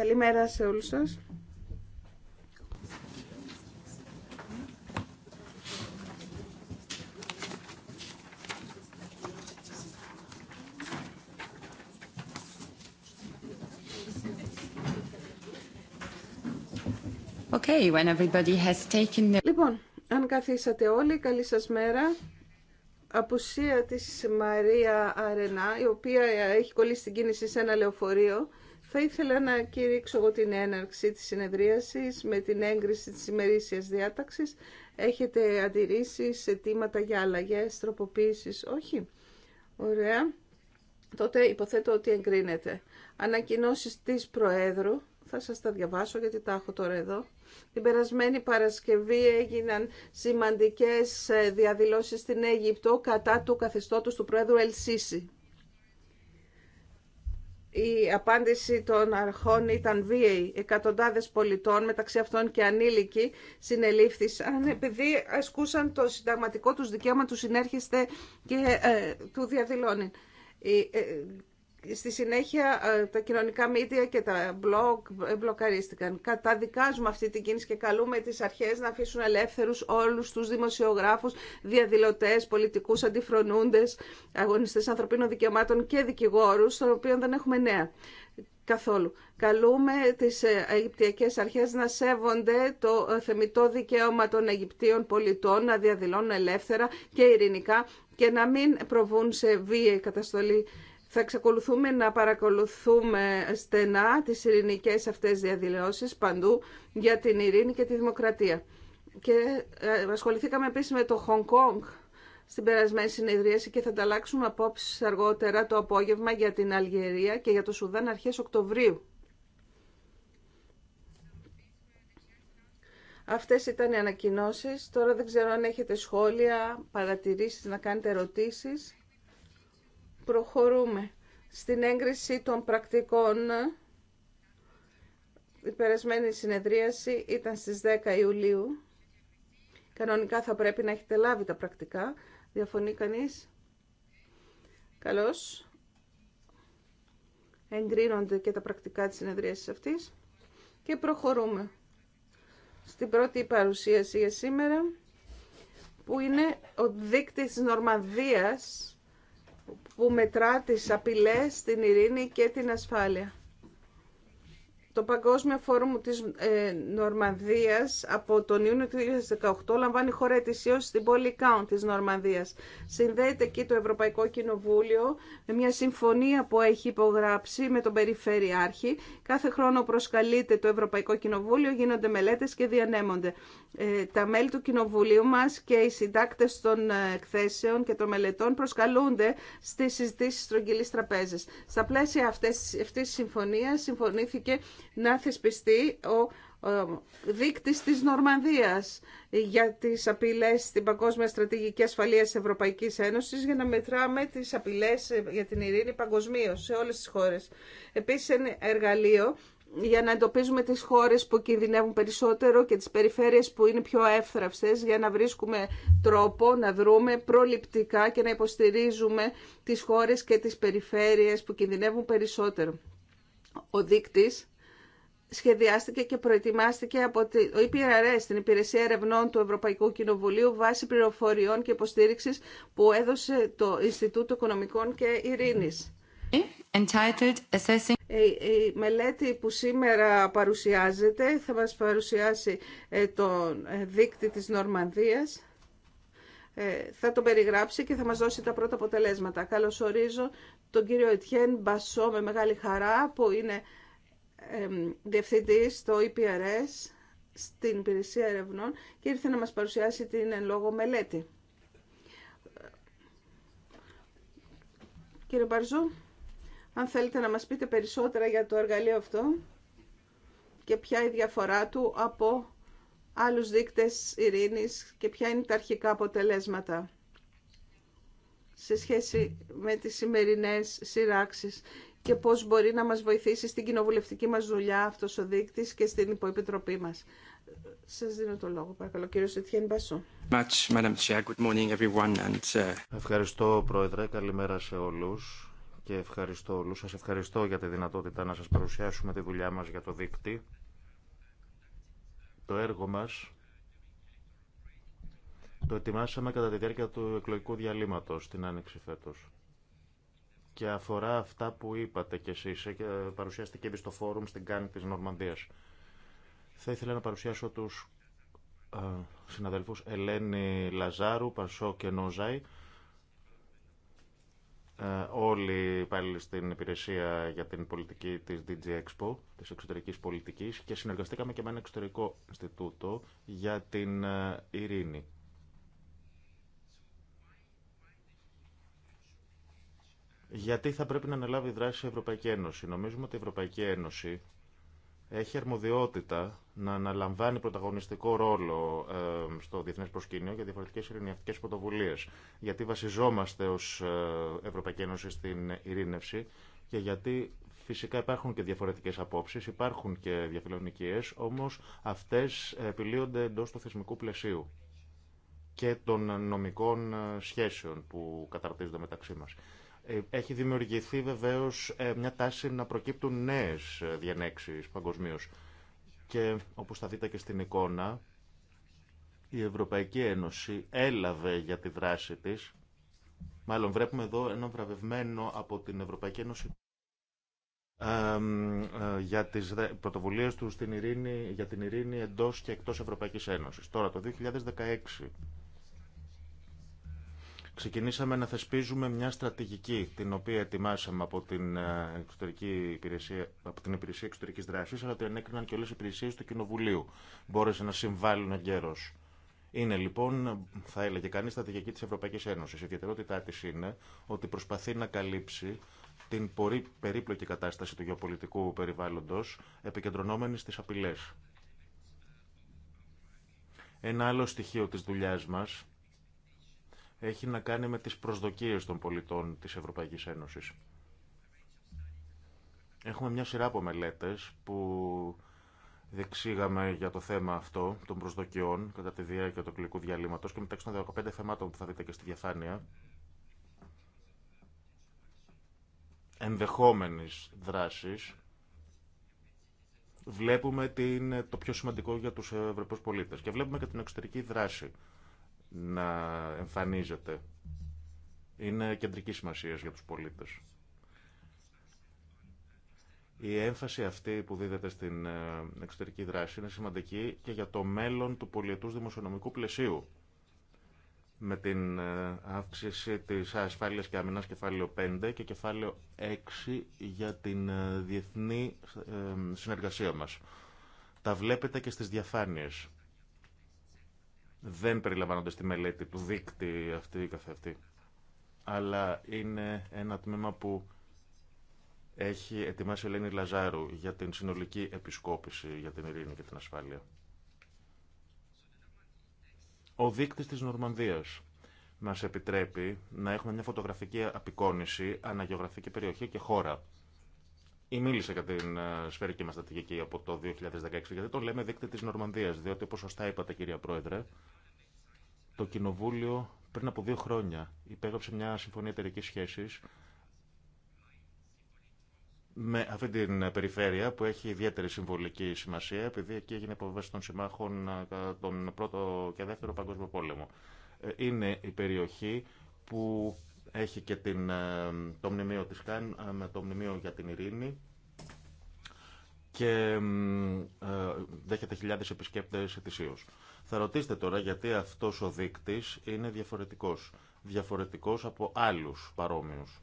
Καλημέρα σε όλους σας. Okay, when everybody has taken... Λοιπόν, αν καθίσατε όλοι, καλή σας μέρα. Αποσία της Μαρία Αρενά, η οποία έχει κολλήσει την κίνηση σε ένα λεωφορείο. Θα ήθελα να κηρύξω εγώ την έναρξη της συνεδρίασης με την έγκριση της ημερήσιας διάταξης. Έχετε αντιρρήσεις, αιτήματα για αλλαγές, τροποποίησεις, όχι. Ωραία. Τότε υποθέτω ότι εγκρίνεται. Ανακοινώσεις της Προέδρου, θα σας τα διαβάσω γιατί τα έχω τώρα εδώ. Την περασμένη Παρασκευή έγιναν σημαντικές ε, διαδηλώσεις στην Αίγυπτο κατά του καθεστώτος του Πρόεδρου Ελσίση η απάντηση των αρχών ήταν βίαιη. Εκατοντάδες πολιτών, μεταξύ αυτών και ανήλικοι, συνελήφθησαν επειδή ασκούσαν το συνταγματικό τους δικαίωμα του συνέρχεστε και ε, του διαδηλώνει. Ε, Στη συνέχεια ε, τα κοινωνικά μίδια και τα blog ε, μπλοκαρίστηκαν. Καταδικάζουμε αυτή την κίνηση και καλούμε τις αρχές να αφήσουν ελεύθερους όλους τους δημοσιογράφους, διαδηλωτές, πολιτικούς αντιφρονούντες, αγωνιστές ανθρωπίνων δικαιωμάτων και δικηγόρους, των οποίων δεν έχουμε νέα καθόλου. Καλούμε τις ε, Αιγυπτιακές αρχές να σέβονται το θεμητό δικαίωμα των Αιγυπτίων πολιτών να διαδηλώνουν ελεύθερα και ειρηνικά και να μην προβούν σε βία καταστολή θα εξακολουθούμε να παρακολουθούμε στενά τις ειρηνικές αυτές διαδηλώσεις παντού για την ειρήνη και τη δημοκρατία. Και ε, ασχοληθήκαμε επίσης με το Χονγκ Κόνγκ στην περασμένη συνεδρίαση και θα ανταλλάξουμε απόψεις αργότερα το απόγευμα για την Αλγερία και για το Σουδάν αρχές Οκτωβρίου. Αυτές ήταν οι ανακοινώσεις. Τώρα δεν ξέρω αν έχετε σχόλια, παρατηρήσεις, να κάνετε ερωτήσεις. Προχωρούμε στην έγκριση των πρακτικών. Η περασμένη συνεδρίαση ήταν στις 10 Ιουλίου. Κανονικά θα πρέπει να έχετε λάβει τα πρακτικά. Διαφωνεί κανείς. Καλώς. Εγκρίνονται και τα πρακτικά της συνεδρίασης αυτής. Και προχωρούμε στην πρώτη παρουσίαση για σήμερα, που είναι ο δείκτης της Νορμανδίας που μετρά τις απειλές, την ειρήνη και την ασφάλεια. Το Παγκόσμιο Φόρουμ της ε, Νορμανδίας από τον Ιούνιο του 2018 λαμβάνει χώρα ετησίως στην πόλη Κάουν της Νορμανδίας. Συνδέεται εκεί το Ευρωπαϊκό Κοινοβούλιο με μια συμφωνία που έχει υπογράψει με τον Περιφερειάρχη. Κάθε χρόνο προσκαλείται το Ευρωπαϊκό Κοινοβούλιο, γίνονται μελέτες και διανέμονται. Ε, τα μέλη του Κοινοβουλίου μας και οι συντάκτες των ε, εκθέσεων και των μελετών προσκαλούνται στις συζητήσεις στρογγυλής τραπέζας. Στα πλαίσια αυτής, αυτής της συμφωνίας συμφωνήθηκε να θεσπιστεί ο ε, δείκτης της Νορμανδίας για τις απειλές στην Παγκόσμια Στρατηγική Ασφαλεία της Ευρωπαϊκής Ένωσης για να μετράμε τις απειλές για την ειρήνη παγκοσμίω σε όλες τις χώρες. Επίσης, ένα εργαλείο για να εντοπίζουμε τις χώρες που κινδυνεύουν περισσότερο και τις περιφέρειες που είναι πιο εύθραυστες για να βρίσκουμε τρόπο να δρούμε προληπτικά και να υποστηρίζουμε τις χώρες και τις περιφέρειες που κινδυνεύουν περισσότερο. Ο δείκτης σχεδιάστηκε και προετοιμάστηκε από το ΕΠΡΕ την Υπηρεσία Ερευνών του Ευρωπαϊκού Κοινοβουλίου, βάσει πληροφοριών και υποστήριξης που έδωσε το Ινστιτούτο Οικονομικών και Ειρήνης. Entitled Assessing... Η μελέτη που σήμερα παρουσιάζεται θα μας παρουσιάσει ε, τον ε, δίκτυ της Νορμανδίας. Ε, θα το περιγράψει και θα μας δώσει τα πρώτα αποτελέσματα. Καλωσορίζω τον κύριο Ετιέν Μπασό με μεγάλη χαρά που είναι διευθυντής στο EPRS στην Υπηρεσία Ερευνών και ήρθε να μας παρουσιάσει την εν λόγω μελέτη. Κύριε Μπαρζού. Αν θέλετε να μας πείτε περισσότερα για το εργαλείο αυτό και ποια η διαφορά του από άλλους δείκτες ειρήνης και ποια είναι τα αρχικά αποτελέσματα σε σχέση με τις σημερινές σειράξεις και πώς μπορεί να μας βοηθήσει στην κοινοβουλευτική μας δουλειά αυτός ο δείκτης και στην υποεπιτροπή μας. Σας δίνω το λόγο, παρακαλώ, κύριο Σετιέν Μπασό. Uh, Ευχαριστώ, Πρόεδρε. Καλημέρα σε όλους και ευχαριστώ όλους. Σας ευχαριστώ για τη δυνατότητα να σας παρουσιάσουμε τη δουλειά μας για το δίκτυ. Το έργο μας το ετοιμάσαμε κατά τη διάρκεια του εκλογικού διαλύματος την Άνοιξη φέτος. Και αφορά αυτά που είπατε κι εσείς, ε, ε, παρουσιάστηκε εμείς στο φόρουμ στην Κάνη της Νορμανδίας. Θα ήθελα να παρουσιάσω τους ε, συναδελφούς Ελένη Λαζάρου, Πασό και Νόζαϊ, ε, όλοι πάλι στην υπηρεσία για την πολιτική της DG Expo, της εξωτερικής πολιτικής και συνεργαστήκαμε και με ένα εξωτερικό Ινστιτούτο για την ε, ειρήνη. Γιατί θα πρέπει να αναλάβει δράση η Ευρωπαϊκή Ένωση. Νομίζουμε ότι η Ευρωπαϊκή Ένωση έχει αρμοδιότητα να αναλαμβάνει πρωταγωνιστικό ρόλο ε, στο διεθνέ προσκήνιο για διαφορετικέ ειρηνευτικέ πρωτοβουλίε. Γιατί βασιζόμαστε ω ε, Ευρωπαϊκή Ένωση στην ειρήνευση και γιατί φυσικά υπάρχουν και διαφορετικές απόψεις, υπάρχουν και διαφιλονικίε, όμως αυτές ε, επιλύονται εντό του θεσμικού πλαισίου και των νομικών σχέσεων που καταρτίζονται μεταξύ μας. Έχει δημιουργηθεί βεβαίως ε, μια τάση να προκύπτουν νέες ε, διανέξεις παγκοσμίω. Και όπως θα δείτε και στην εικόνα, η Ευρωπαϊκή Ένωση έλαβε για τη δράση της, μάλλον βλέπουμε εδώ ένα βραβευμένο από την Ευρωπαϊκή Ένωση ε, για τις πρωτοβουλίες του στην ειρήνη, για την ειρήνη εντός και εκτός Ευρωπαϊκής Ένωσης. Τώρα, το 2016, ξεκινήσαμε να θεσπίζουμε μια στρατηγική την οποία ετοιμάσαμε από την, ε, εξωτερική υπηρεσία, από την υπηρεσία εξωτερικής δράσης αλλά την ενέκριναν και όλες οι υπηρεσίες του Κοινοβουλίου. Μπόρεσε να συμβάλλουν εγκαίρω. Είναι λοιπόν, θα έλεγε κανείς, στρατηγική της Ευρωπαϊκής Ένωσης. Η ιδιαιτερότητά τη είναι ότι προσπαθεί να καλύψει την περίπλοκη κατάσταση του γεωπολιτικού περιβάλλοντος επικεντρωνόμενη στις απειλές. Ένα άλλο στοιχείο της δουλειάς μας έχει να κάνει με τις προσδοκίες των πολιτών της Ευρωπαϊκής Ένωσης. Έχουμε μια σειρά από μελέτες που δεξήγαμε για το θέμα αυτό των προσδοκιών κατά τη διάρκεια του κλικού διαλύματος και μεταξύ των 15 θεμάτων που θα δείτε και στη διαφάνεια ενδεχόμενης δράσης βλέπουμε τι είναι το πιο σημαντικό για τους Ευρωπαίους πολίτες και βλέπουμε και την εξωτερική δράση να εμφανίζεται. Είναι κεντρική σημασία για τους πολίτες. Η έμφαση αυτή που δίδεται στην ε, εξωτερική δράση είναι σημαντική και για το μέλλον του πολιετούς δημοσιονομικού πλαισίου. Με την ε, αύξηση της ασφάλειας και αμυνάς κεφάλαιο 5 και κεφάλαιο 6 για την ε, διεθνή συνεργασία μας. Τα βλέπετε και στις διαφάνειες δεν περιλαμβάνονται στη μελέτη του δείκτη αυτή ή καθεαυτή. Αλλά είναι ένα τμήμα που έχει ετοιμάσει η Ελένη Λαζάρου για την συνολική επισκόπηση για την ειρήνη και την ασφάλεια. Ο δείκτης της Νορμανδίας μας επιτρέπει να έχουμε μια φωτογραφική απεικόνηση αναγεωγραφική περιοχή και χώρα. Ή μίλησε για την ε, σφαιρική μας στρατηγική από το 2016, γιατί το λέμε δείκτη της Νορμανδίας, διότι όπως σωστά είπατε κυρία Πρόεδρε, το Κοινοβούλιο πριν από δύο χρόνια υπέγραψε μια συμφωνία εταιρική σχέση με αυτή την περιφέρεια που έχει ιδιαίτερη συμβολική σημασία, επειδή εκεί έγινε υποβίβαση των συμμάχων τον πρώτο και δεύτερο παγκόσμιο πόλεμο. Ε, είναι η περιοχή που έχει και την, ε, το μνημείο της ΚΑΝ με το μνημείο για την ειρήνη και ε, δέχεται χιλιάδες επισκέπτες ετησίως. Θα ρωτήσετε τώρα γιατί αυτός ο δείκτης είναι διαφορετικός. Διαφορετικός από άλλους παρόμοιους.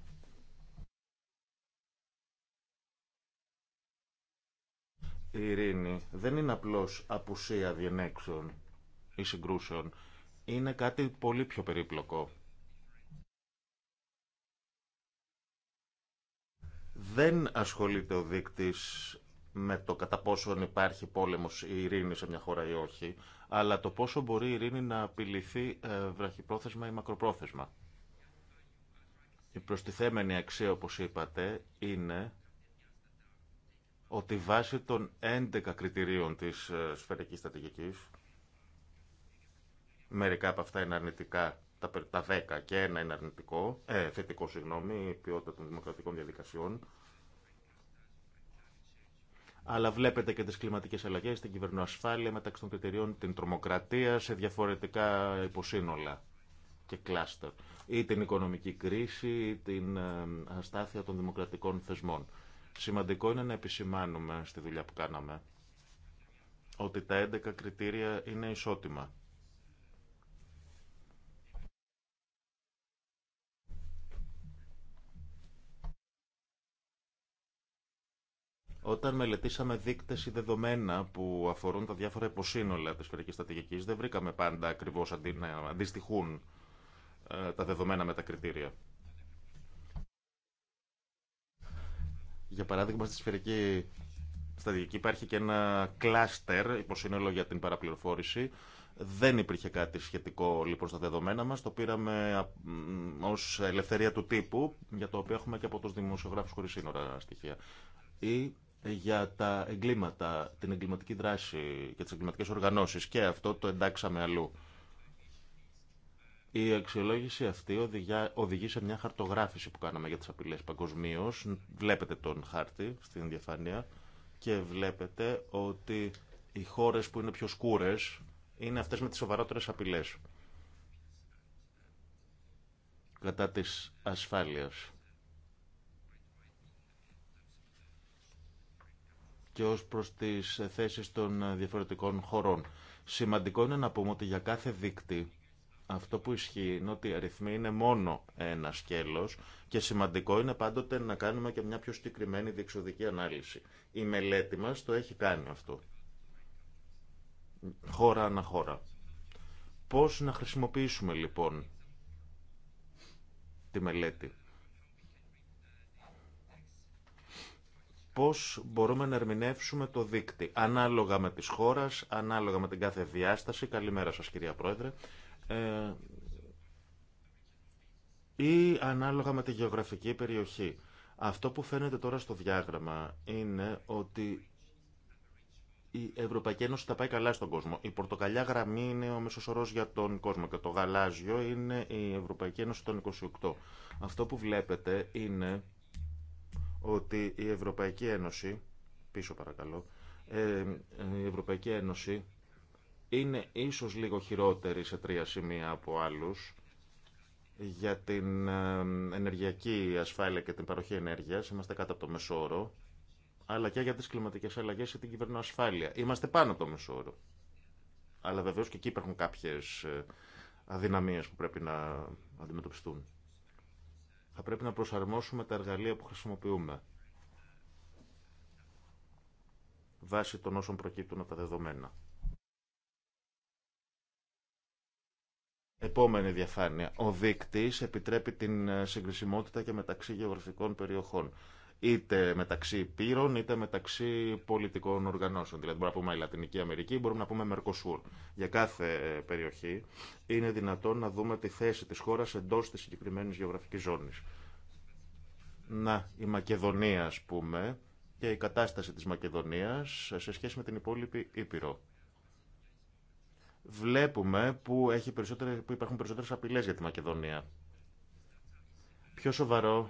Η ειρήνη δεν είναι απλώς απουσία διενέξεων ή συγκρούσεων. Είναι κάτι πολύ πιο περίπλοκο. Δεν ασχολείται ο δείκτης με το κατά πόσον υπάρχει πόλεμος ή ειρήνη σε μια χώρα ή όχι αλλά το πόσο μπορεί η ειρήνη να απειληθεί ε, βραχυπρόθεσμα ή μακροπρόθεσμα. Η προστιθέμενη αξία, όπως είπατε, είναι ότι βάσει των 11 κριτηρίων της ε, σφαιρικής στρατηγικής, μερικά από αυτά είναι αρνητικά, τα 10 και ένα είναι αρνητικό, ε, θετικό συγγνώμη, η ποιότητα των δημοκρατικών διαδικασιών, αλλά βλέπετε και τις κλιματικές αλλαγές, την κυβερνοασφάλεια μεταξύ των κριτηριών, την τρομοκρατία σε διαφορετικά υποσύνολα και κλάστερ ή την οικονομική κρίση ή την ε, αστάθεια των δημοκρατικών θεσμών. Σημαντικό είναι να επισημάνουμε στη δουλειά που κάναμε ότι τα 11 κριτήρια είναι ισότιμα Όταν μελετήσαμε δείκτε ή δεδομένα που αφορούν τα διάφορα υποσύνολα τη σφαιρική στρατηγική, δεν βρήκαμε πάντα ακριβώ να αντιστοιχούν ε, τα δεδομένα με τα κριτήρια. Για παράδειγμα, στη σφαιρική στρατηγική υπάρχει και ένα κλάστερ υποσύνολο για την παραπληροφόρηση. Δεν υπήρχε κάτι σχετικό λοιπόν στα δεδομένα μας, το πήραμε ως ελευθερία του τύπου, για το οποίο έχουμε και από τους δημοσιογράφους χωρίς σύνορα στοιχεία για τα εγκλήματα, την εγκληματική δράση και τις εγκληματικές οργανώσεις και αυτό το εντάξαμε αλλού. Η αξιολόγηση αυτή οδηγεί σε μια χαρτογράφηση που κάναμε για τις απειλές παγκοσμίω. Βλέπετε τον χάρτη στην διαφάνεια και βλέπετε ότι οι χώρες που είναι πιο σκούρες είναι αυτές με τις σοβαρότερες απειλές κατά της ασφάλειας. και ως προς τις θέσεις των διαφορετικών χωρών. Σημαντικό είναι να πούμε ότι για κάθε δίκτυ αυτό που ισχύει είναι ότι οι αριθμοί είναι μόνο ένα σκέλος και σημαντικό είναι πάντοτε να κάνουμε και μια πιο συγκεκριμένη διεξοδική ανάλυση. Η μελέτη μας το έχει κάνει αυτό. Χώρα ανά χώρα. Πώς να χρησιμοποιήσουμε λοιπόν τη μελέτη. πώς μπορούμε να ερμηνεύσουμε το δίκτυ. Ανάλογα με τις χώρες, ανάλογα με την κάθε διάσταση. Καλημέρα σας κυρία Πρόεδρε. Ε, ή ανάλογα με τη γεωγραφική περιοχή. Αυτό που φαίνεται τώρα στο διάγραμμα είναι ότι η Ευρωπαϊκή Ένωση τα πάει καλά στον κόσμο. Η πορτοκαλιά γραμμή είναι ο μέσος για τον κόσμο και το γαλάζιο είναι η Ευρωπαϊκή Ένωση των 28. Αυτό που βλέπετε είναι ότι η Ευρωπαϊκή Ένωση, πίσω παρακαλώ, ε, η Ευρωπαϊκή Ένωση είναι ίσως λίγο χειρότερη σε τρία σημεία από άλλους για την ε, ενεργειακή ασφάλεια και την παροχή ενέργειας. Είμαστε κάτω από το μεσόρο, αλλά και για τις κλιματικές αλλαγές και την κυβερνοασφάλεια. Είμαστε πάνω από το μεσόρο. Αλλά βεβαίως και εκεί υπάρχουν κάποιες ε, αδυναμίες που πρέπει να αντιμετωπιστούν. Θα πρέπει να προσαρμόσουμε τα εργαλεία που χρησιμοποιούμε βάσει των όσων προκύπτουν από τα δεδομένα. Επόμενη διαφάνεια. Ο δείκτης επιτρέπει την συγκρισιμότητα και μεταξύ γεωγραφικών περιοχών είτε μεταξύ πύρων είτε μεταξύ πολιτικών οργανώσεων. Δηλαδή, μπορούμε να πούμε η Λατινική Αμερική, μπορούμε να πούμε Μερκοσούρ. Για κάθε ε, περιοχή είναι δυνατόν να δούμε τη θέση τη χώρα εντό τη συγκεκριμένη γεωγραφική ζώνη. Να, η Μακεδονία, α πούμε, και η κατάσταση της Μακεδονίας ε, σε σχέση με την υπόλοιπη Ήπειρο. Βλέπουμε που, έχει που υπάρχουν περισσότερες απειλές για τη Μακεδονία. Πιο σοβαρό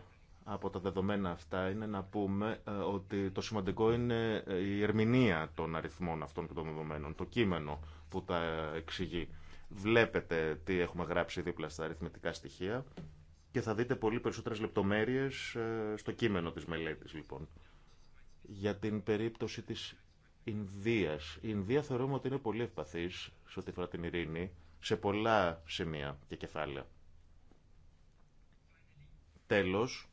από τα δεδομένα αυτά είναι να πούμε ε, ότι το σημαντικό είναι ε, η ερμηνεία των αριθμών αυτών και των δεδομένων, το κείμενο που τα εξηγεί. Βλέπετε τι έχουμε γράψει δίπλα στα αριθμητικά στοιχεία και θα δείτε πολύ περισσότερες λεπτομέρειες ε, στο κείμενο της μελέτης λοιπόν. Για την περίπτωση της Ινδίας. Η Ινδία θεωρούμε ότι είναι πολύ ευπαθής σε ό,τι αφορά την ειρήνη σε πολλά σημεία και κεφάλαια. Τέλος,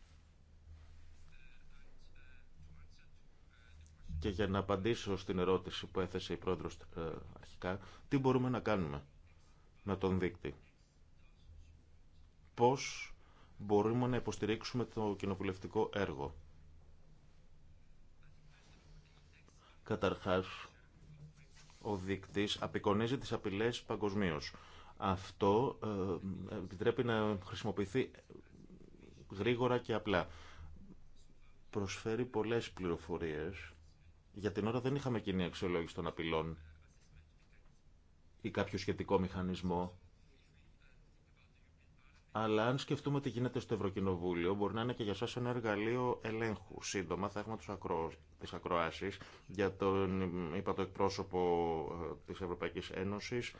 Και για να απαντήσω στην ερώτηση που έθεσε η πρόεδρος ε, αρχικά, τι μπορούμε να κάνουμε με τον δείκτη. Πώς μπορούμε να υποστηρίξουμε το κοινοβουλευτικό έργο. Καταρχάς, ο δείκτης απεικονίζει τις απειλές παγκοσμίω. Αυτό ε, επιτρέπει να χρησιμοποιηθεί γρήγορα και απλά. Προσφέρει πολλές πληροφορίες για την ώρα δεν είχαμε κοινή αξιολόγηση των απειλών ή κάποιο σχετικό μηχανισμό. Αλλά αν σκεφτούμε τι γίνεται στο Ευρωκοινοβούλιο, μπορεί να είναι και για σας ένα εργαλείο ελέγχου. Σύντομα θα έχουμε τους ακρόασει ακροάσεις για τον, είπα, το εκπρόσωπο ε, της Ευρωπαϊκής Ένωσης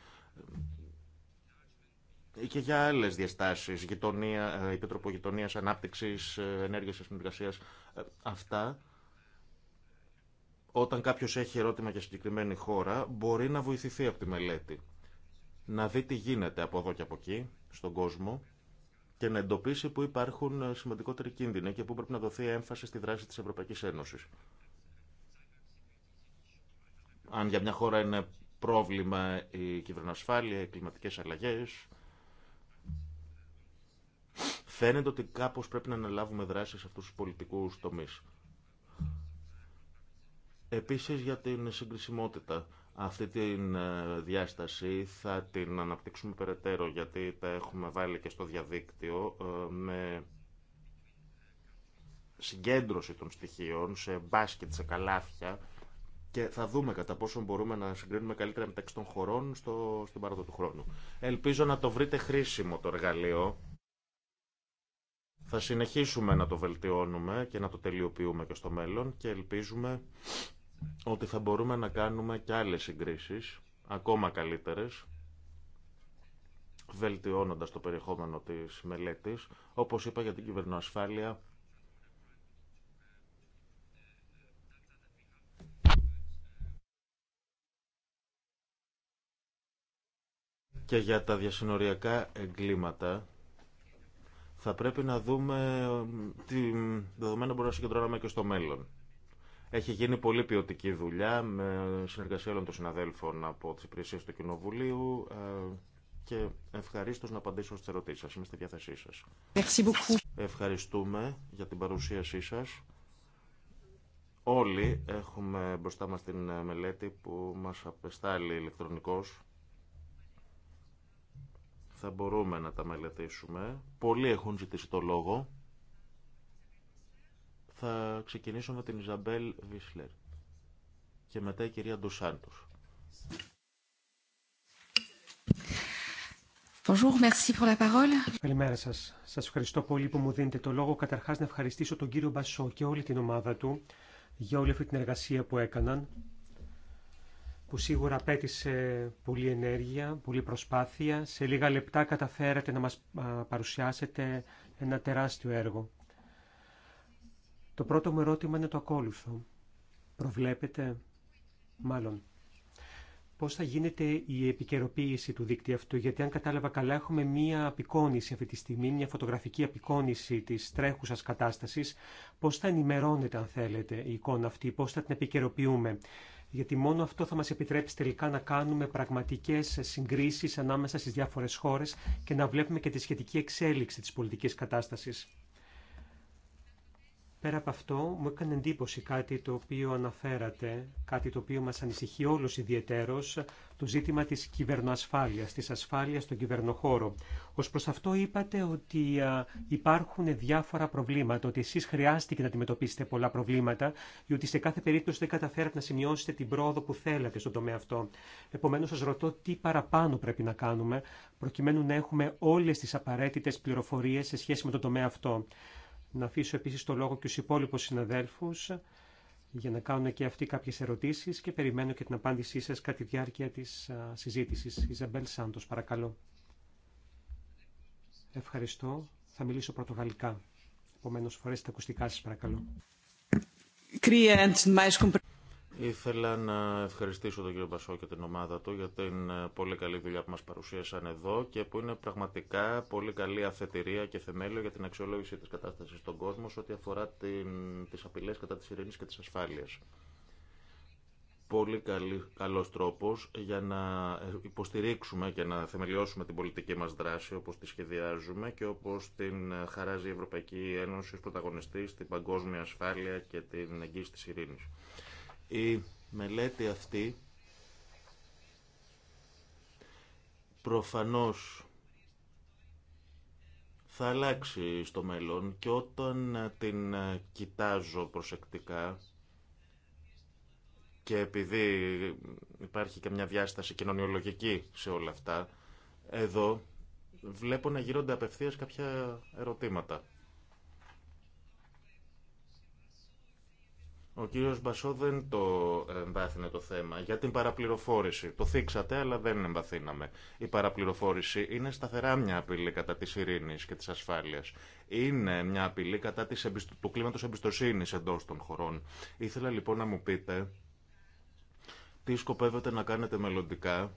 και για άλλε διαστάσει, γειτονία, ε, ανάπτυξη, ε, ενέργεια και συνεργασία. Αυτά όταν κάποιος έχει ερώτημα για συγκεκριμένη χώρα, μπορεί να βοηθηθεί από τη μελέτη. Να δει τι γίνεται από εδώ και από εκεί, στον κόσμο, και να εντοπίσει που υπάρχουν ε, σημαντικότεροι κίνδυνοι και που πρέπει να δοθεί έμφαση στη δράση της Ευρωπαϊκής Ένωσης. Αν για μια χώρα είναι πρόβλημα η κυβερνασφάλεια, οι κλιματικές αλλαγές, φαίνεται ότι κάπως πρέπει να αναλάβουμε δράση σε αυτούς τους πολιτικούς τομείς. Επίσης για την συγκρισιμότητα. Αυτή τη ε, διάσταση θα την αναπτύξουμε περαιτέρω γιατί τα έχουμε βάλει και στο διαδίκτυο ε, με συγκέντρωση των στοιχείων σε μπάσκετ, σε καλάφια και θα δούμε κατά πόσο μπορούμε να συγκρίνουμε καλύτερα μεταξύ των χωρών στο, στην παράδοση του χρόνου. Ελπίζω να το βρείτε χρήσιμο το εργαλείο θα συνεχίσουμε να το βελτιώνουμε και να το τελειοποιούμε και στο μέλλον και ελπίζουμε ότι θα μπορούμε να κάνουμε και άλλες συγκρίσεις, ακόμα καλύτερες, βελτιώνοντας το περιεχόμενο της μελέτης, όπως είπα για την κυβερνοασφάλεια, και για τα διασυνοριακά εγκλήματα θα πρέπει να δούμε τι δεδομένα μπορούμε να συγκεντρώνουμε και στο μέλλον. Έχει γίνει πολύ ποιοτική δουλειά με συνεργασία όλων των συναδέλφων από τις υπηρεσίες του Κοινοβουλίου ε, και ευχαρίστως να απαντήσω στις ερωτήσεις σας. Είμαι στη διάθεσή σας. Ευχαριστούμε για την παρουσίασή σας. Όλοι έχουμε μπροστά μας την μελέτη που μας απεστάλλει ηλεκτρονικός θα μπορούμε να τα μελετήσουμε. Πολλοί έχουν ζητήσει το λόγο. Θα ξεκινήσω με την Ιζαμπέλ Βίσλερ και μετά η κυρία Ντουσάντος. Bonjour, Καλημέρα σας. Σας ευχαριστώ πολύ που μου δίνετε το λόγο. Καταρχάς να ευχαριστήσω τον κύριο Μπασό και όλη την ομάδα του για όλη αυτή την εργασία που έκαναν που σίγουρα απέτησε πολλή ενέργεια, πολλή προσπάθεια. Σε λίγα λεπτά καταφέρατε να μας παρουσιάσετε ένα τεράστιο έργο. Το πρώτο μου ερώτημα είναι το ακόλουθο. Προβλέπετε, μάλλον, πώς θα γίνεται η επικαιροποίηση του δίκτυα αυτού, γιατί αν κατάλαβα καλά έχουμε μία απεικόνηση αυτή τη στιγμή, μία φωτογραφική απεικόνηση της τρέχουσας κατάστασης, πώς θα ενημερώνεται αν θέλετε η εικόνα αυτή, πώς θα την επικαιροποιούμε γιατί μόνο αυτό θα μας επιτρέψει τελικά να κάνουμε πραγματικές συγκρίσεις ανάμεσα στις διάφορες χώρες και να βλέπουμε και τη σχετική εξέλιξη της πολιτικής κατάστασης. Πέρα από αυτό, μου έκανε εντύπωση κάτι το οποίο αναφέρατε, κάτι το οποίο μας ανησυχεί όλους ιδιαιτέρως, το ζήτημα της κυβερνοασφάλειας, της ασφάλειας στον κυβερνοχώρο. Ως προς αυτό είπατε ότι υπάρχουν διάφορα προβλήματα, ότι εσείς χρειάστηκε να αντιμετωπίσετε πολλά προβλήματα διότι σε κάθε περίπτωση δεν καταφέρατε να σημειώσετε την πρόοδο που θέλατε στον τομέα αυτό. Επομένως, σας ρωτώ τι παραπάνω πρέπει να κάνουμε, προκειμένου να έχουμε όλες τις απαραίτητες πληροφορίες σε σχέση με τον τομέα αυτό. Να αφήσω επίσης το λόγο και στους υπόλοιπους συναδέλφους για να κάνουν και αυτοί κάποιες ερωτήσεις και περιμένω και την απάντησή σας κατά τη διάρκεια της συζήτησης. Ιζαμπέλ Σάντος, παρακαλώ. Ευχαριστώ. Θα μιλήσω πρωτογαλλικά. Επομένω, φορέστε τα ακουστικά σας, παρακαλώ. Ήθελα να ευχαριστήσω τον κύριο Μπασό και την ομάδα του για την ε, πολύ καλή δουλειά που μας παρουσίασαν εδώ και που είναι πραγματικά πολύ καλή αφετηρία και θεμέλιο για την αξιολόγηση της κατάστασης στον κόσμο σε ό,τι αφορά την, τις απειλές κατά της ειρήνης και της ασφάλειας. Πολύ καλή, καλός τρόπος για να υποστηρίξουμε και να θεμελιώσουμε την πολιτική μας δράση όπως τη σχεδιάζουμε και όπως την ε, χαράζει η Ευρωπαϊκή Ένωση ως πρωταγωνιστή στην παγκόσμια ασφάλεια και την εγγύηση της ειρήνης. Η μελέτη αυτή προφανώς θα αλλάξει στο μέλλον και όταν την κοιτάζω προσεκτικά και επειδή υπάρχει και μια διάσταση κοινωνιολογική σε όλα αυτά, εδώ βλέπω να γυρώνται απευθείας κάποια ερωτήματα. Ο κύριο Μπασό δεν το εμβάθυνε το θέμα για την παραπληροφόρηση. Το θίξατε, αλλά δεν εμβαθύναμε. Η παραπληροφόρηση είναι σταθερά μια απειλή κατά τη ειρήνης και της ασφάλεια. Είναι μια απειλή κατά της εμπιστο... του κλίματος εμπιστοσύνη εντό των χωρών. Ήθελα λοιπόν να μου πείτε τι σκοπεύετε να κάνετε μελλοντικά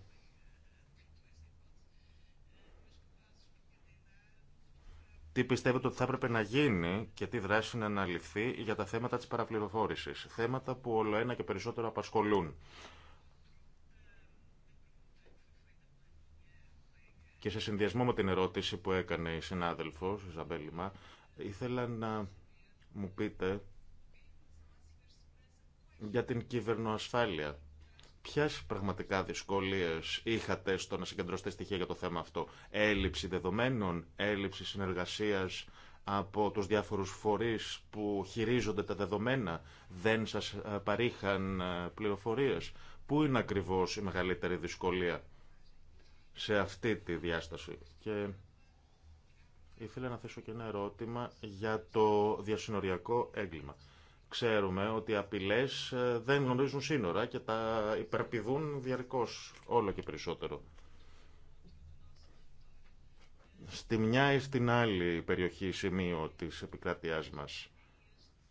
τι πιστεύετε ότι θα έπρεπε να γίνει και τι δράση να αναλυθεί για τα θέματα της παραπληροφόρησης. Θέματα που όλο ένα και περισσότερο απασχολούν. Και σε συνδυασμό με την ερώτηση που έκανε η συνάδελφος, η Ζαμπέλημα, ήθελα να μου πείτε για την κυβερνοασφάλεια Ποιε πραγματικά δυσκολίε είχατε στο να συγκεντρώσετε στοιχεία για το θέμα αυτό, Έλλειψη δεδομένων, έλλειψη συνεργασία από τους διάφορους φορείς που χειρίζονται τα δεδομένα, δεν σας ε, παρήχαν ε, πληροφορίες. Πού είναι ακριβώς η μεγαλύτερη δυσκολία σε αυτή τη διάσταση. Και ήθελα να θέσω και ένα ερώτημα για το διασυνοριακό έγκλημα. Ξέρουμε ότι οι απειλές ε, δεν γνωρίζουν σύνορα και τα υπερπηδούν διαρκώς όλο και περισσότερο. Στη μια ή στην άλλη περιοχή σημείο της επικρατειάς μας.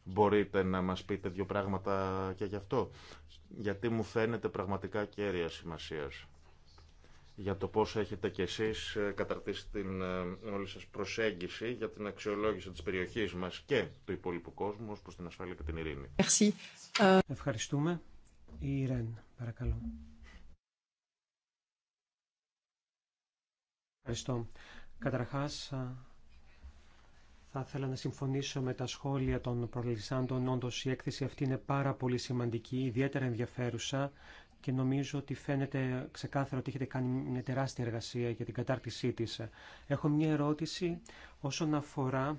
Μπορείτε να μας πείτε δύο πράγματα και γι' αυτό. Γιατί μου φαίνεται πραγματικά κέρια σημασίας για το πώς έχετε κι εσείς ε, καταρτήσει την ε, όλη σας προσέγγιση για την αξιολόγηση της περιοχής μας και του υπόλοιπου κόσμου ως προς την ασφάλεια και την ειρήνη. Ε, Ευχαριστούμε. Η Ρεν, παρακαλώ. Ευχαριστώ. Καταρχάς, θα ήθελα να συμφωνήσω με τα σχόλια των προλησάντων. Όντω, η έκθεση αυτή είναι πάρα πολύ σημαντική, ιδιαίτερα ενδιαφέρουσα και νομίζω ότι φαίνεται ξεκάθαρο ότι έχετε κάνει μια τεράστια εργασία για την κατάρτισή της. Έχω μια ερώτηση όσον αφορά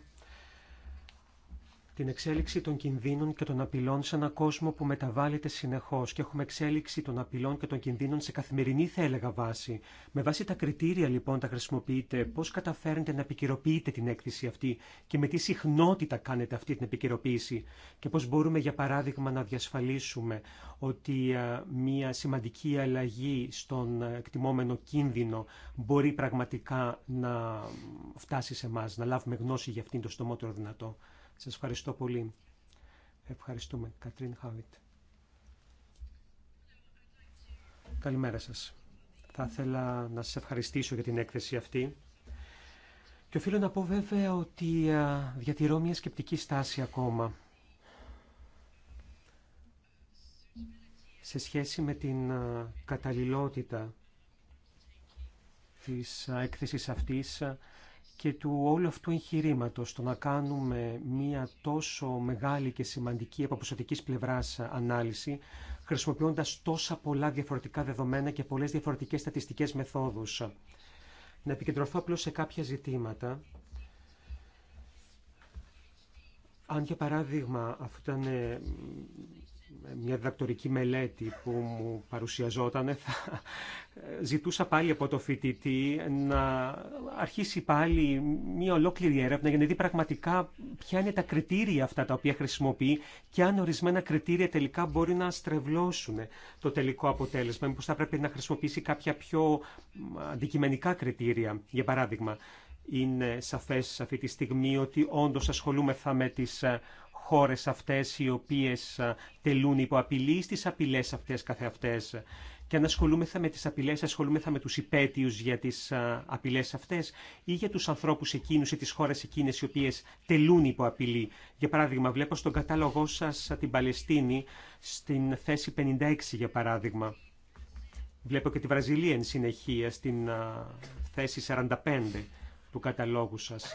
την εξέλιξη των κινδύνων και των απειλών σε έναν κόσμο που μεταβάλλεται συνεχώ και έχουμε εξέλιξη των απειλών και των κινδύνων σε καθημερινή, θα έλεγα, βάση. Με βάση τα κριτήρια λοιπόν τα χρησιμοποιείτε, πώ καταφέρνετε να επικυρωποιείτε την έκθεση αυτή και με τι συχνότητα κάνετε αυτή την επικυροποίηση και πώ μπορούμε, για παράδειγμα, να διασφαλίσουμε ότι ε, μια σημαντική αλλαγή στον εκτιμόμενο κίνδυνο μπορεί πραγματικά να φτάσει σε εμά, να λάβουμε γνώση για αυτήν το στομότερο δυνατό. Σας ευχαριστώ πολύ. Ευχαριστούμε. Κατρίν Χάβιτ. Καλημέρα σας. Θα ήθελα να σας ευχαριστήσω για την έκθεση αυτή. Και οφείλω να πω βέβαια ότι διατηρώ μια σκεπτική στάση ακόμα. σε σχέση με την καταλληλότητα της έκθεσης αυτής και του όλου αυτού εγχειρήματο το να κάνουμε μία τόσο μεγάλη και σημαντική από ποσοτική πλευρά ανάλυση, χρησιμοποιώντα τόσα πολλά διαφορετικά δεδομένα και πολλέ διαφορετικέ στατιστικέ μεθόδου. Να επικεντρωθώ απλώ σε κάποια ζητήματα. Αν για παράδειγμα αυτό ήταν ε, μια διδακτορική μελέτη που μου παρουσιαζόταν, θα ζητούσα πάλι από το φοιτητή να αρχίσει πάλι μια ολόκληρη έρευνα για να δει πραγματικά ποια είναι τα κριτήρια αυτά τα οποία χρησιμοποιεί και αν ορισμένα κριτήρια τελικά μπορεί να στρεβλώσουν το τελικό αποτέλεσμα. Μήπως θα πρέπει να χρησιμοποιήσει κάποια πιο αντικειμενικά κριτήρια, για παράδειγμα. Είναι σαφές αυτή τη στιγμή ότι όντως ασχολούμεθα με τις χώρες αυτές οι οποίες ε, τελούν υπό απειλή στις απειλές αυτές καθεαυτές. Και αν ασχολούμεθα με τις απειλές, ασχολούμεθα με τους υπέτειους για τις ε, απειλές αυτές ή για τους ανθρώπους εκείνους ή τις χώρες εκείνες οι οποίες τελούν υπό απειλή. Για παράδειγμα, βλέπω στον κατάλογό σας ε, την Παλαιστίνη στην θέση 56 για παράδειγμα. Βλέπω και τη Βραζιλία εν συνεχεία στην θέση 45 του καταλόγου σας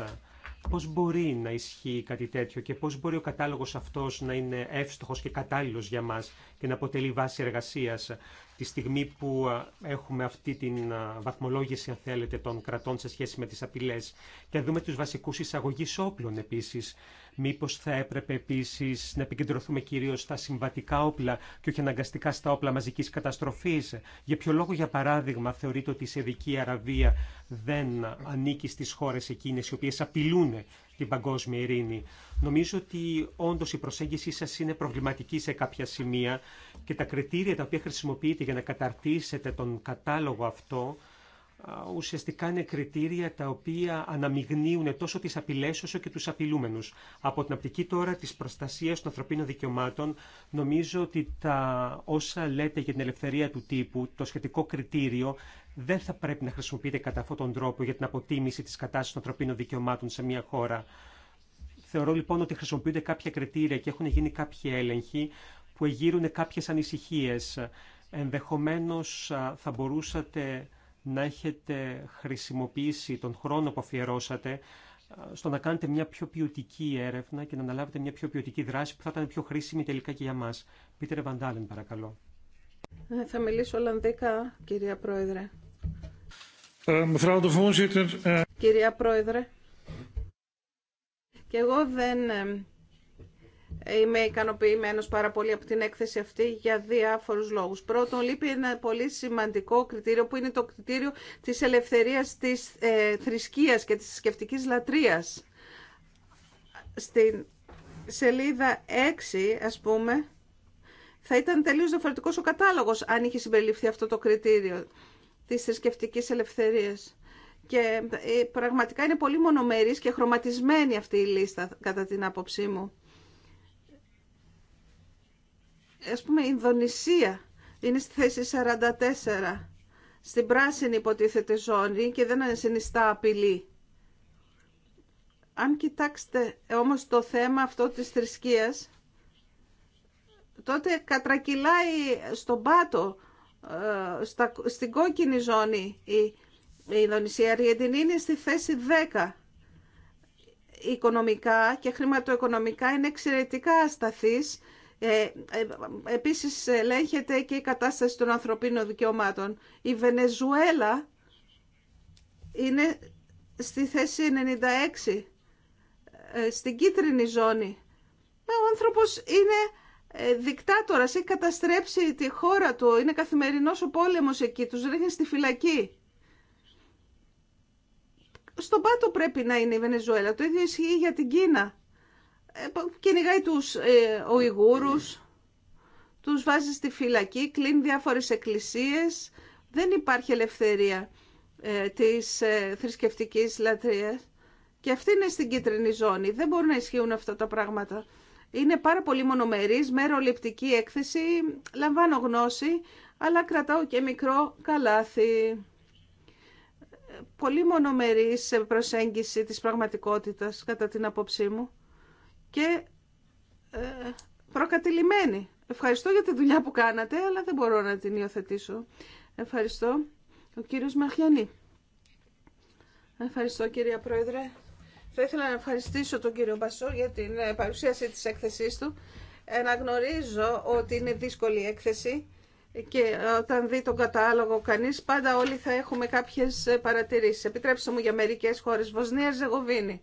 πώς μπορεί να ισχύει κάτι τέτοιο και πώς μπορεί ο κατάλογος αυτός να είναι εύστοχος και κατάλληλος για μας και να αποτελεί βάση εργασίας τη στιγμή που έχουμε αυτή την βαθμολόγηση, αν θέλετε, των κρατών σε σχέση με τις απειλές και δούμε τους βασικούς εισαγωγείς όπλων επίσης. Μήπως θα έπρεπε επίσης να επικεντρωθούμε κυρίως στα συμβατικά όπλα και όχι αναγκαστικά στα όπλα μαζικής καταστροφής. Για ποιο λόγο, για παράδειγμα, θεωρείτε ότι η Σεδική Αραβία δεν ανήκει στις χώρες εκείνες οι οποίες απειλούν την παγκόσμια ειρήνη. Νομίζω ότι όντω η προσέγγιση σας είναι προβληματική σε κάποια σημεία και τα κριτήρια τα οποία χρησιμοποιείτε για να καταρτήσετε τον κατάλογο αυτό ουσιαστικά είναι κριτήρια τα οποία αναμειγνύουν τόσο τις απειλές όσο και τους απειλούμενους. Από την απτική τώρα της προστασίας των ανθρωπίνων δικαιωμάτων, νομίζω ότι τα όσα λέτε για την ελευθερία του τύπου, το σχετικό κριτήριο, δεν θα πρέπει να χρησιμοποιείται κατά αυτόν τον τρόπο για την αποτίμηση της κατάστασης των ανθρωπίνων δικαιωμάτων σε μια χώρα. Θεωρώ λοιπόν ότι χρησιμοποιούνται κάποια κριτήρια και έχουν γίνει κάποιοι έλεγχοι που εγείρουν κάποιες ανησυχίες. Ενδεχομένως θα μπορούσατε να έχετε χρησιμοποιήσει τον χρόνο που αφιερώσατε ε, στο να κάνετε μια πιο ποιοτική έρευνα και να αναλάβετε μια πιο ποιοτική δράση που θα ήταν πιο χρήσιμη τελικά και για μας. Πίτερ Βαντάλεν, παρακαλώ. Ε, θα μιλήσω Ολλανδικά, κυρία Πρόεδρε. Ε, κυρία Πρόεδρε, και εγώ δεν Είμαι ικανοποιημένο πάρα πολύ από την έκθεση αυτή για διάφορου λόγου. Πρώτον, λείπει ένα πολύ σημαντικό κριτήριο που είναι το κριτήριο τη ελευθερία τη ε, θρησκεία και τη σκεφτική λατρεία. Στην σελίδα 6, α πούμε, θα ήταν τελείω διαφορετικό ο κατάλογο αν είχε συμπεριληφθεί αυτό το κριτήριο τη θρησκευτική ελευθερία. Και ε, πραγματικά είναι πολύ μονομερής και χρωματισμένη αυτή η λίστα, κατά την άποψή μου ας πούμε, η Ινδονησία είναι στη θέση 44, στην πράσινη υποτίθεται ζώνη και δεν συνιστά απειλή. Αν κοιτάξετε όμως το θέμα αυτό της θρησκείας, τότε κατρακυλάει στον πάτο, ε, στα, στην κόκκινη ζώνη η, η Ινδονησία. Η είναι στη θέση 10 οικονομικά και χρηματοοικονομικά είναι εξαιρετικά ασταθής ε, ε, επίσης ελέγχεται και η κατάσταση των ανθρωπίνων δικαιωμάτων. Η Βενεζουέλα είναι στη θέση 96, ε, στην κίτρινη ζώνη. Ο άνθρωπος είναι δικτάτορας, έχει καταστρέψει τη χώρα του, είναι καθημερινός ο πόλεμος εκεί, τους ρίχνει στη φυλακή. Στον πάτο πρέπει να είναι η Βενεζουέλα, το ίδιο ισχύει για την Κίνα. Ε, κυνηγάει τους ε, τους βάζει στη φυλακή, κλείνει διάφορες εκκλησίες. Δεν υπάρχει ελευθερία ε, της ε, θρησκευτικής λατρείας. Και αυτή είναι στην κίτρινη ζώνη. Δεν μπορούν να ισχύουν αυτά τα πράγματα. Είναι πάρα πολύ μονομερής, μεροληπτική έκθεση, λαμβάνω γνώση, αλλά κρατάω και μικρό καλάθι. Ε, πολύ μονομερής προσέγγιση της πραγματικότητας, κατά την απόψή μου και ε, προκατηλημένη. Ευχαριστώ για τη δουλειά που κάνατε, αλλά δεν μπορώ να την υιοθετήσω. Ευχαριστώ. Ο κύριος Μαχιανή. Ευχαριστώ κυρία Πρόεδρε. Θα ήθελα να ευχαριστήσω τον κύριο Μπασό για την ε, παρουσίαση της έκθεσής του. Ε, γνωρίζω ότι είναι δύσκολη η έκθεση και όταν δει τον κατάλογο κανείς, πάντα όλοι θα έχουμε κάποιες ε, παρατηρήσεις. Επιτρέψτε μου για μερικές χώρες. Βοσνία, Ζεγοβίνη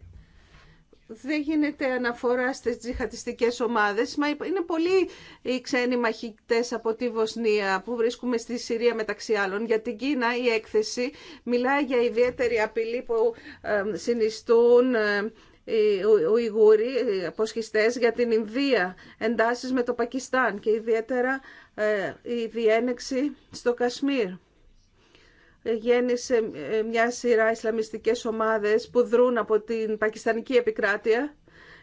δεν γίνεται αναφορά στις τζιχατιστικές ομάδες, μα είναι πολλοί οι ξένοι μαχητές από τη Βοσνία που βρίσκουμε στη Συρία μεταξύ άλλων. Για την Κίνα η έκθεση μιλάει για ιδιαίτερη απειλή που συνιστούν ε, οι Ουιγούροι, οι αποσχιστές για την Ινδία, εντάσεις με το Πακιστάν και ιδιαίτερα ε, η διένεξη στο Κασμίρ γέννησε ε, μια σειρά Ισλαμιστικές ομάδες που δρούν από την Πακιστανική επικράτεια.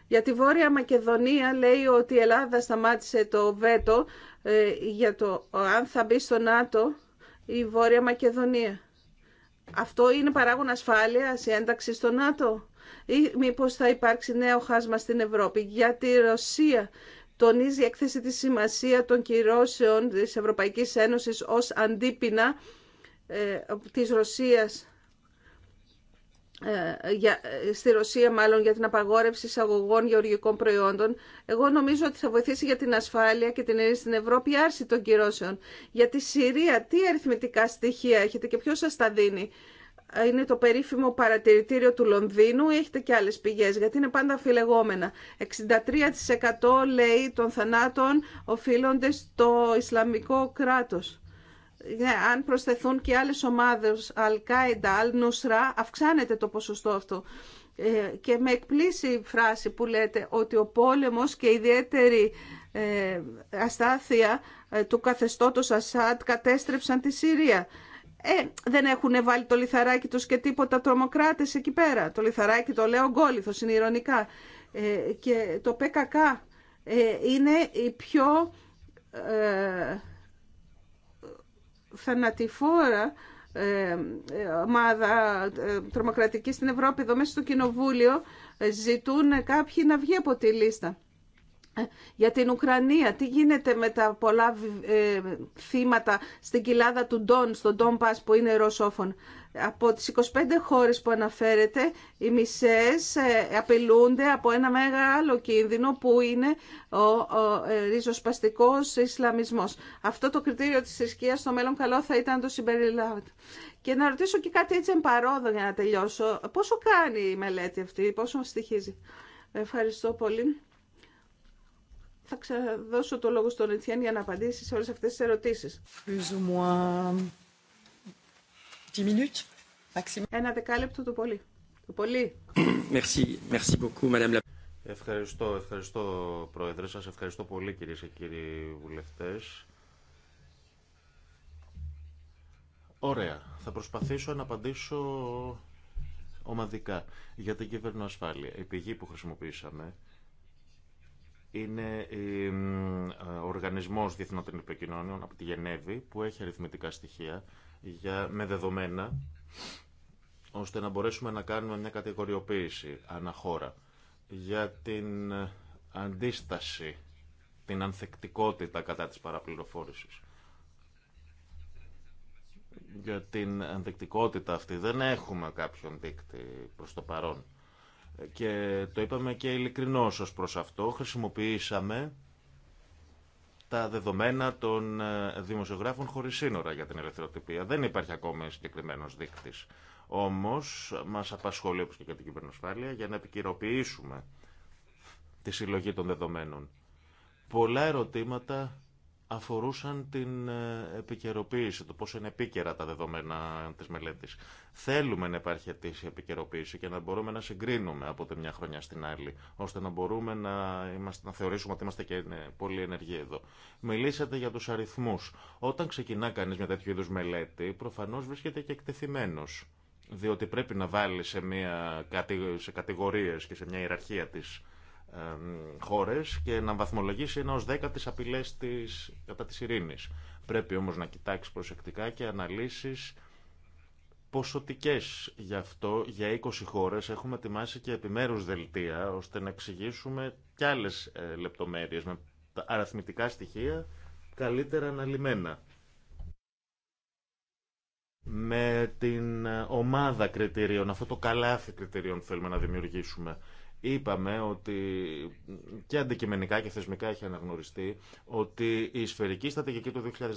Για τη Βόρεια Μακεδονία λέει ότι η Ελλάδα σταμάτησε το βέτο ε, για το αν θα μπει στο ΝΑΤΟ η Βόρεια Μακεδονία. Αυτό είναι παράγον ασφάλειας η ένταξη στο ΝΑΤΟ ή μήπως θα υπάρξει νέο χάσμα στην Ευρώπη. Για τη Ρωσία τονίζει η έκθεση τη σημασία των κυρώσεων της Ευρωπαϊκής Ένωσης ως αντίπεινα ε, της Ρωσίας ε, για, ε, στη Ρωσία μάλλον για την απαγόρευση εισαγωγών γεωργικών προϊόντων, εγώ νομίζω ότι θα βοηθήσει για την ασφάλεια και την ειρήνη στην Ευρώπη άρση των κυρώσεων. Για τη Συρία, τι αριθμητικά στοιχεία έχετε και ποιος σας τα δίνει. Είναι το περίφημο παρατηρητήριο του Λονδίνου ή έχετε και άλλες πηγές, γιατί είναι πάντα αφιλεγόμενα. 63% λέει των θανάτων οφείλονται στο Ισλαμικό κράτος. Ναι, αν προσθεθούν και άλλες ομάδες Αλ-Κάιντα, Αλ-Νουσρά, αυξάνεται το ποσοστό αυτό. Ε, και με εκπλήσει η φράση που λέτε ότι ο πόλεμος και ιδιαίτερη ε, αστάθεια ε, του καθεστώτος Ασάντ κατέστρεψαν τη Συρία. Ε, δεν έχουν βάλει το λιθαράκι τους και τίποτα τρομοκράτες εκεί πέρα. Το λιθαράκι το λέω γκόλιθος, είναι ηρωνικά. Ε, και το ΠΚΚ ε, είναι η πιο... Ε, θανατηφόρα ε, ε, ομάδα ε, τρομοκρατική στην Ευρώπη εδώ μέσα στο Κοινοβούλιο ζητούν κάποιοι να βγει από τη λίστα. Για την Ουκρανία, τι γίνεται με τα πολλά θύματα στην κοιλάδα του Ντόν, στον Ντόν Πας που είναι ρωσόφων. Από τις 25 χώρες που αναφέρεται, οι μισές ε, απειλούνται από ένα μεγάλο κίνδυνο που είναι ο, ο ε, ριζοσπαστικός Ισλαμισμός. Αυτό το κριτήριο της θρησκείας στο μέλλον καλό θα ήταν το συμπεριλάβετε. Και να ρωτήσω και κάτι έτσι εμπαρόδο για να τελειώσω. Πόσο κάνει η μελέτη αυτή, πόσο μας στοιχίζει. Ευχαριστώ πολύ. Θα ξαναδώσω το λόγο στον Ετιέν για να απαντήσει σε όλες αυτές τις ερωτήσεις. Ένα δεκάλεπτο το πολύ. Το πολύ. Ευχαριστώ, ευχαριστώ Πρόεδρε σας, ευχαριστώ πολύ κύριε, και κύριοι βουλευτές. Ωραία, θα προσπαθήσω να απαντήσω ομαδικά για την κυβερνοασφάλεια. Η πηγή που χρησιμοποιήσαμε είναι ο Οργανισμός Διεθνών Επικοινωνίων από τη Γενέβη που έχει αριθμητικά στοιχεία για, με δεδομένα, ώστε να μπορέσουμε να κάνουμε μια κατηγοριοποίηση αναχώρα για την ε, αντίσταση, την ανθεκτικότητα κατά της παραπληροφόρησης. Για την ανθεκτικότητα αυτή δεν έχουμε κάποιον δείκτη προς το παρόν. Ε, και το είπαμε και ειλικρινώς ως προς αυτό. Χρησιμοποιήσαμε τα δεδομένα των ε, δημοσιογράφων χωρίς σύνορα για την ελευθεροτυπία. Δεν υπάρχει ακόμη συγκεκριμένο δείκτης. Όμως μας απασχολεί όπως και για την κυβερνοσφάλεια για να επικυροποιήσουμε τη συλλογή των δεδομένων. Πολλά ερωτήματα αφορούσαν την ε, επικαιροποίηση, το πόσο είναι επίκαιρα τα δεδομένα της μελέτης. Θέλουμε να υπάρχει η επικαιροποίηση και να μπορούμε να συγκρίνουμε από τη μια χρονιά στην άλλη, ώστε να μπορούμε να, είμαστε, να θεωρήσουμε ότι είμαστε και ε, πολύ ενεργοί εδώ. Μιλήσατε για τους αριθμούς. Όταν ξεκινά κανείς μια τέτοιου είδους μελέτη, προφανώς βρίσκεται και εκτεθειμένος διότι πρέπει να βάλει σε, μια, σε κατηγορίες και σε μια ιεραρχία τις χώρες και να βαθμολογήσει ένα ως δέκα τις απειλές της, κατά της ειρήνης. Πρέπει όμως να κοιτάξει προσεκτικά και αναλύσεις ποσοτικές. Γι' αυτό για 20 χώρες έχουμε ετοιμάσει και επιμέρους δελτία ώστε να εξηγήσουμε κι άλλες ε, λεπτομέρειες με αριθμητικά στοιχεία καλύτερα αναλυμένα. Με την ε, ομάδα κριτηρίων, αυτό το καλάθι κριτηρίων θέλουμε να δημιουργήσουμε είπαμε ότι και αντικειμενικά και θεσμικά έχει αναγνωριστεί ότι η σφαιρική στρατηγική του 2016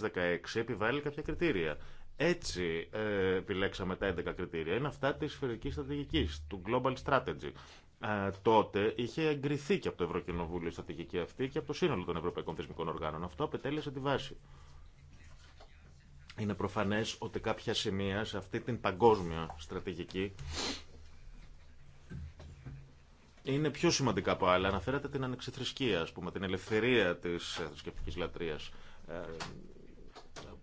επιβάλλει κάποια κριτήρια. Έτσι ε, επιλέξαμε τα 11 κριτήρια. Είναι αυτά τη σφαιρική στρατηγική, του Global Strategy. Ε, τότε είχε εγκριθεί και από το Ευρωκοινοβούλιο η στρατηγική αυτή και από το σύνολο των Ευρωπαϊκών Θεσμικών Οργάνων. Αυτό απετέλεσε τη βάση. Είναι προφανές ότι κάποια σημεία σε αυτή την παγκόσμια στρατηγική είναι πιο σημαντικά από άλλα. Αναφέρατε την ανεξιθρησκεία, ας πούμε, την ελευθερία της ε, θρησκευτικής λατρείας, ε,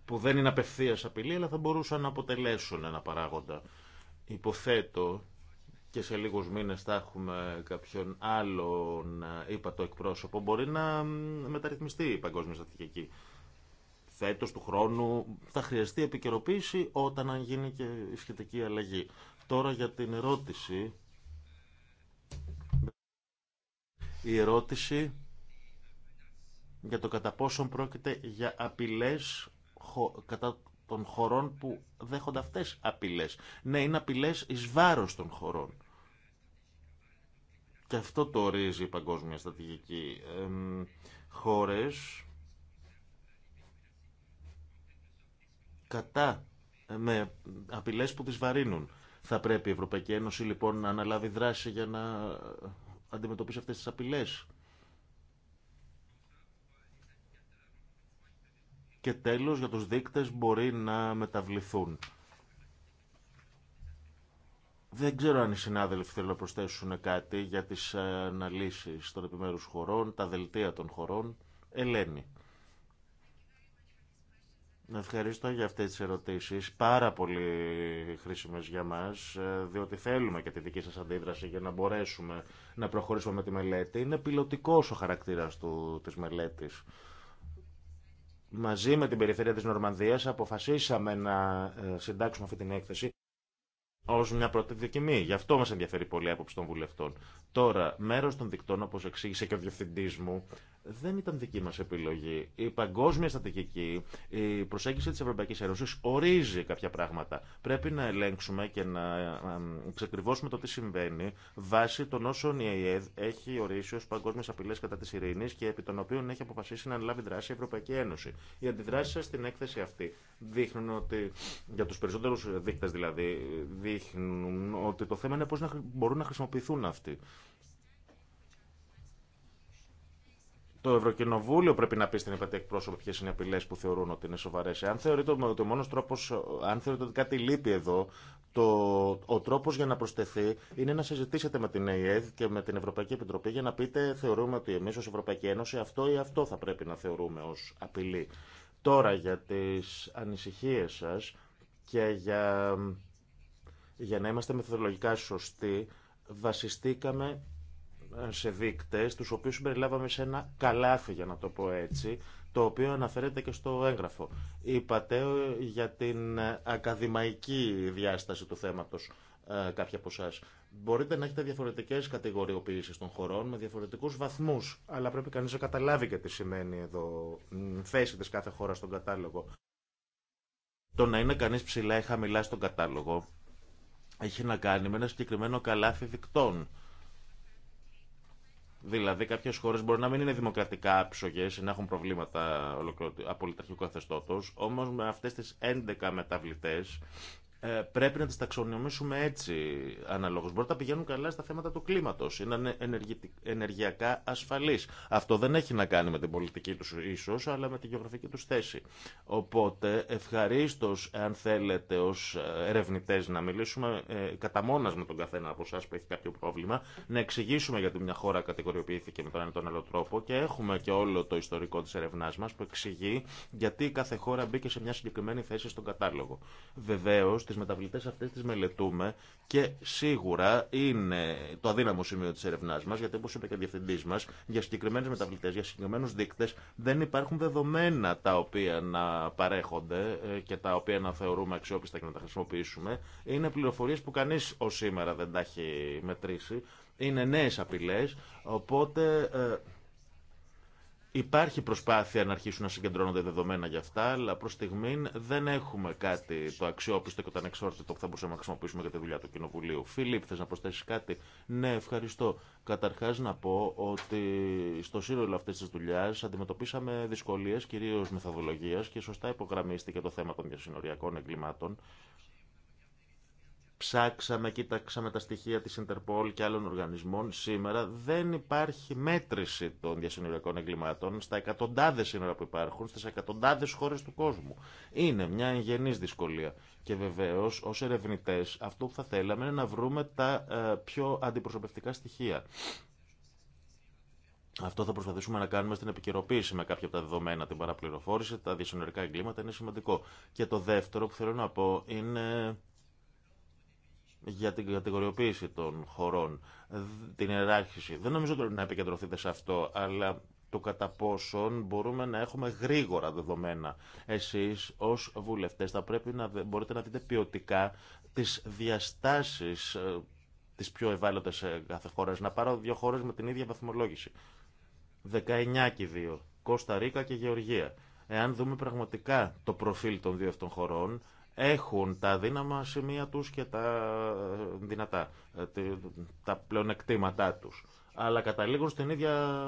που δεν είναι απευθείας απειλή, αλλά θα μπορούσαν να αποτελέσουν ένα παράγοντα. Υποθέτω και σε λίγους μήνες θα έχουμε κάποιον άλλον ε, το εκπρόσωπο, μπορεί να μεταρρυθμιστεί η παγκόσμια στρατηγική. Φέτο του χρόνου θα χρειαστεί επικαιροποίηση όταν γίνει και η σχετική αλλαγή. Τώρα για την ερώτηση η ερώτηση για το κατά πόσον πρόκειται για απειλές κατά των χωρών που δέχονται αυτές απειλές. Ναι, είναι απειλές εις βάρος των χωρών. Και αυτό το ορίζει η παγκόσμια στρατηγική. Ε, χώρες κατά με απειλές που τις βαρύνουν. Θα πρέπει η Ευρωπαϊκή Ένωση λοιπόν να αναλάβει δράση για να αντιμετωπίσει αυτές τις απειλές. Και τέλος για τους δείκτες μπορεί να μεταβληθούν. Δεν ξέρω αν οι συνάδελφοι θέλουν να προσθέσουν κάτι για τις αναλύσεις των επιμέρους χωρών, τα δελτία των χωρών. Ελένη. Ευχαριστώ για αυτές τις ερωτήσεις. Πάρα πολύ χρήσιμες για μας, ε, διότι θέλουμε και τη δική σας αντίδραση για να μπορέσουμε να προχωρήσουμε με τη μελέτη. Είναι πιλωτικός ο χαρακτήρας του, της μελέτης. Μαζί με την περιφέρεια της Νορμανδίας αποφασίσαμε να ε, συντάξουμε αυτή την έκθεση ω μια πρώτη δοκιμή. Γι' αυτό μα ενδιαφέρει πολύ η άποψη των βουλευτών. Τώρα, μέρο των δικτών, όπω εξήγησε και ο διευθυντή μου, δεν ήταν δική μα επιλογή. Η παγκόσμια στατικική, η προσέγγιση τη Ευρωπαϊκή Ένωση ορίζει κάποια πράγματα. Πρέπει να ελέγξουμε και να ξεκριβώσουμε το τι συμβαίνει βάσει των όσων η ΑΕΔ έχει ορίσει ω παγκόσμιε απειλέ κατά τη ειρήνη και επί των οποίων έχει αποφασίσει να αναλάβει δράση η Ευρωπαϊκή Ένωση. Οι αντιδράσει σα στην έκθεση αυτή δείχνουν ότι για του περισσότερου δείκτε δηλαδή δείχνουν ότι το θέμα είναι πώς να, μπορούν να χρησιμοποιηθούν αυτοί. Το Ευρωκοινοβούλιο πρέπει να πει στην επατή εκπρόσωπο ποιε είναι οι απειλέ που θεωρούν ότι είναι σοβαρέ. Αν θεωρείτε ότι ότι κάτι λείπει εδώ, το, ο τρόπο για να προσθεθεί είναι να συζητήσετε με την ΕΕΔ και με την Ευρωπαϊκή Επιτροπή για να πείτε θεωρούμε ότι εμεί ω Ευρωπαϊκή Ένωση αυτό ή αυτό θα πρέπει να θεωρούμε ω απειλή. Τώρα για τι ανησυχίε σα και για για να είμαστε μεθοδολογικά σωστοί, βασιστήκαμε σε δείκτες, τους οποίους συμπεριλάβαμε σε ένα καλάθι, για να το πω έτσι, το οποίο αναφέρεται και στο έγγραφο. Είπατε ε, για την ε, ακαδημαϊκή διάσταση του θέματος ε, κάποια από εσά. Μπορείτε να έχετε διαφορετικέ κατηγοριοποιήσει των χωρών με διαφορετικού βαθμού, αλλά πρέπει κανεί να καταλάβει και τι σημαίνει εδώ θέση τη κάθε χώρα στον κατάλογο. Το να είναι κανεί ψηλά ή χαμηλά στον κατάλογο έχει να κάνει με ένα συγκεκριμένο καλάθι δικτών. Δηλαδή, κάποιε χώρε μπορεί να μην είναι δημοκρατικά άψογε ή να έχουν προβλήματα απολυταρχικού καθεστώτο, όμω με αυτέ τι 11 μεταβλητέ ε, πρέπει να τις ταξονομήσουμε έτσι αναλόγως. Μπορεί να πηγαίνουν καλά στα θέματα του κλίματος, είναι ενεργειακά ασφαλείς. Αυτό δεν έχει να κάνει με την πολιτική του ίσως, αλλά με τη γεωγραφική του θέση. Οπότε ευχαρίστως, αν θέλετε, ως ερευνητές να μιλήσουμε ε, κατά μόνας με τον καθένα από εσά που έχει κάποιο πρόβλημα, να εξηγήσουμε γιατί μια χώρα κατηγοριοποιήθηκε με τον ένα τον άλλο τρόπο και έχουμε και όλο το ιστορικό της ερευνά μα που εξηγεί γιατί κάθε χώρα μπήκε σε μια συγκεκριμένη θέση στον κατάλογο. Βεβαίως, τις μεταβλητέ αυτές τις μελετούμε και σίγουρα είναι το αδύναμο σημείο τη έρευνά μα, γιατί όπω είπε και ο διευθυντή μας, για συγκεκριμένε μεταβλητέ, για συγκεκριμένου δείκτες δεν υπάρχουν δεδομένα τα οποία να παρέχονται ε, και τα οποία να θεωρούμε αξιόπιστα και να τα χρησιμοποιήσουμε. Είναι πληροφορίες που κανεί ω σήμερα δεν τα έχει μετρήσει. Είναι νέες απειλέ, οπότε... Ε, Υπάρχει προσπάθεια να αρχίσουν να συγκεντρώνονται δεδομένα για αυτά, αλλά προ στιγμή δεν έχουμε κάτι το αξιόπιστο και το ανεξόρτητο που θα μπορούσαμε να χρησιμοποιήσουμε για τη δουλειά του Κοινοβουλίου. Φίλιπ, θε να προσθέσει κάτι. Ναι, ευχαριστώ. Καταρχά να πω ότι στο σύνολο αυτή τη δουλειά αντιμετωπίσαμε δυσκολίε, κυρίω μεθοδολογία και σωστά υπογραμμίστηκε το θέμα των διασυνοριακών εγκλημάτων ψάξαμε, κοίταξαμε τα στοιχεία της Interpol και άλλων οργανισμών, σήμερα δεν υπάρχει μέτρηση των διασυνοριακών εγκλημάτων στα εκατοντάδες σύνορα που υπάρχουν, στις εκατοντάδες χώρες του κόσμου. Είναι μια εγγενής δυσκολία. Και βεβαίως, ως ερευνητές, αυτό που θα θέλαμε είναι να βρούμε τα ε, πιο αντιπροσωπευτικά στοιχεία. Αυτό θα προσπαθήσουμε να κάνουμε στην επικαιροποίηση με κάποια από τα δεδομένα, την παραπληροφόρηση, τα διασυνορικά εγκλήματα είναι σημαντικό. Και το δεύτερο που θέλω να πω είναι για την κατηγοριοποίηση των χωρών, την ιεράρχηση. Δεν νομίζω ότι να επικεντρωθείτε σε αυτό, αλλά το κατά πόσον μπορούμε να έχουμε γρήγορα δεδομένα. Εσείς ως βουλευτές θα πρέπει να μπορείτε να δείτε ποιοτικά τις διαστάσεις ε, τις πιο ευάλωτες κάθε χώρα. Να πάρω δύο χώρες με την ίδια βαθμολόγηση. 19 και 2. Κώστα Ρίκα και Γεωργία. Εάν δούμε πραγματικά το προφίλ των δύο αυτών χωρών, έχουν τα δύναμα σημεία τους και τα ε, δυνατά, ε, τα πλεονεκτήματά τους. Αλλά καταλήγουν στην ίδια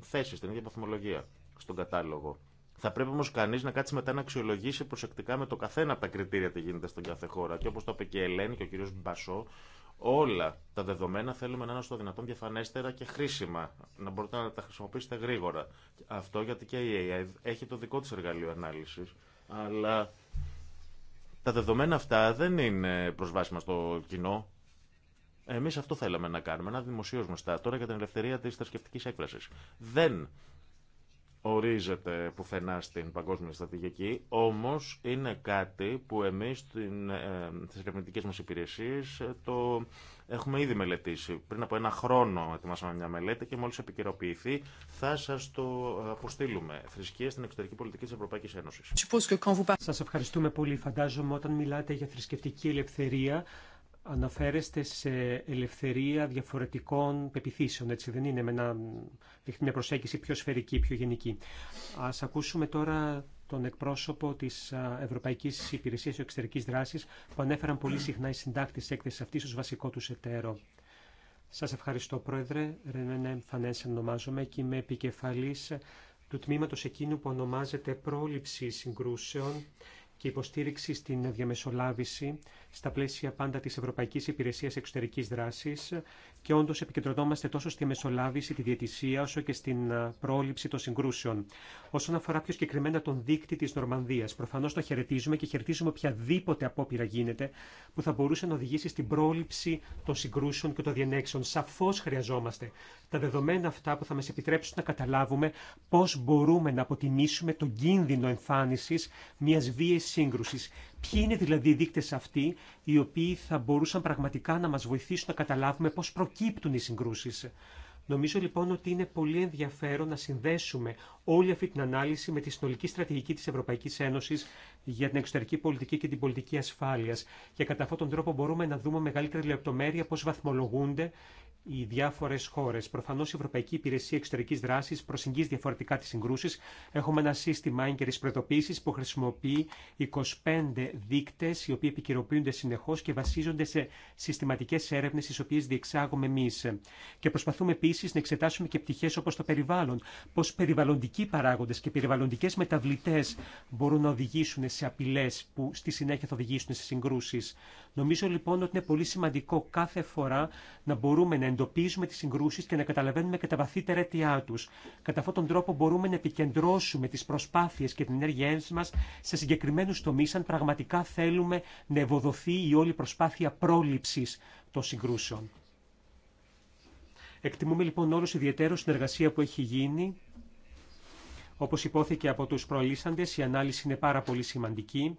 θέση, στην ίδια βαθμολογία στον κατάλογο. Θα πρέπει όμω κανεί να κάτσει μετά να αξιολογήσει προσεκτικά με το καθένα από τα κριτήρια τι γίνεται στον κάθε χώρα. Και όπω το είπε και η Ελένη και ο κύριο Μπασό, όλα τα δεδομένα θέλουμε να είναι στο δυνατόν διαφανέστερα και χρήσιμα. Να μπορείτε να τα χρησιμοποιήσετε γρήγορα. Αυτό γιατί και η AI έχει το δικό τη εργαλείο ανάλυση. Αλλά τα δεδομένα αυτά δεν είναι προσβάσιμα στο κοινό. Εμεί αυτό θέλαμε να κάνουμε, να δημοσιώσουμε στα τώρα για την ελευθερία τη θρησκευτική έκφραση. Δεν ορίζεται πουθενά στην παγκόσμια στρατηγική, όμω είναι κάτι που εμεί ε, στι ερευνητικέ μα υπηρεσίε ε, το Έχουμε ήδη μελετήσει. Πριν από ένα χρόνο ετοιμάσαμε μια μελέτη και μόλι επικαιροποιηθεί θα σα το αποστείλουμε. Θρησκεία στην εξωτερική πολιτική τη Ευρωπαϊκή Ένωση. Σα ευχαριστούμε πολύ. Φαντάζομαι όταν μιλάτε για θρησκευτική ελευθερία αναφέρεστε σε ελευθερία διαφορετικών πεπιθήσεων, έτσι δεν είναι, με ένα, μια προσέγγιση πιο σφαιρική, πιο γενική. Ας ακούσουμε τώρα τον εκπρόσωπο τη Ευρωπαϊκή Υπηρεσία Εξωτερική Δράση, που ανέφεραν πολύ συχνά οι συντάκτε τη έκθεση αυτή ω βασικό του εταίρο. Σα ευχαριστώ, Πρόεδρε. Ρενένε Φανένσεν ονομάζομαι και είμαι επικεφαλή του τμήματο εκείνου που ονομάζεται Πρόληψη Συγκρούσεων και υποστήριξη στην διαμεσολάβηση στα πλαίσια πάντα της Ευρωπαϊκής Υπηρεσίας Εξωτερικής Δράσης και όντω επικεντρωνόμαστε τόσο στη μεσολάβηση, τη διαιτησία, όσο και στην πρόληψη των συγκρούσεων. Όσον αφορά πιο συγκεκριμένα τον δείκτη τη Νορμανδία, προφανώ το χαιρετίζουμε και χαιρετίζουμε οποιαδήποτε απόπειρα γίνεται που θα μπορούσε να οδηγήσει στην πρόληψη των συγκρούσεων και των διενέξεων. Σαφώ χρειαζόμαστε τα δεδομένα αυτά που θα μα επιτρέψουν να καταλάβουμε πώ μπορούμε να αποτιμήσουμε τον κίνδυνο εμφάνιση μια βίαιη σύγκρουση Ποιοι είναι δηλαδή οι δείκτε αυτοί οι οποίοι θα μπορούσαν πραγματικά να μας βοηθήσουν να καταλάβουμε πώς προκύπτουν οι συγκρούσεις. Νομίζω λοιπόν ότι είναι πολύ ενδιαφέρον να συνδέσουμε όλη αυτή την ανάλυση με τη συνολική στρατηγική της Ευρωπαϊκής Ένωσης για την εξωτερική πολιτική και την πολιτική ασφάλεια. Και κατά αυτόν τον τρόπο μπορούμε να δούμε μεγαλύτερη λεπτομέρεια πώ βαθμολογούνται οι διάφορε χώρε. Προφανώ η Ευρωπαϊκή Υπηρεσία Εξωτερική Δράση προσεγγίζει διαφορετικά τι συγκρούσει. Έχουμε ένα σύστημα έγκαιρη προειδοποίηση που χρησιμοποιεί 25 δείκτε, οι οποίοι επικυρωποιούνται συνεχώ και βασίζονται σε συστηματικέ έρευνε, τι οποίε διεξάγουμε εμεί. Και προσπαθούμε επίση να εξετάσουμε και πτυχέ όπω το περιβάλλον. Πώ περιβαλλοντικοί παράγοντε και περιβαλλοντικέ μεταβλητέ μπορούν να οδηγήσουν σε απειλέ που στη συνέχεια θα οδηγήσουν σε συγκρούσει. Νομίζω λοιπόν ότι είναι πολύ σημαντικό κάθε φορά να μπορούμε να εντοπίζουμε τις συγκρούσεις και να καταλαβαίνουμε και τα βαθύτερα αιτιά τους. Κατά αυτόν τον τρόπο μπορούμε να επικεντρώσουμε τις προσπάθειες και την ενέργειά μας σε συγκεκριμένους τομείς αν πραγματικά θέλουμε να ευοδοθεί η όλη προσπάθεια πρόληψης των συγκρούσεων. Εκτιμούμε λοιπόν όλους ιδιαίτερο συνεργασία που έχει γίνει. Όπως υπόθηκε από τους προελίσσαντες, η ανάλυση είναι πάρα πολύ σημαντική.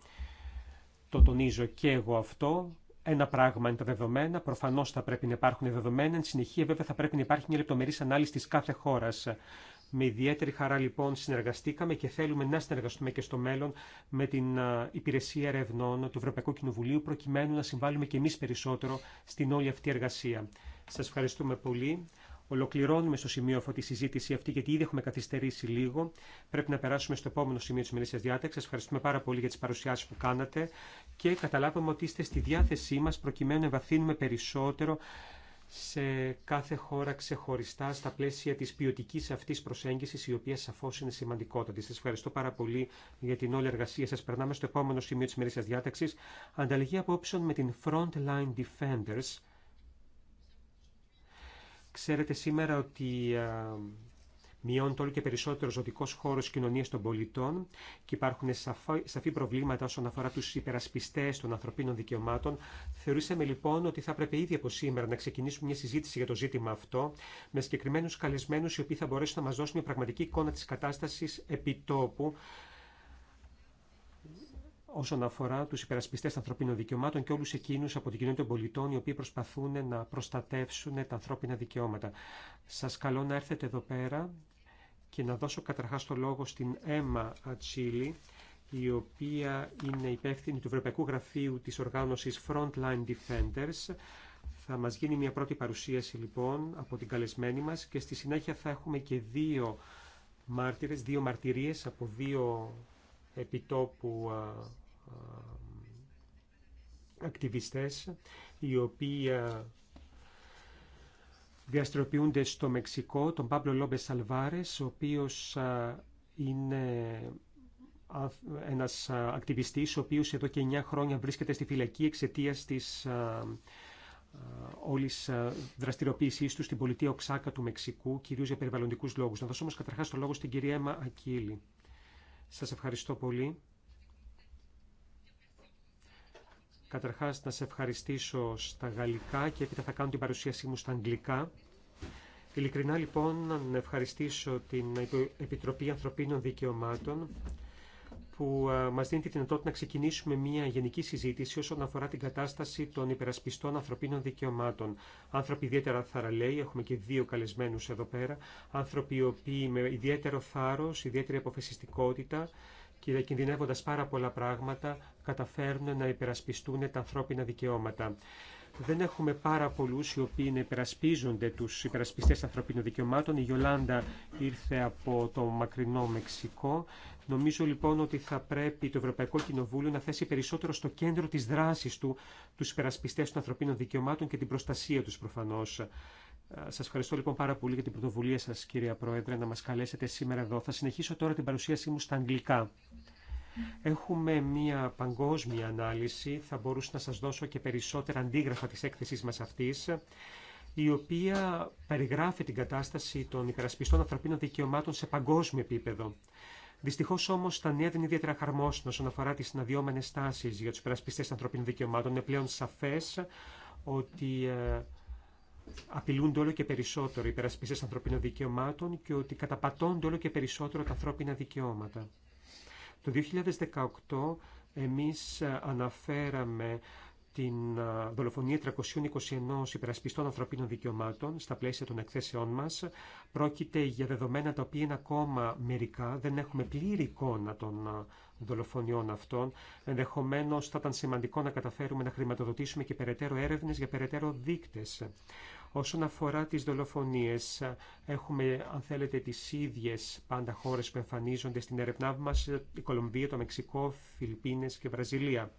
Το τονίζω και εγώ αυτό. Ένα πράγμα είναι τα δεδομένα, προφανώ θα πρέπει να υπάρχουν δεδομένα. Εν συνεχεία, βέβαια, θα πρέπει να υπάρχει μια λεπτομερή ανάλυση τη κάθε χώρα. Με ιδιαίτερη χαρά, λοιπόν, συνεργαστήκαμε και θέλουμε να συνεργαστούμε και στο μέλλον με την Υπηρεσία Ερευνών του Ευρωπαϊκού Κοινοβουλίου, προκειμένου να συμβάλλουμε και εμεί περισσότερο στην όλη αυτή εργασία. Σα ευχαριστούμε πολύ. Ολοκληρώνουμε στο σημείο αυτή τη συζήτηση αυτή, γιατί ήδη έχουμε καθυστερήσει λίγο. Πρέπει να περάσουμε στο επόμενο σημείο τη μελίσια διάταξη. Σα ευχαριστούμε πάρα πολύ για τι παρουσιάσει που κάνατε και καταλάβαμε ότι είστε στη διάθεσή μα προκειμένου να βαθύνουμε περισσότερο σε κάθε χώρα ξεχωριστά στα πλαίσια της ποιοτική αυτής προσέγγισης η οποία σαφώς είναι σημαντικότατη. Σας ευχαριστώ πάρα πολύ για την όλη εργασία σας. Περνάμε στο επόμενο σημείο της μερίσιας διάταξης. Ανταλλαγή απόψεων με την Frontline Defenders Ξέρετε σήμερα ότι μειώνεται όλο και περισσότερο ζωτικό χώρο κοινωνία των πολιτών και υπάρχουν σαφή προβλήματα όσον αφορά του υπερασπιστέ των ανθρωπίνων δικαιωμάτων. Θεωρήσαμε λοιπόν ότι θα πρέπει ήδη από σήμερα να ξεκινήσουμε μια συζήτηση για το ζήτημα αυτό με συγκεκριμένου καλεσμένου οι οποίοι θα μπορέσουν να μα δώσουν μια πραγματική εικόνα τη κατάσταση επιτόπου όσον αφορά τους υπερασπιστές ανθρωπίνων δικαιωμάτων και όλους εκείνους από την κοινότητα των πολιτών οι οποίοι προσπαθούν να προστατεύσουν τα ανθρώπινα δικαιώματα. Σας καλώ να έρθετε εδώ πέρα και να δώσω καταρχάς το λόγο στην Έμα Ατσίλη, η οποία είναι υπεύθυνη του Ευρωπαϊκού Γραφείου της οργάνωσης Frontline Defenders. Θα μας γίνει μια πρώτη παρουσίαση λοιπόν από την καλεσμένη μας και στη συνέχεια θα έχουμε και δύο μάρτυρες, δύο μαρτυρίες από δύο επιτόπου ακτιβιστές οι οποίοι διαστροποιούνται στο Μεξικό, τον Παύλο Λόμπε Σαλβάρες, ο οποίος είναι ένας ακτιβιστής, ο οποίος εδώ και 9 χρόνια βρίσκεται στη φυλακή εξαιτία της όλης δραστηριοποίησής του στην πολιτεία Οξάκα του Μεξικού, κυρίως για περιβαλλοντικούς λόγους. Να δώσω όμως καταρχάς το λόγο στην κυρία Έμα Ακύλη. Σας ευχαριστώ πολύ. Καταρχάς να σε ευχαριστήσω στα γαλλικά και έπειτα θα κάνω την παρουσίασή μου στα αγγλικά. Ειλικρινά λοιπόν να ευχαριστήσω την Επιτροπή Ανθρωπίνων Δικαιωμάτων που ε, μας δίνει τη δυνατότητα να ξεκινήσουμε μια γενική συζήτηση όσον αφορά την κατάσταση των υπερασπιστών ανθρωπίνων δικαιωμάτων. Άνθρωποι ιδιαίτερα θαραλέοι, έχουμε και δύο καλεσμένους εδώ πέρα, άνθρωποι οι οποίοι με ιδιαίτερο θάρρος, ιδιαίτερη αποφασιστικότητα και κινδυνεύοντας πάρα πολλά πράγματα καταφέρνουν να υπερασπιστούν τα ανθρώπινα δικαιώματα. Δεν έχουμε πάρα πολλού οι οποίοι υπερασπίζονται του υπερασπιστέ ανθρωπίνων δικαιωμάτων. Η Γιολάντα ήρθε από το μακρινό Μεξικό. Νομίζω λοιπόν ότι θα πρέπει το Ευρωπαϊκό Κοινοβούλιο να θέσει περισσότερο στο κέντρο τη δράση του του υπερασπιστέ των ανθρωπίνων δικαιωμάτων και την προστασία του προφανώ. Ε, σα ευχαριστώ λοιπόν πάρα πολύ για την πρωτοβουλία σα, κυρία Πρόεδρε να μα καλέσετε σήμερα εδώ. Θα συνεχίσω τώρα την παρουσίασή μου στα αγγλικά. Έχουμε μία παγκόσμια ανάλυση, θα μπορούσα να σας δώσω και περισσότερα αντίγραφα της έκθεσης μας αυτής, η οποία περιγράφει την κατάσταση των υπερασπιστών ανθρωπίνων δικαιωμάτων σε παγκόσμιο επίπεδο. Δυστυχώ όμω τα νέα δεν είναι ιδιαίτερα χαρμόσυνα όσον αφορά τι αναδυόμενε τάσει για του περασπιστέ ανθρωπίνων δικαιωμάτων. Είναι πλέον σαφέ ότι ε, απειλούνται όλο και περισσότερο οι περασπιστέ ανθρωπίνων δικαιωμάτων και ότι καταπατώνται όλο και περισσότερο τα ανθρώπινα δικαιώματα. Το 2018 εμείς ε, αναφέραμε την δολοφονία 321 υπερασπιστών ανθρωπίνων δικαιωμάτων στα πλαίσια των εκθέσεών μας. Πρόκειται για δεδομένα τα οποία είναι ακόμα μερικά, δεν έχουμε πλήρη εικόνα των δολοφονιών αυτών. Ενδεχομένω θα ήταν σημαντικό να καταφέρουμε να χρηματοδοτήσουμε και περαιτέρω έρευνες για περαιτέρω δείκτες. Όσον αφορά τις δολοφονίες, έχουμε, αν θέλετε, τις ίδιες πάντα χώρες που εμφανίζονται στην έρευνά μας, η Κολομβία, το Μεξικό, Φιλιππίνες και Βραζιλία.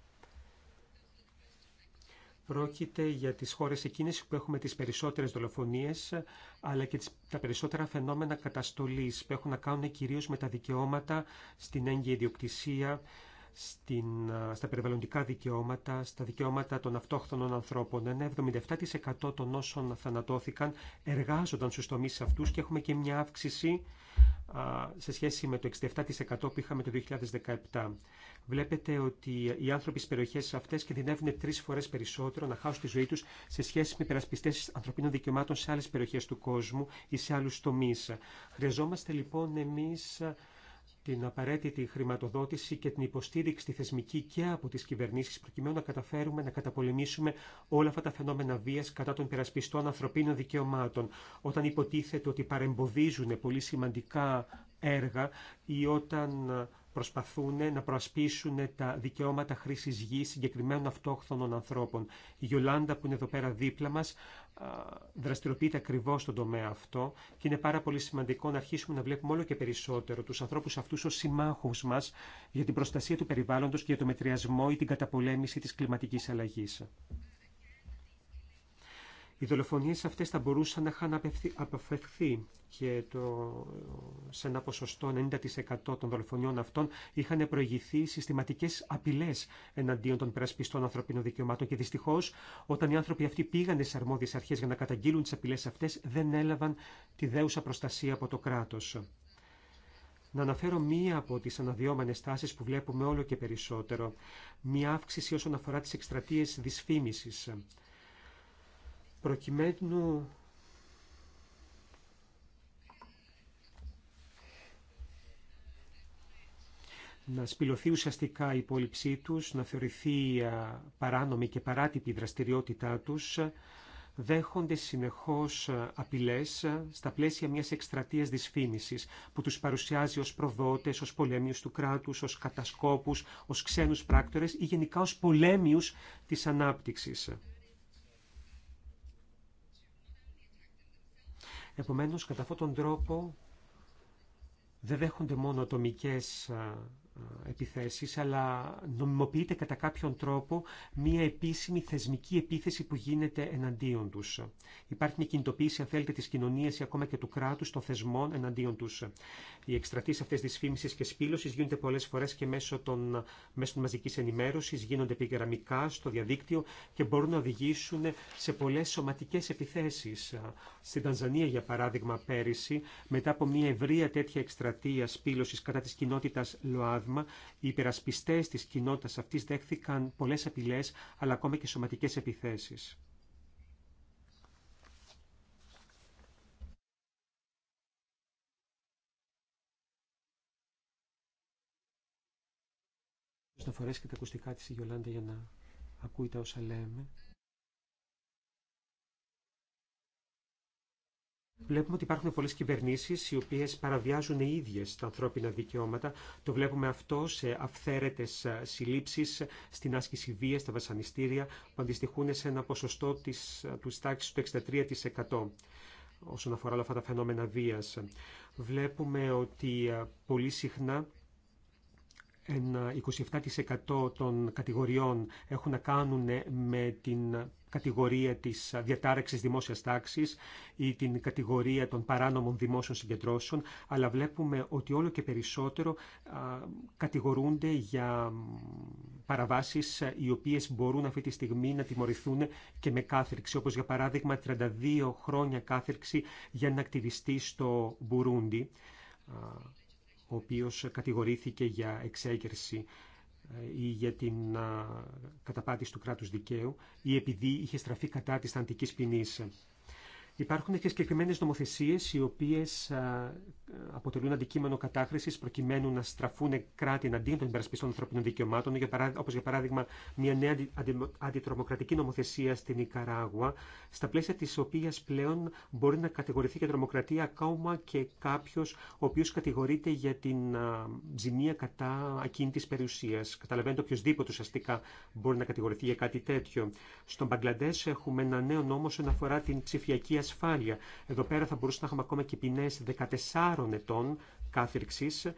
Πρόκειται για τις χώρες εκείνες που έχουμε τις περισσότερες δολοφονίες, αλλά και τα περισσότερα φαινόμενα καταστολής που έχουν να κάνουν κυρίως με τα δικαιώματα στην έγκυη ιδιοκτησία, στην, στα περιβαλλοντικά δικαιώματα, στα δικαιώματα των αυτόχθονων ανθρώπων. Ένα 77% των όσων θανατώθηκαν εργάζονταν στους τομείς αυτούς και έχουμε και μια αύξηση σε σχέση με το 67% που είχαμε το 2017. Βλέπετε ότι οι άνθρωποι στι περιοχές αυτές κινδυνεύουν τρει φορές περισσότερο να χάσουν τη ζωή του, σε σχέση με περασπιστές ανθρωπίνων δικαιωμάτων σε άλλες περιοχές του κόσμου ή σε άλλου τομείς. Χρειαζόμαστε λοιπόν εμείς την απαραίτητη χρηματοδότηση και την υποστήριξη θεσμική και από τις κυβερνήσεις προκειμένου να καταφέρουμε να καταπολεμήσουμε όλα αυτά τα φαινόμενα βίας κατά των περασπιστών ανθρωπίνων δικαιωμάτων όταν υποτίθεται ότι παρεμποδίζουν πολύ σημαντικά έργα ή όταν προσπαθούν να προασπίσουν τα δικαιώματα χρήσης γης συγκεκριμένων αυτόχθονων ανθρώπων. Η Γιολάντα που είναι εδώ πέρα δίπλα μα δραστηριοποιείται ακριβώ στον τομέα αυτό και είναι πάρα πολύ σημαντικό να αρχίσουμε να βλέπουμε όλο και περισσότερο τους ανθρώπους αυτούς ως συμμάχους μας για την προστασία του περιβάλλοντο και για το μετριασμό ή την καταπολέμηση τη κλιματική αλλαγή. Οι δολοφονίες αυτές θα μπορούσαν να είχαν αποφευθεί και το, σε ένα ποσοστό 90% των δολοφονιών αυτών είχαν προηγηθεί συστηματικές απειλές εναντίον των περασπιστών ανθρωπίνων δικαιωμάτων και δυστυχώς όταν οι άνθρωποι αυτοί πήγαν σε αρμόδιες αρχές για να καταγγείλουν τις απειλές αυτές δεν έλαβαν τη δέουσα προστασία από το κράτος. Να αναφέρω μία από τις αναδυόμενες τάσεις που βλέπουμε όλο και περισσότερο. Μία αύξηση όσον αφορά τις εκστρατείες δυσφήμισης προκειμένου να σπηλωθεί ουσιαστικά η υπόλοιψή τους, να θεωρηθεί παράνομη και παράτυπη η δραστηριότητά τους, δέχονται συνεχώς απειλές στα πλαίσια μιας εκστρατείας δυσφήμισης που τους παρουσιάζει ως προδότες, ως πολέμιους του κράτους, ως κατασκόπους, ως ξένους πράκτορες ή γενικά ως πολέμιους της ανάπτυξης. Επομένως, κατά αυτόν τον τρόπο δεν δέχονται μόνο ατομικές επιθέσεις, αλλά νομιμοποιείται κατά κάποιον τρόπο μία επίσημη θεσμική επίθεση που γίνεται εναντίον τους. Υπάρχει μια κινητοποίηση, αν θέλετε, της κοινωνίας ή ακόμα και του κράτους των θεσμών εναντίον τους. Οι εκστρατείς αυτές της φήμησης και σπήλωσης γίνονται πολλές φορές και μέσω των μέσω μαζικής ενημέρωσης, γίνονται επιγραμμικά στο διαδίκτυο και μπορούν να οδηγήσουν σε πολλές σωματικές επιθέσεις. Στην Τανζανία, για παράδειγμα, πέρυσι, μετά από μια ευρεία τέτοια εκστρατεία σπήλωσης κατά της κοινότητας ΛΟΑΔ, παράδειγμα, οι υπερασπιστέ τη κοινότητα αυτή δέχθηκαν πολλέ απειλέ, αλλά ακόμα και σωματικέ επιθέσει. Να φορέσει και τα ακουστικά της η Γιολάντα για να ακούει τα όσα λέμε. Βλέπουμε ότι υπάρχουν πολλές κυβερνήσεις οι οποίες παραβιάζουν οι ίδιες τα ανθρώπινα δικαιώματα. Το βλέπουμε αυτό σε αυθαίρετες συλλήψεις, στην άσκηση βία, στα βασανιστήρια, που αντιστοιχούν σε ένα ποσοστό της, της τάξη του 63% όσον αφορά όλα αυτά τα φαινόμενα βίας. Βλέπουμε ότι πολύ συχνά ένα 27% των κατηγοριών έχουν να κάνουν με την κατηγορία της διατάραξης δημόσιας τάξης ή την κατηγορία των παράνομων δημόσιων συγκεντρώσεων, αλλά βλέπουμε ότι όλο και περισσότερο κατηγορούνται για παραβάσεις ε, οι οποίες μπορούν αυτή τη στιγμή να τιμωρηθούν και με κάθριξη, όπως για παράδειγμα 32 χρόνια κάθριξη για έναν ακτιβιστή στο Μπουρούντι ο οποίος κατηγορήθηκε για εξέγερση ή για την καταπάτηση του κράτους δικαίου ή επειδή είχε στραφεί κατά της θαντικής ποινής. Υπάρχουν και συγκεκριμένε νομοθεσίε οι οποίε αποτελούν αντικείμενο κατάχρηση προκειμένου να στραφούν κράτη εναντίον των υπερασπιστών ανθρωπίνων δικαιωμάτων, όπω για παράδειγμα μια νέα αντιτρομοκρατική νομοθεσία στην Ικαράγουα, στα πλαίσια τη οποία πλέον μπορεί να κατηγορηθεί για τρομοκρατία ακόμα και κάποιο ο οποίο κατηγορείται για την ζημία κατά ακίνητη περιουσία. Καταλαβαίνετε, οποιοδήποτε ουσιαστικά μπορεί να κατηγορηθεί για κάτι τέτοιο. Στον Μπαγκλαντέ έχουμε ένα νέο νόμο όσον αφορά την ψηφιακή ασφάλεια. Εδώ πέρα θα μπορούσαμε να έχουμε ακόμα και ποινέ 14 τεσσάρων ετών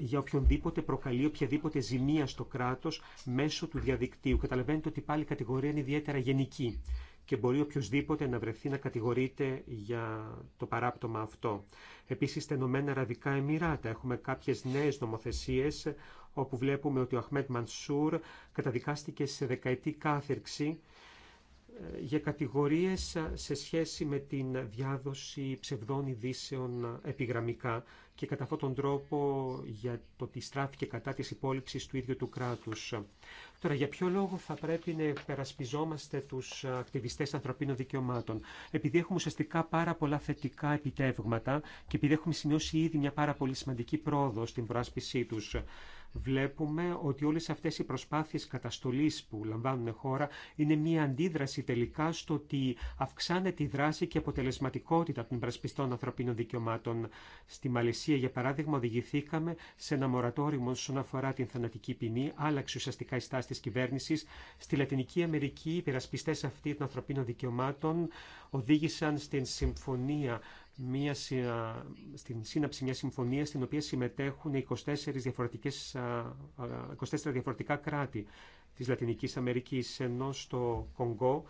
για οποιονδήποτε προκαλεί οποιαδήποτε ζημία στο κράτος μέσω του διαδικτύου. Καταλαβαίνετε ότι πάλι η κατηγορία είναι ιδιαίτερα γενική και μπορεί οποιοδήποτε να βρεθεί να κατηγορείται για το παράπτωμα αυτό. Επίσης, στα Ενωμένα Αραβικά Εμμυράτα έχουμε κάποιες νέες νομοθεσίες όπου βλέπουμε ότι ο Αχμέτ Μανσούρ καταδικάστηκε σε δεκαετή κάθερξη για κατηγορίες σε σχέση με την διάδοση ψευδών ειδήσεων επιγραμμικά και κατά αυτόν τον τρόπο για το ότι στράφηκε κατά της υπόλοιψης του ίδιου του κράτους. Τώρα, για ποιο λόγο θα πρέπει να περασπιζόμαστε τους ακτιβιστές ανθρωπίνων δικαιωμάτων. Επειδή έχουμε ουσιαστικά πάρα πολλά θετικά επιτεύγματα και επειδή έχουμε σημειώσει ήδη μια πάρα πολύ σημαντική πρόοδο στην προάσπισή τους βλέπουμε ότι όλες αυτές οι προσπάθειες καταστολής που λαμβάνουν χώρα είναι μια αντίδραση τελικά στο ότι αυξάνεται η δράση και αποτελεσματικότητα των υπερασπιστών ανθρωπίνων δικαιωμάτων. Στη Μαλαισία, για παράδειγμα, οδηγηθήκαμε σε ένα μορατόριμο όσον αφορά την θανατική ποινή, άλλαξε ουσιαστικά η στάση τη κυβέρνηση. Στη Λατινική Αμερική, οι υπερασπιστέ αυτοί των ανθρωπίνων δικαιωμάτων οδήγησαν στην συμφωνία μια, στην σύναψη μια συμφωνία στην οποία συμμετέχουν 24, διαφορετικές, 24 διαφορετικά κράτη της Λατινικής Αμερικής, ενώ στο Κονγκό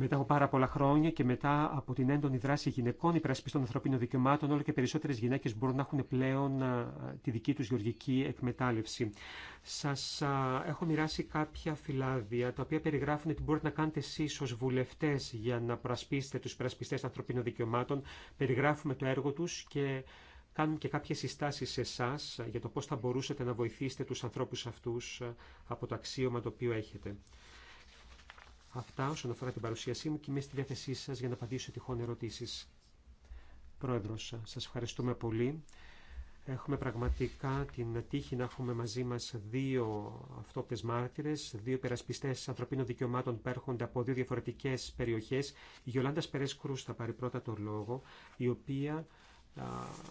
μετά από πάρα πολλά χρόνια και μετά από την έντονη δράση γυναικών υπερασπιστών ανθρωπίνων δικαιωμάτων, όλο και περισσότερε γυναίκε μπορούν να έχουν πλέον τη δική του γεωργική εκμετάλλευση. Σα έχω μοιράσει κάποια φυλάδια τα οποία περιγράφουν τι μπορείτε να κάνετε εσεί ω βουλευτέ για να προασπίσετε του υπερασπιστέ ανθρωπίνων δικαιωμάτων. Περιγράφουμε το έργο του και κάνουν και κάποιες συστάσεις σε εσά για το πώς θα μπορούσατε να βοηθήσετε τους ανθρώπους αυτούς από το αξίωμα το οποίο έχετε. Αυτά όσον αφορά την παρουσίασή μου και είμαι στη διάθεσή σα για να απαντήσω τυχόν ερωτήσει. Πρόεδρο, σα ευχαριστούμε πολύ. Έχουμε πραγματικά την τύχη να έχουμε μαζί μα δύο αυτόπτε μάρτυρες, δύο υπερασπιστέ ανθρωπίνων δικαιωμάτων που έρχονται από δύο διαφορετικέ περιοχέ. Η Γιολάντα Περέ Κρούστα θα πάρει πρώτα τον λόγο, η οποία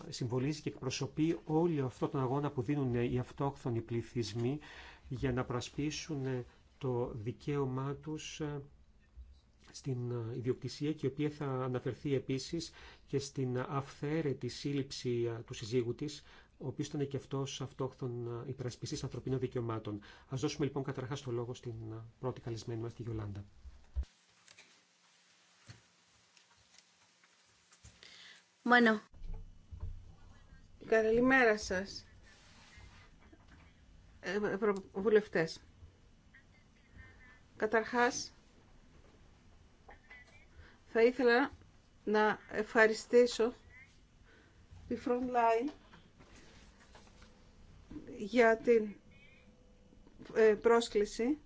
συμβολίζει και εκπροσωπεί όλο αυτό τον αγώνα που δίνουν οι αυτόχθονοι πληθυσμοί για να προασπίσουν το δικαίωμά τους ε, στην ε, ιδιοκτησία και η οποία θα αναφερθεί επίσης και στην αυθαίρετη σύλληψη ε, του συζύγου της, ο οποίος ήταν και αυτός αυτόχθον υπερασπιστής ανθρωπίνων δικαιωμάτων. Ας δώσουμε λοιπόν καταρχάς το λόγο στην πρώτη καλεσμένη μας, τη Γιολάντα. Καλημέρα σας, ε, βουλευτές. Καταρχάς, θα ήθελα να ευχαριστήσω τη Frontline για την ε, πρόσκληση,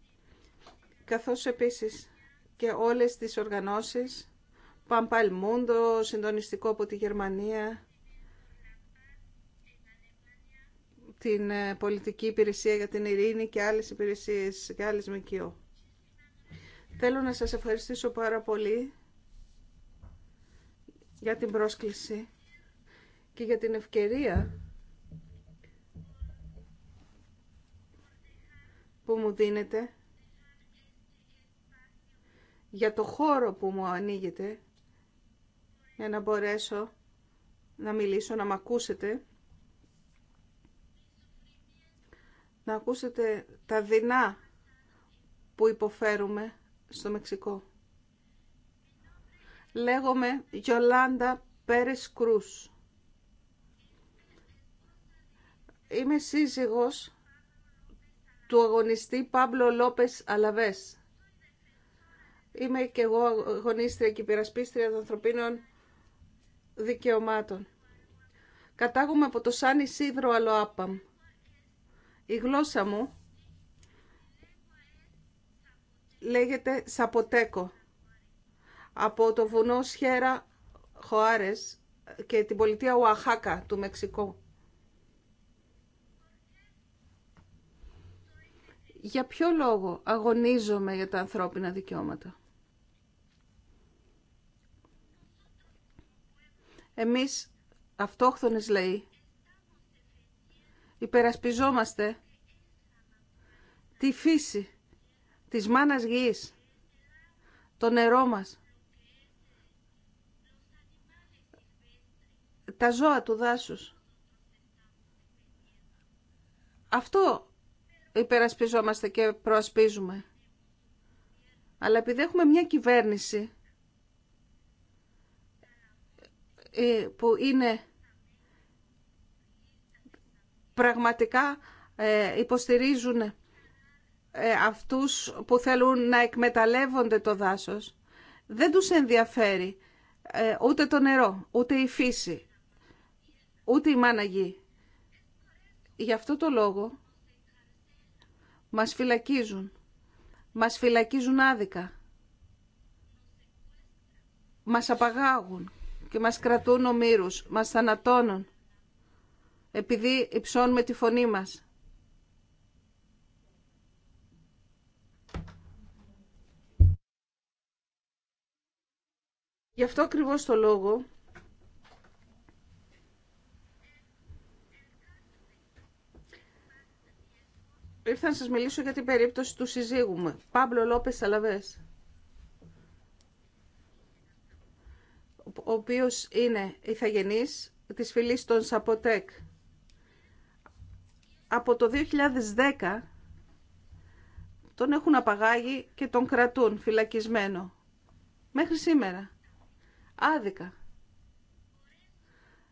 καθώς επίσης και όλες τις οργανώσεις, παν συντονιστικό από τη Γερμανία, την ε, πολιτική υπηρεσία για την ειρήνη και άλλες υπηρεσίες και άλλες ΜΚΟ. Θέλω να σας ευχαριστήσω πάρα πολύ για την πρόσκληση και για την ευκαιρία που μου δίνετε για το χώρο που μου ανοίγετε για να μπορέσω να μιλήσω, να μ' ακούσετε να ακούσετε τα δεινά που υποφέρουμε στο Μεξικό. Λέγομαι Γιολάντα Πέρες Κρούς. Είμαι σύζυγος του αγωνιστή Πάμπλο Λόπες Αλαβές. Είμαι και εγώ αγωνίστρια και υπερασπίστρια των ανθρωπίνων δικαιωμάτων. Κατάγομαι από το Σάνι Σίδρο Αλοάπαμ. Η γλώσσα μου λέγεται Σαποτέκο από το βουνό Σχέρα Χοάρες και την πολιτεία Ουαχάκα του Μεξικού. Για ποιο λόγο αγωνίζομαι για τα ανθρώπινα δικαιώματα. Εμείς αυτόχθονες λέει, υπερασπιζόμαστε τη φύση της μάνας γης, το νερό μας, τα ζώα του δάσους. Αυτό υπερασπιζόμαστε και προασπίζουμε. Αλλά επειδή έχουμε μια κυβέρνηση ε, που είναι πραγματικά ε, υποστηρίζουν ε, αυτούς που θέλουν να εκμεταλλεύονται το δάσος. Δεν τους ενδιαφέρει ε, ούτε το νερό, ούτε η φύση, ούτε η μάνα γη. Γι' αυτό το λόγο μας φυλακίζουν. Μας φυλακίζουν άδικα. Μας απαγάγουν και μας κρατούν ομήρους, μας θανατώνουν, επειδή υψώνουμε τη φωνή μας. Γι' αυτό ακριβώς το λόγο ήρθα να σας μιλήσω για την περίπτωση του συζύγου μου, Πάμπλο Λόπες Σαλαβές, ο οποίος είναι ηθαγενής της φυλής των Σαποτέκ. Από το 2010 τον έχουν απαγάγει και τον κρατούν φυλακισμένο. Μέχρι σήμερα άδικα.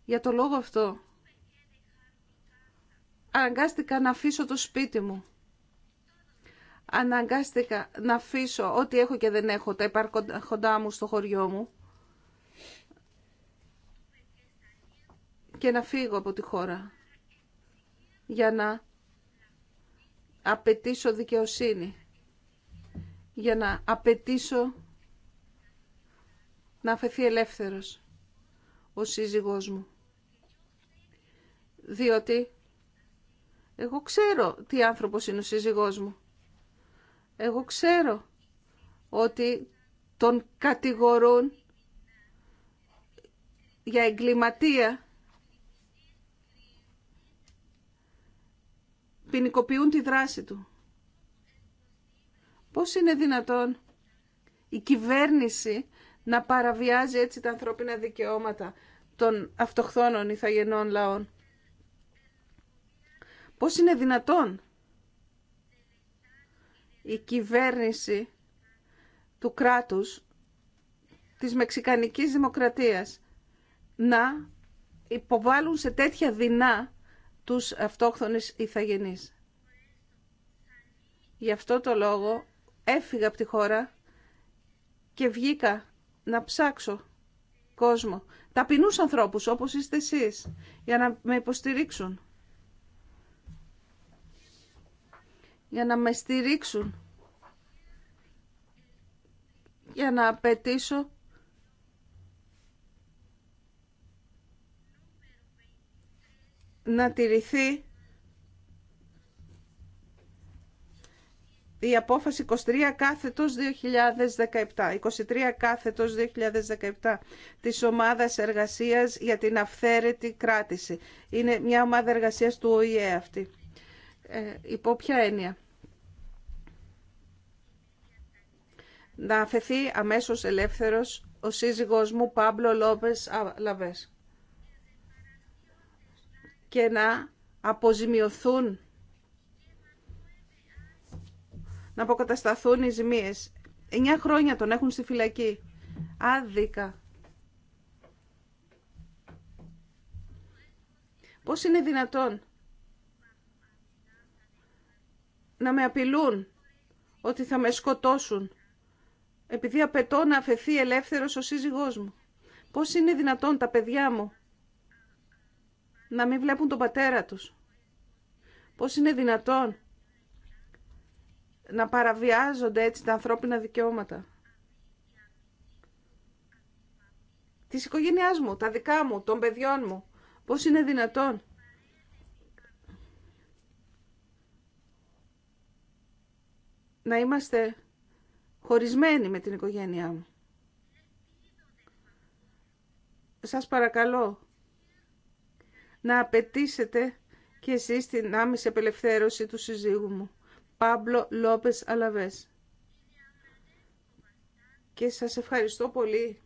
Για το λόγο αυτό αναγκάστηκα να αφήσω το σπίτι μου. Αναγκάστηκα να αφήσω ό,τι έχω και δεν έχω, τα υπάρχοντά μου στο χωριό μου. Και να φύγω από τη χώρα για να απαιτήσω δικαιοσύνη, για να απαιτήσω να αφαιθεί ελεύθερος ο σύζυγός μου. Διότι εγώ ξέρω τι άνθρωπος είναι ο σύζυγός μου. Εγώ ξέρω ότι τον κατηγορούν για εγκληματία. Ποινικοποιούν τη δράση του. Πώς είναι δυνατόν η κυβέρνηση να παραβιάζει έτσι τα ανθρώπινα δικαιώματα των αυτοχθόνων ηθαγενών λαών. Πώς είναι δυνατόν η κυβέρνηση του κράτους της Μεξικανικής Δημοκρατίας να υποβάλουν σε τέτοια δεινά τους αυτόχθονες ηθαγενείς. Γι' αυτό το λόγο έφυγα από τη χώρα και βγήκα να ψάξω κόσμο, ταπεινούς ανθρώπους όπως είστε εσείς, για να με υποστηρίξουν. Για να με στηρίξουν. Για να απαιτήσω να τηρηθεί η απόφαση 23 κάθετος 2017, 23 κάθετος 2017 της ομάδας εργασίας για την αυθαίρετη κράτηση. Είναι μια ομάδα εργασίας του ΟΗΕ αυτή. Ε, υπό ποια έννοια. Να αφαιθεί αμέσως ελεύθερος ο σύζυγός μου Πάμπλο Λόπες Λαβές και να αποζημιωθούν να αποκατασταθούν οι ζημίες. Εννιά χρόνια τον έχουν στη φυλακή. Άδικα. Πώς είναι δυνατόν να με απειλούν ότι θα με σκοτώσουν επειδή απαιτώ να αφαιθεί ελεύθερος ο σύζυγός μου. Πώς είναι δυνατόν τα παιδιά μου να μην βλέπουν τον πατέρα τους. Πώς είναι δυνατόν να παραβιάζονται έτσι τα ανθρώπινα δικαιώματα. Της οικογένεια μου, τα δικά μου, των παιδιών μου. Πώς είναι δυνατόν. Να είμαστε χωρισμένοι με την οικογένειά μου. Σας παρακαλώ να απαιτήσετε και εσείς την άμεση απελευθέρωση του συζύγου μου. Πάμπλο Λόπες Αλαβές. Και σας ευχαριστώ πολύ.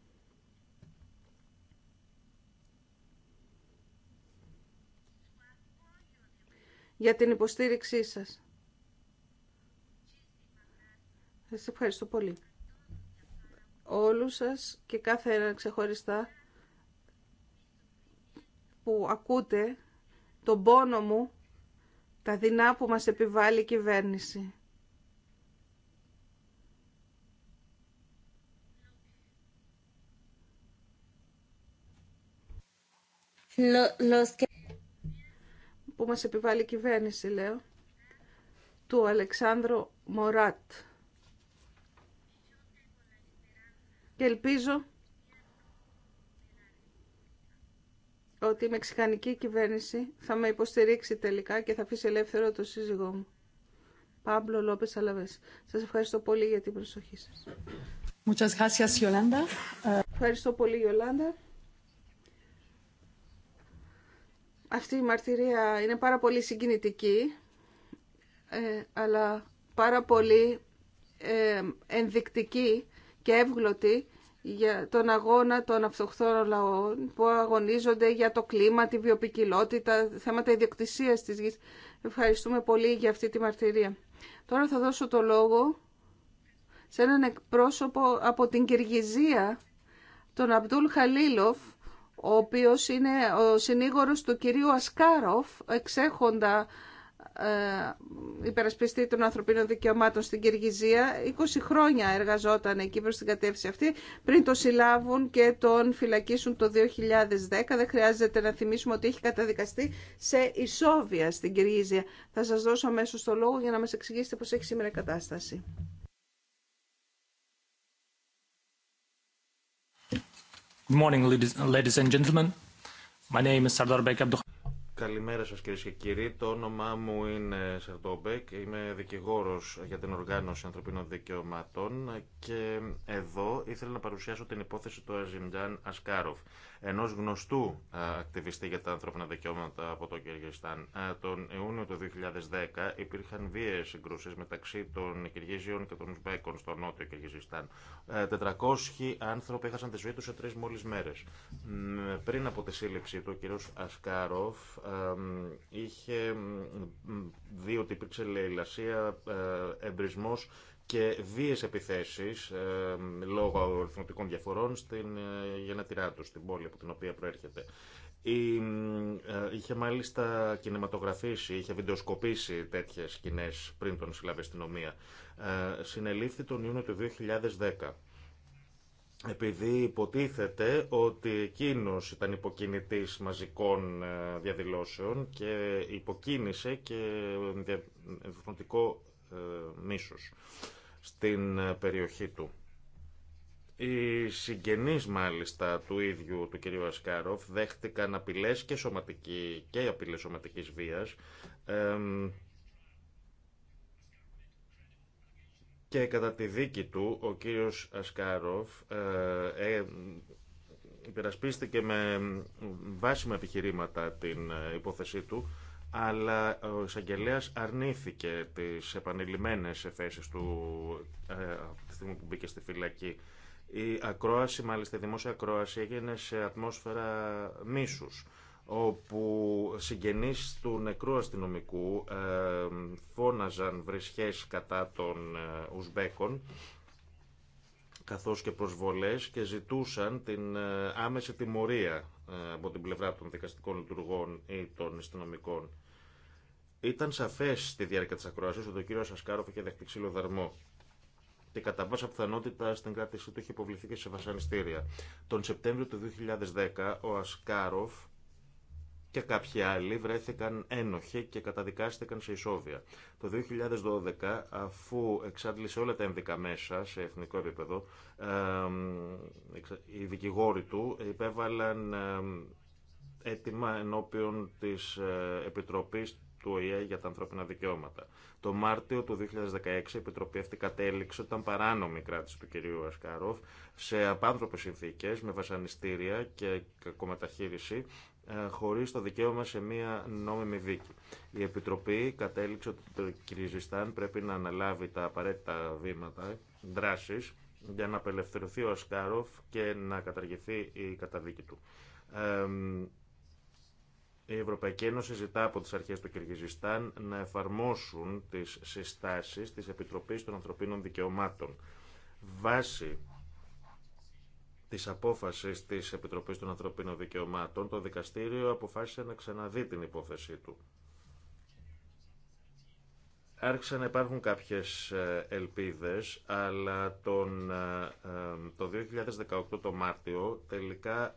για την υποστήριξή σας. Σας ευχαριστώ πολύ. Όλους σας και κάθε ένα ξεχωριστά που ακούτε τον πόνο μου τα δεινά που μας επιβάλλει η κυβέρνηση. που μας επιβάλλει η κυβέρνηση, λέω, του Αλεξάνδρου Μωράτ. Και ελπίζω ότι η μεξικανική κυβέρνηση θα με υποστηρίξει τελικά και θα αφήσει ελεύθερο το σύζυγό μου. Πάμπλο Λόπε Αλαβέ. Σα ευχαριστώ πολύ για την προσοχή σα. Ευχαριστώ πολύ, Ιολάντα. Αυτή η μαρτυρία είναι πάρα πολύ συγκινητική, ε, αλλά πάρα πολύ ε, ενδεικτική και εύγλωτη για τον αγώνα των αυτοχθόνων λαών που αγωνίζονται για το κλίμα, τη βιοπικιλότητα, θέματα ιδιοκτησίας της γης. Ευχαριστούμε πολύ για αυτή τη μαρτυρία. Τώρα θα δώσω το λόγο σε έναν εκπρόσωπο από την Κυργυζία, τον Αμπτούλ Χαλίλοφ, ο οποίος είναι ο συνήγορος του κυρίου Ασκάροφ, εξέχοντα ε, υπερασπιστή των ανθρωπίνων δικαιωμάτων στην Κυργυζία. 20 χρόνια εργαζόταν εκεί προς την κατεύθυνση αυτή πριν το συλλάβουν και τον φυλακίσουν το 2010. Δεν χρειάζεται να θυμίσουμε ότι έχει καταδικαστεί σε ισόβια στην Κυργυζία. Θα σας δώσω αμέσω το λόγο για να μας εξηγήσετε πώς έχει σήμερα η κατάσταση. Good morning, ladies and gentlemen. My name is Καλημέρα σας κυρίες και κύριοι. Το όνομά μου είναι Σερτομπέκ. Είμαι δικηγόρος για την οργάνωση ανθρωπίνων δικαιωμάτων και εδώ ήθελα να παρουσιάσω την υπόθεση του Αζιμτζάν Ασκάροφ ενός γνωστού ε, ακτιβιστή για τα ανθρώπινα δικαιώματα από το Κυργιστάν. Ε, τον Ιούνιο του 2010 υπήρχαν βίαιες συγκρούσεις μεταξύ των Κυργίζιων και των Ουσμπέκων στο νότιο Κυργιστάν. 400 ε, άνθρωποι έχασαν τη ζωή τους σε τρεις μόλις μέρες. Πριν από τη σύλληψή του, ο κύριος Ασκάροφ είχε δει ότι υπήρξε λαϊλασία, εμπρισμός και βίες επιθέσεις ε, λόγω αριθμητικών διαφορών στην ε, γενέτειρά του, στην πόλη από την οποία προέρχεται. Η, ε, είχε μάλιστα κινηματογραφήσει, είχε βιντεοσκοπήσει τέτοιες σκηνέ πριν τον συλλάβει αστυνομία. Ε, συνελήφθη τον Ιούνιο του 2010 επειδή υποτίθεται ότι εκείνος ήταν υποκινητής μαζικών ε, διαδηλώσεων και υποκίνησε και ε, διαφορετικό ε, μίσους στην ε, περιοχή του. Οι συγγενείς μάλιστα του ίδιου του κυρίου Ασκάροφ δέχτηκαν απειλές και, σωματική, και απειλές σωματικής βίας και κατά τη δίκη του ο κύριος Ασκάροφ ε, ε υπερασπίστηκε με βάσιμα επιχειρήματα την υπόθεσή του αλλά ο εισαγγελέα αρνήθηκε τι επανειλημμένε εφέσεις του ε, από τη στιγμή που μπήκε στη φυλακή. Η ακρόαση, μάλιστα η δημόσια ακρόαση, έγινε σε ατμόσφαιρα μίσους όπου συγγενείς του νεκρού αστυνομικού ε, φώναζαν βρισχές κατά των ε, Ουσμπέκων καθώς και προσβολές και ζητούσαν την άμεση τιμωρία από την πλευρά των δικαστικών λειτουργών ή των αστυνομικών. Ήταν σαφέ στη διάρκεια τη ακρόαση ότι ο κύριο Ασκάροφ είχε δεχτεί ξύλο δαρμό και κατά πάσα πιθανότητα στην κράτησή του είχε υποβληθεί και σε βασανιστήρια. Τον Σεπτέμβριο του 2010 ο Ασκάροφ και κάποιοι άλλοι βρέθηκαν ένοχοι και καταδικάστηκαν σε ισόβια. Το 2012, αφού εξάντλησε όλα τα ενδικά μέσα σε εθνικό επίπεδο, οι δικηγόροι του υπέβαλαν έτοιμα ενώπιον της ε, Επιτροπής του ΟΗΕ για τα ανθρώπινα δικαιώματα. Το Μάρτιο του 2016 η Επιτροπή αυτή κατέληξε ήταν παράνομη η κράτηση του κυρίου Ασκάροφ σε απάνθρωπες συνθήκες με βασανιστήρια και κακομεταχείριση ε, χωρίς το δικαίωμα σε μία νόμιμη δίκη. Η Επιτροπή κατέληξε ότι το Κυριζιστάν πρέπει να αναλάβει τα απαραίτητα βήματα, δράση για να απελευθερωθεί ο Ασκάροφ και να καταργηθεί η καταδίκη του. Η Ευρωπαϊκή Ένωση ζητά από τις αρχές του Κυργιζιστάν να εφαρμόσουν τις συστάσει της Επιτροπής των Ανθρωπίνων Δικαιωμάτων. Βάσει της απόφασης της Επιτροπής των Ανθρωπίνων Δικαιωμάτων, το δικαστήριο αποφάσισε να ξαναδεί την υπόθεσή του. Άρχισαν να υπάρχουν κάποιες ε, ελπίδες, αλλά τον, ε, ε, το 2018 το Μάρτιο τελικά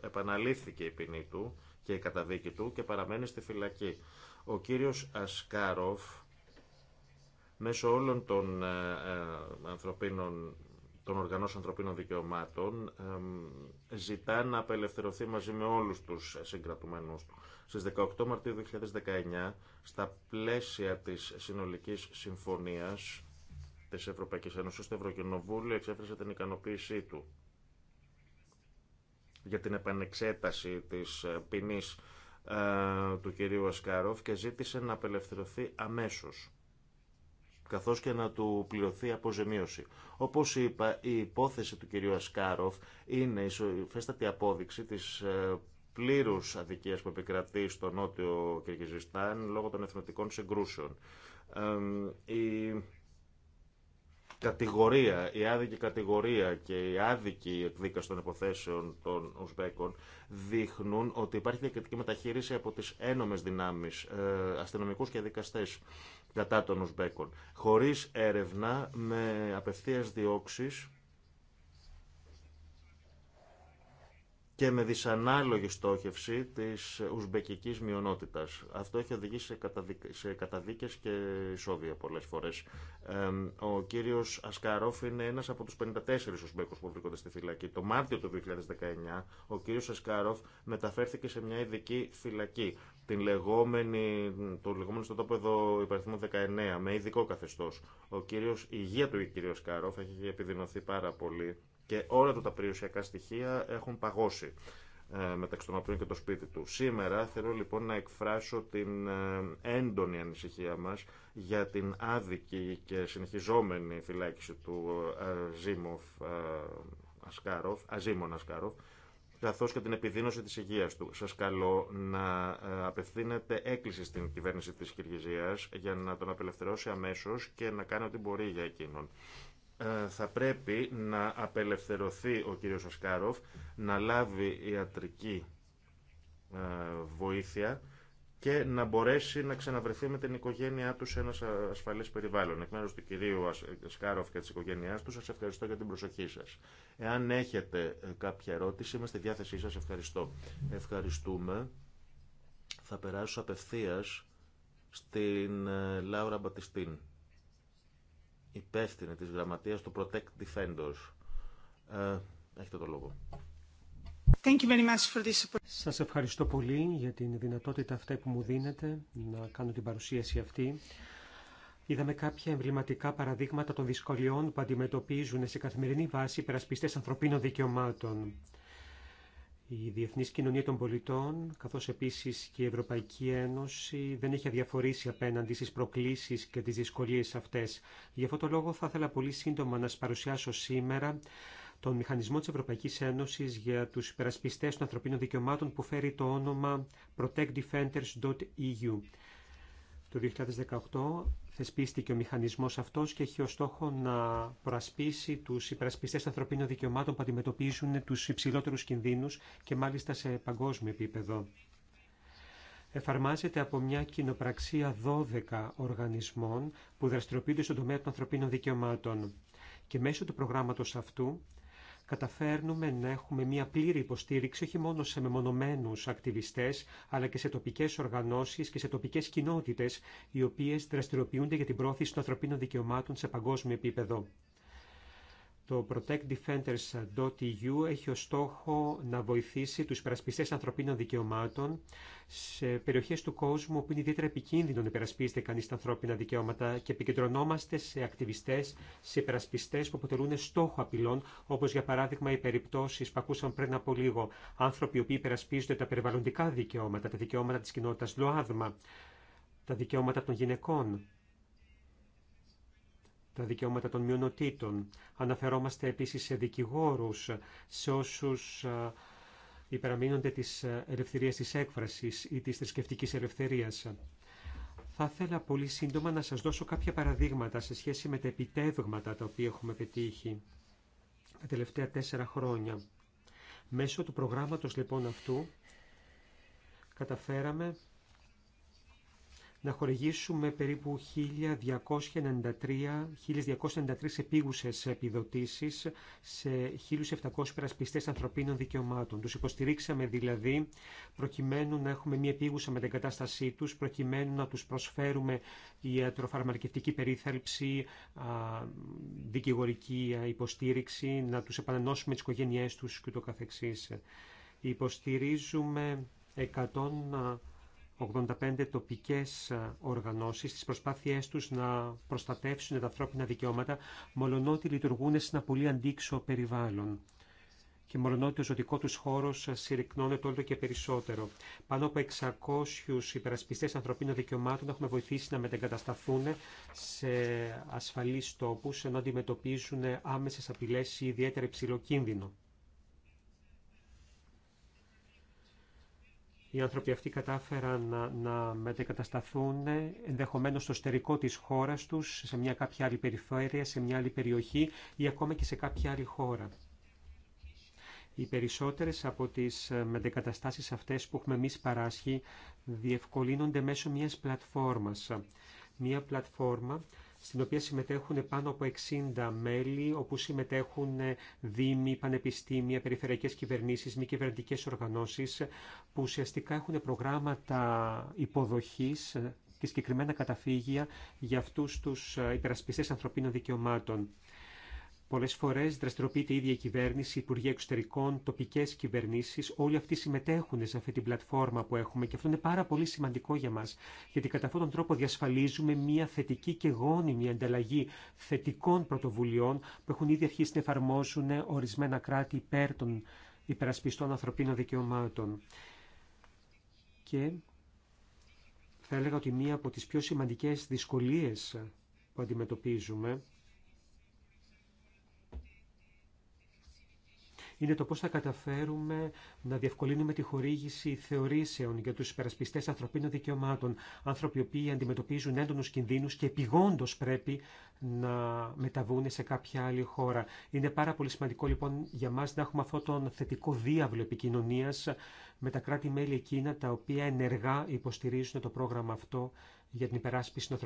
επαναλήφθηκε η ποινή του και η καταδίκη του και παραμένει στη φυλακή. Ο κύριος Ασκάροφ μέσω όλων των, ε, ε, ανθρωπίνων, των οργανώσεων ανθρωπίνων δικαιωμάτων ζητά να απελευθερωθεί μαζί με όλους τους συγκρατουμένους του. Στις 18 Μαρτίου 2019, στα πλαίσια της συνολικής συμφωνίας της Ευρωπαϊκής Ένωσης, το Ευρωκοινοβούλιο εξέφρασε την ικανοποίησή του για την επανεξέταση της ε, ποινή ε, του κυρίου Ασκάροφ και ζήτησε να απελευθερωθεί αμέσως καθώς και να του πληρωθεί αποζημίωση. Όπως είπα, η υπόθεση του κυρίου Ασκάροφ είναι η φέστατη απόδειξη της ε, πλήρους αδικίας που επικρατεί στο νότιο Κυργιζιστάν λόγω των εθνοτικών συγκρούσεων κατηγορία, η άδικη κατηγορία και η άδικη εκδίκαση των υποθέσεων των Ουσβέκων δείχνουν ότι υπάρχει διακριτική μεταχείριση από τις ένομες δυνάμεις, ε, αστυνομικούς και δικαστές κατά των Ουσβέκων, χωρίς έρευνα με απευθείας διώξεις και με δυσανάλογη στόχευση της ουσμπεκικής μειονότητας. Αυτό έχει οδηγήσει σε καταδίκες και εισόδια πολλές φορές. Ο κύριος Ασκαρόφ είναι ένας από τους 54 ουσμπέκους που βρίσκονται στη φυλακή. Το Μάρτιο του 2019 ο κύριος Ασκαρόφ μεταφέρθηκε σε μια ειδική φυλακή την λεγόμενη, το λεγόμενο στο τόπο εδώ υπαριθμό 19, με ειδικό καθεστώς. Ο κύριος, η υγεία του κύριου Ασκαρόφ έχει επιδεινωθεί πάρα πολύ και όλα του τα περιουσιακά στοιχεία έχουν παγώσει ε, μεταξύ των οποίων και το σπίτι του. Σήμερα θέλω λοιπόν να εκφράσω την ε, έντονη ανησυχία μας για την άδικη και συνεχιζόμενη φυλάκιση του Αζίμοφ ε, Ασκάροφ, Αζίμον Ασκάροφ, καθώς και την επιδείνωση της υγείας του. Σας καλώ να απευθύνετε έκκληση στην κυβέρνηση της Κυργυζίας για να τον απελευθερώσει αμέσως και να κάνει ό,τι μπορεί για εκείνον. Ε, θα πρέπει να απελευθερωθεί ο κύριος Ασκάροφ, να λάβει ιατρική ε, βοήθεια και να μπορέσει να ξαναβρεθεί με την οικογένειά του σε ένα ασφαλέ περιβάλλον. Εκ μέρου του κυρίου Σκάροφ και τη οικογένειά του, σα ευχαριστώ για την προσοχή σα. Εάν έχετε ε, κάποια ερώτηση, είμαστε στη διάθεσή σα. Ευχαριστώ. Ευχαριστούμε. Θα περάσω απευθεία στην Λάουρα Μπατιστίν υπεύθυνη της γραμματείας του Protect Defenders. Ε, έχετε το λόγο. Thank you very much for this. Σας ευχαριστώ πολύ για την δυνατότητα αυτή που μου δίνετε να κάνω την παρουσίαση αυτή. Είδαμε κάποια εμβληματικά παραδείγματα των δυσκολιών που αντιμετωπίζουν σε καθημερινή βάση περασπιστές ανθρωπίνων δικαιωμάτων. Η διεθνής κοινωνία των πολιτών, καθώς επίσης και η Ευρωπαϊκή Ένωση, δεν έχει αδιαφορήσει απέναντι στις προκλήσεις και τις δυσκολίες αυτές. Γι' αυτό το λόγο θα ήθελα πολύ σύντομα να σας παρουσιάσω σήμερα τον μηχανισμό της Ευρωπαϊκής Ένωσης για τους υπερασπιστές των ανθρωπίνων δικαιωμάτων που φέρει το όνομα protectdefenders.eu. Το θεσπίστηκε ο μηχανισμός αυτός και έχει ως στόχο να προασπίσει τους υπερασπιστές ανθρωπίνων δικαιωμάτων που αντιμετωπίζουν τους υψηλότερους κινδύνους και μάλιστα σε παγκόσμιο επίπεδο. Εφαρμάζεται από μια κοινοπραξία 12 οργανισμών που δραστηριοποιούνται στον τομέα των ανθρωπίνων δικαιωμάτων. Και μέσω του προγράμματος αυτού καταφέρνουμε να έχουμε μια πλήρη υποστήριξη όχι μόνο σε μεμονωμένους ακτιβιστές, αλλά και σε τοπικές οργανώσεις και σε τοπικές κοινότητες, οι οποίες δραστηριοποιούνται για την πρόθεση των ανθρωπίνων δικαιωμάτων σε παγκόσμιο επίπεδο. Το ProtectDefenders.eu έχει ως στόχο να βοηθήσει τους υπερασπιστές ανθρωπίνων δικαιωμάτων σε περιοχές του κόσμου που είναι ιδιαίτερα επικίνδυνο να υπερασπίζεται κανείς τα ανθρώπινα δικαιώματα και επικεντρωνόμαστε σε ακτιβιστές, σε υπερασπιστές που αποτελούν στόχο απειλών, όπως για παράδειγμα οι περιπτώσεις που ακούσαμε πριν από λίγο, άνθρωποι οι οποίοι υπερασπίζονται τα περιβαλλοντικά δικαιώματα, τα δικαιώματα της κοινότητας ΛΟΑΔΜΑ, τα δικαιώματα των γυναικών, τα δικαιώματα των μειονοτήτων. Αναφερόμαστε επίσης σε δικηγόρους, σε όσους υπεραμείνονται της ελευθερίας της έκφρασης ή της θρησκευτική ελευθερίας. Θα ήθελα πολύ σύντομα να σας δώσω κάποια παραδείγματα σε σχέση με τα επιτεύγματα τα οποία έχουμε πετύχει τα τελευταία τέσσερα χρόνια. Μέσω του προγράμματος λοιπόν αυτού καταφέραμε να χορηγήσουμε περίπου 1.293 επίγουσες επιδοτήσεις σε 1.700 περασπιστές ανθρωπίνων δικαιωμάτων. Τους υποστηρίξαμε δηλαδή προκειμένου να έχουμε μία επίγουσα με την κατάστασή τους, προκειμένου να τους προσφέρουμε ιατροφαρμακευτική περίθαλψη, δικηγορική υποστήριξη, να τους επανενώσουμε τις οικογένειές τους κ.ο.κ. Υποστηρίζουμε 100 85 τοπικές ε, οργανώσεις στις προσπάθειές τους να προστατεύσουν τα ανθρώπινα δικαιώματα, μολονότι λειτουργούν σε ένα πολύ αντίξω περιβάλλον και μολονότι ο ζωτικό του χώρο ε, συρρυκνώνεται όλο και περισσότερο. Πάνω από 600 υπερασπιστές ανθρωπίνων δικαιωμάτων έχουμε βοηθήσει να μετεγκατασταθούν σε ασφαλείς τόπους ενώ αντιμετωπίζουν άμεσες απειλέ ή ιδιαίτερα υψηλό κίνδυνο. Οι άνθρωποι αυτοί κατάφεραν να, να μετεκατασταθούν ε, ενδεχομένως στο στερικό της χώρας τους, σε μια κάποια άλλη περιφέρεια, σε μια άλλη περιοχή ή ακόμα και σε κάποια άλλη χώρα. Οι περισσότερες από τις ε, μετεκαταστάσεις αυτές που έχουμε εμεί παράσχει διευκολύνονται μέσω μιας πλατφόρμας. Μια πλατφόρμα στην οποία συμμετέχουν πάνω από 60 μέλη, όπου συμμετέχουν ε, δήμοι, πανεπιστήμια, περιφερειακές κυβερνήσεις, μη κυβερνητικέ οργανώσεις, που ουσιαστικά έχουν προγράμματα υποδοχής ε, και συγκεκριμένα καταφύγια για αυτούς τους ε, υπερασπιστές ανθρωπίνων δικαιωμάτων. Πολλές φορές δραστηριοποιείται η ίδια η κυβέρνηση, Υπουργοί Εξωτερικών, τοπικές κυβερνήσεις, όλοι αυτοί συμμετέχουν σε αυτή την πλατφόρμα που έχουμε και αυτό είναι πάρα πολύ σημαντικό για μας, γιατί κατά αυτόν τον τρόπο διασφαλίζουμε μια θετική και γόνιμη ανταλλαγή θετικών πρωτοβουλειών που έχουν ήδη αρχίσει να εφαρμόσουν ορισμένα κράτη υπέρ των υπερασπιστών ανθρωπίνων δικαιωμάτων. Και θα έλεγα ότι μία από τις πιο σημαντικές δυσκολίες που αντιμετωπίζουμε είναι το πώς θα καταφέρουμε να διευκολύνουμε τη χορήγηση θεωρήσεων για τους υπερασπιστές ανθρωπίνων δικαιωμάτων, άνθρωποι οποίοι αντιμετωπίζουν έντονους κινδύνους και επιγόντως πρέπει να μεταβούν σε κάποια άλλη χώρα. Είναι πάρα πολύ σημαντικό λοιπόν για μας να έχουμε αυτόν τον θετικό διάβλο επικοινωνίας με τα κράτη-μέλη εκείνα τα οποία ενεργά υποστηρίζουν το πρόγραμμα αυτό για την υπεράσπιση, των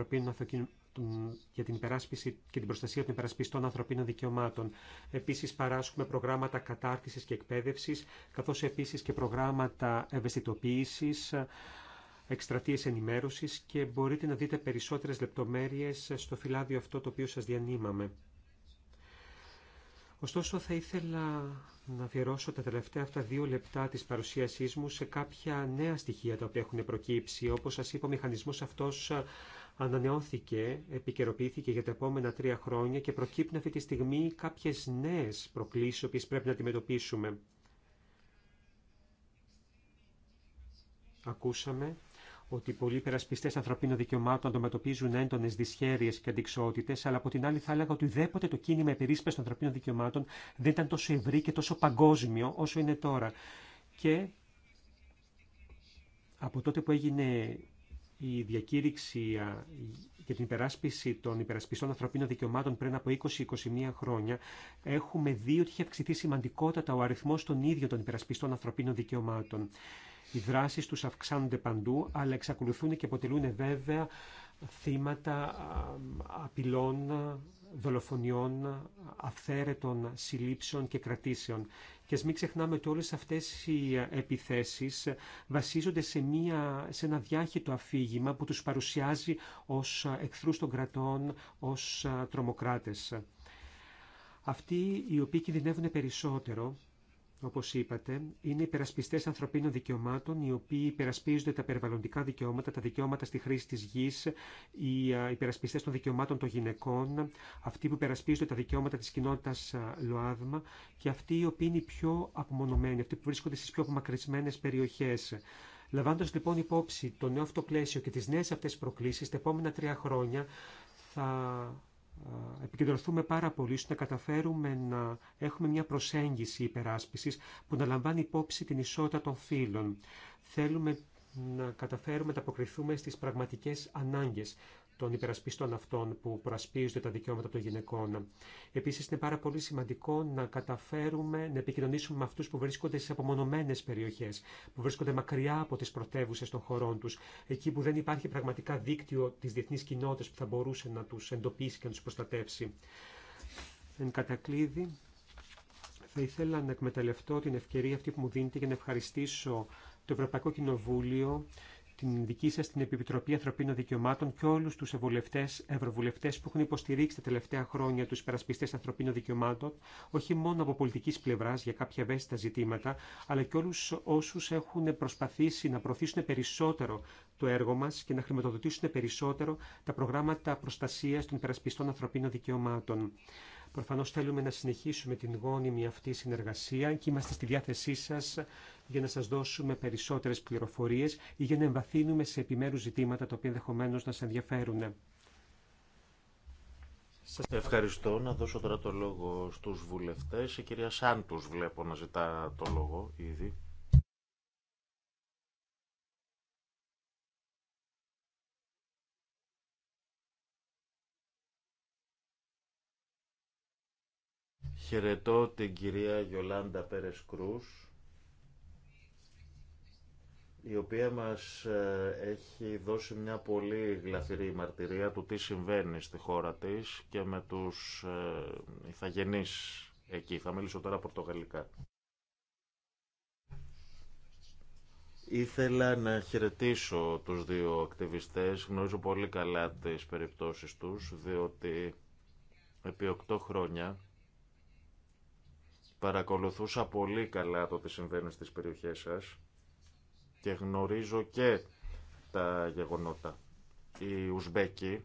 για την υπεράσπιση και την προστασία των υπερασπιστών ανθρωπίνων δικαιωμάτων. Επίση, παράσχουμε προγράμματα κατάρτιση και εκπαίδευση, καθώ επίση και προγράμματα ευαισθητοποίηση, εκστρατείε ενημέρωση και μπορείτε να δείτε περισσότερε λεπτομέρειε στο φυλάδιο αυτό το οποίο σα διανύμαμε. Ωστόσο θα ήθελα να αφιερώσω τα τελευταία αυτά δύο λεπτά της παρουσίασής μου σε κάποια νέα στοιχεία τα οποία έχουν προκύψει. Όπως σας είπα, ο μηχανισμός αυτός ανανεώθηκε, επικαιροποιήθηκε για τα επόμενα τρία χρόνια και προκύπτουν αυτή τη στιγμή κάποιες νέες προκλήσεις, οποίες πρέπει να αντιμετωπίσουμε. Ακούσαμε ότι πολλοί υπερασπιστέ ανθρωπίνων δικαιωμάτων αντιμετωπίζουν έντονε δυσχέρειε και αντικσότητε, αλλά από την άλλη θα έλεγα ότι ουδέποτε το κίνημα υπερίσπιση των ανθρωπίνων δικαιωμάτων δεν ήταν τόσο ευρύ και τόσο παγκόσμιο όσο είναι τώρα. Και από τότε που έγινε η διακήρυξη για την υπεράσπιση των υπερασπιστών ανθρωπίνων δικαιωμάτων πριν από 20-21 χρόνια, έχουμε δει ότι έχει αυξηθεί σημαντικότατα ο αριθμό των ίδιων των υπερασπιστών ανθρωπίνων δικαιωμάτων. Οι δράσεις τους αυξάνονται παντού, αλλά εξακολουθούν και αποτελούν βέβαια θύματα απειλών, δολοφονιών, αυθαίρετων συλλήψεων και κρατήσεων. Και ας μην ξεχνάμε ότι όλες αυτές οι επιθέσεις βασίζονται σε, μια, σε ένα διάχυτο αφήγημα που τους παρουσιάζει ως εχθρούς των κρατών, ως τρομοκράτες. Αυτοί οι οποίοι κινδυνεύουν περισσότερο όπως είπατε, είναι υπερασπιστές ανθρωπίνων δικαιωμάτων, οι οποίοι υπερασπίζονται τα περιβαλλοντικά δικαιώματα, τα δικαιώματα στη χρήση της γης, οι υπερασπιστές των δικαιωμάτων των γυναικών, αυτοί που υπερασπίζονται τα δικαιώματα της κοινότητας ΛΟΑΔΜΑ και αυτοί οι οποίοι είναι οι πιο απομονωμένοι, αυτοί που βρίσκονται στις πιο απομακρυσμένε περιοχές. Λαμβάνοντα λοιπόν υπόψη το νέο αυτό πλαίσιο και τις νέες αυτές προκλήσεις, τα επόμενα τρία χρόνια θα επικεντρωθούμε πάρα πολύ στο να καταφέρουμε να έχουμε μια προσέγγιση υπεράσπισης που να λαμβάνει υπόψη την ισότητα των φύλων. Θέλουμε να καταφέρουμε να αποκριθούμε στις πραγματικές ανάγκες των υπερασπιστών αυτών που προασπίζονται τα δικαιώματα των γυναικών. Επίση, είναι πάρα πολύ σημαντικό να καταφέρουμε να επικοινωνήσουμε με αυτού που βρίσκονται σε απομονωμένε περιοχέ, που βρίσκονται μακριά από τι πρωτεύουσε των χωρών του, εκεί που δεν υπάρχει πραγματικά δίκτυο τη διεθνή κοινότητα που θα μπορούσε να του εντοπίσει και να του προστατεύσει. Εν κατακλείδη, θα ήθελα να εκμεταλλευτώ την ευκαιρία αυτή που μου δίνεται για να ευχαριστήσω το Ευρωπαϊκό Κοινοβούλιο την δική σας την Επιτροπή Ανθρωπίνων Δικαιωμάτων και όλους τους ευρωβουλευτές, ευρωβουλευτές που έχουν υποστηρίξει τα τελευταία χρόνια τους υπερασπιστές ανθρωπίνων δικαιωμάτων, όχι μόνο από πολιτικής πλευράς για κάποια ευαίσθητα ζητήματα, αλλά και όλους όσους έχουν προσπαθήσει να προωθήσουν περισσότερο το έργο μας και να χρηματοδοτήσουν περισσότερο τα προγράμματα προστασίας των υπερασπιστών ανθρωπίνων δικαιωμάτων. Προφανώς θέλουμε να συνεχίσουμε την γόνιμη αυτή συνεργασία και είμαστε στη διάθεσή σας για να σας δώσουμε περισσότερες πληροφορίες ή για να εμβαθύνουμε σε επιμέρους ζητήματα τα οποία ενδεχομένω να σας ενδιαφέρουν. ευχαριστώ. Να δώσω τώρα το λόγο στους βουλευτές. Η κυρία Σάντους βλέπω να ζητά το λόγο ήδη. Χαιρετώ την κυρία Γιολάντα Πέρες Κρούς η οποία μας ε, έχει δώσει μια πολύ γλαφυρή μαρτυρία του τι συμβαίνει στη χώρα της και με τους ε, ηθαγενείς εκεί. Θα μιλήσω τώρα πορτογαλικά. Ήθελα να χαιρετήσω τους δύο ακτιβιστές. Γνωρίζω πολύ καλά τις περιπτώσεις τους, διότι επί οκτώ χρόνια παρακολουθούσα πολύ καλά το τι συμβαίνει στις περιοχές σας και γνωρίζω και τα γεγονότα. Οι Ουσμπέκοι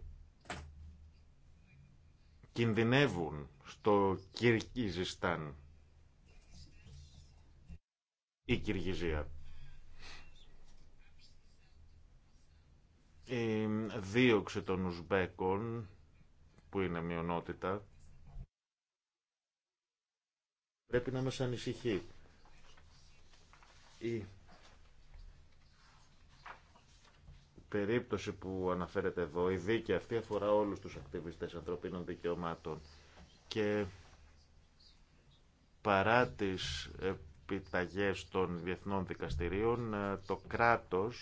κινδυνεύουν στο Κυρκίζιστάν ή Κυργιζία. Η Κυργιζία. Η δίωξη των Ουσμπέκων, που είναι μειονότητα, πρέπει να μας ανησυχεί. Η περίπτωση που αναφέρεται εδώ, η δίκη αυτή αφορά όλους τους ακτιβιστές ανθρωπίνων δικαιωμάτων και παρά τις επιταγές των διεθνών δικαστηρίων, ε, το κράτος,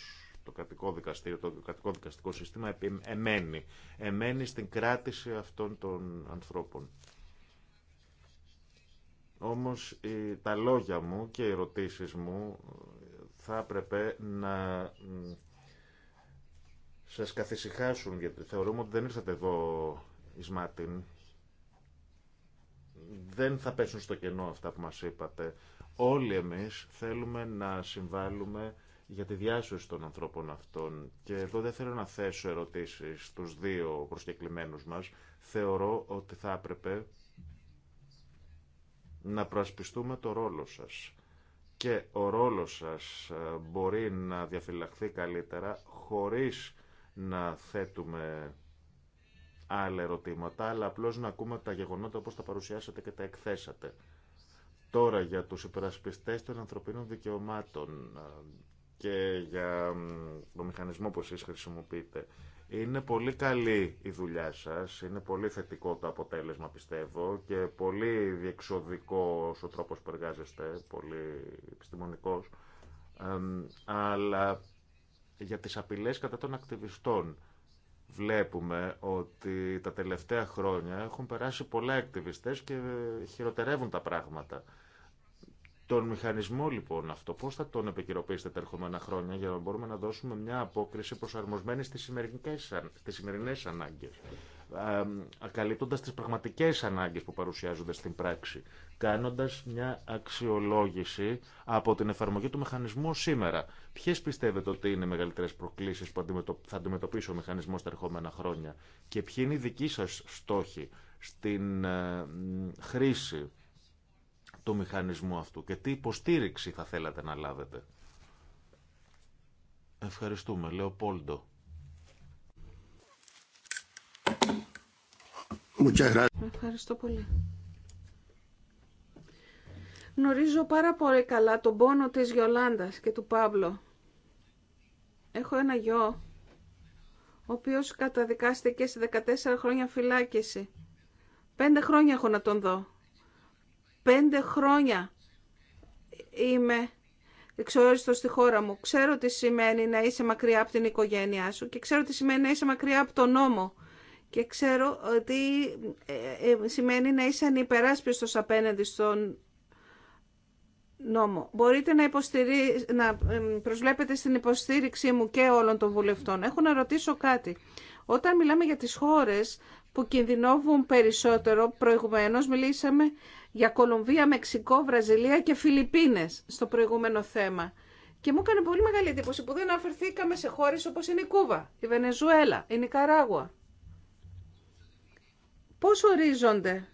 το κρατικό δικαστήριο, το κρατικό δικαστικό σύστημα εμένει. Εμένει στην κράτηση αυτών των ανθρώπων. Όμως τα λόγια μου και οι ερωτήσεις μου θα έπρεπε να σας καθησυχάσουν, γιατί θεωρούμε ότι δεν ήρθατε εδώ εις Δεν θα πέσουν στο κενό αυτά που μας είπατε. Όλοι εμείς θέλουμε να συμβάλλουμε για τη διάσωση των ανθρώπων αυτών. Και εδώ δεν θέλω να θέσω ερωτήσεις στους δύο προσκεκλημένους μας. Θεωρώ ότι θα έπρεπε να προασπιστούμε το ρόλο σας. Και ο ρόλος σας ε, μπορεί να διαφυλαχθεί καλύτερα χωρίς να θέτουμε άλλα ερωτήματα, αλλά απλώς να ακούμε τα γεγονότα όπως τα παρουσιάσατε και τα εκθέσατε. Τώρα για τους υπερασπιστές των ανθρωπίνων δικαιωμάτων ε, και για το μηχανισμό που εσείς χρησιμοποιείτε. Είναι πολύ καλή η δουλειά σας, είναι πολύ θετικό το αποτέλεσμα πιστεύω και πολύ διεξοδικό ο τρόπος που εργάζεστε, πολύ επιστημονικός, αλλά για τις απειλές κατά των ακτιβιστών. Βλέπουμε ότι τα τελευταία χρόνια έχουν περάσει πολλά ακτιβιστές και χειροτερεύουν τα πράγματα. Τον μηχανισμό λοιπόν αυτό, πώς θα τον επικυρωποιήσετε τα ερχόμενα χρόνια για να μπορούμε να δώσουμε μια απόκριση προσαρμοσμένη στις στις σημερινές ανάγκες καλύπτοντας τις πραγματικές ανάγκες που παρουσιάζονται στην πράξη, κάνοντας μια αξιολόγηση από την εφαρμογή του μηχανισμού σήμερα. Ποιες πιστεύετε ότι είναι οι μεγαλύτερες προκλήσεις που θα αντιμετωπίσει ο μηχανισμός τα ερχόμενα χρόνια και ποιοι είναι οι δικοί σας στόχοι στην ε, χρήση του μηχανισμού αυτού και τι υποστήριξη θα θέλατε να λάβετε. Ευχαριστούμε. Πόλντο. Ευχαριστώ πολύ. Γνωρίζω πάρα πολύ καλά τον πόνο της Γιολάντας και του Παύλο. Έχω ένα γιο, ο οποίος καταδικάστηκε σε 14 χρόνια φυλάκιση. Πέντε χρόνια έχω να τον δω. Πέντε χρόνια είμαι εξόριστο στη χώρα μου. Ξέρω τι σημαίνει να είσαι μακριά από την οικογένειά σου και ξέρω τι σημαίνει να είσαι μακριά από τον νόμο και ξέρω ότι ε, ε, σημαίνει να είσαι ανυπεράσπιστος απέναντι στον νόμο. Μπορείτε να, υποστηρί... να προσβλέπετε στην υποστήριξή μου και όλων των βουλευτών. Έχω να ρωτήσω κάτι. Όταν μιλάμε για τις χώρες που κινδυνόβουν περισσότερο, προηγουμένως μιλήσαμε για Κολομβία, Μεξικό, Βραζιλία και Φιλιππίνες στο προηγούμενο θέμα. Και μου έκανε πολύ μεγάλη εντύπωση που δεν αναφερθήκαμε σε χώρες όπως είναι η Κούβα, η Βενεζουέλα, η Νικαράγουα. Πώς ορίζονται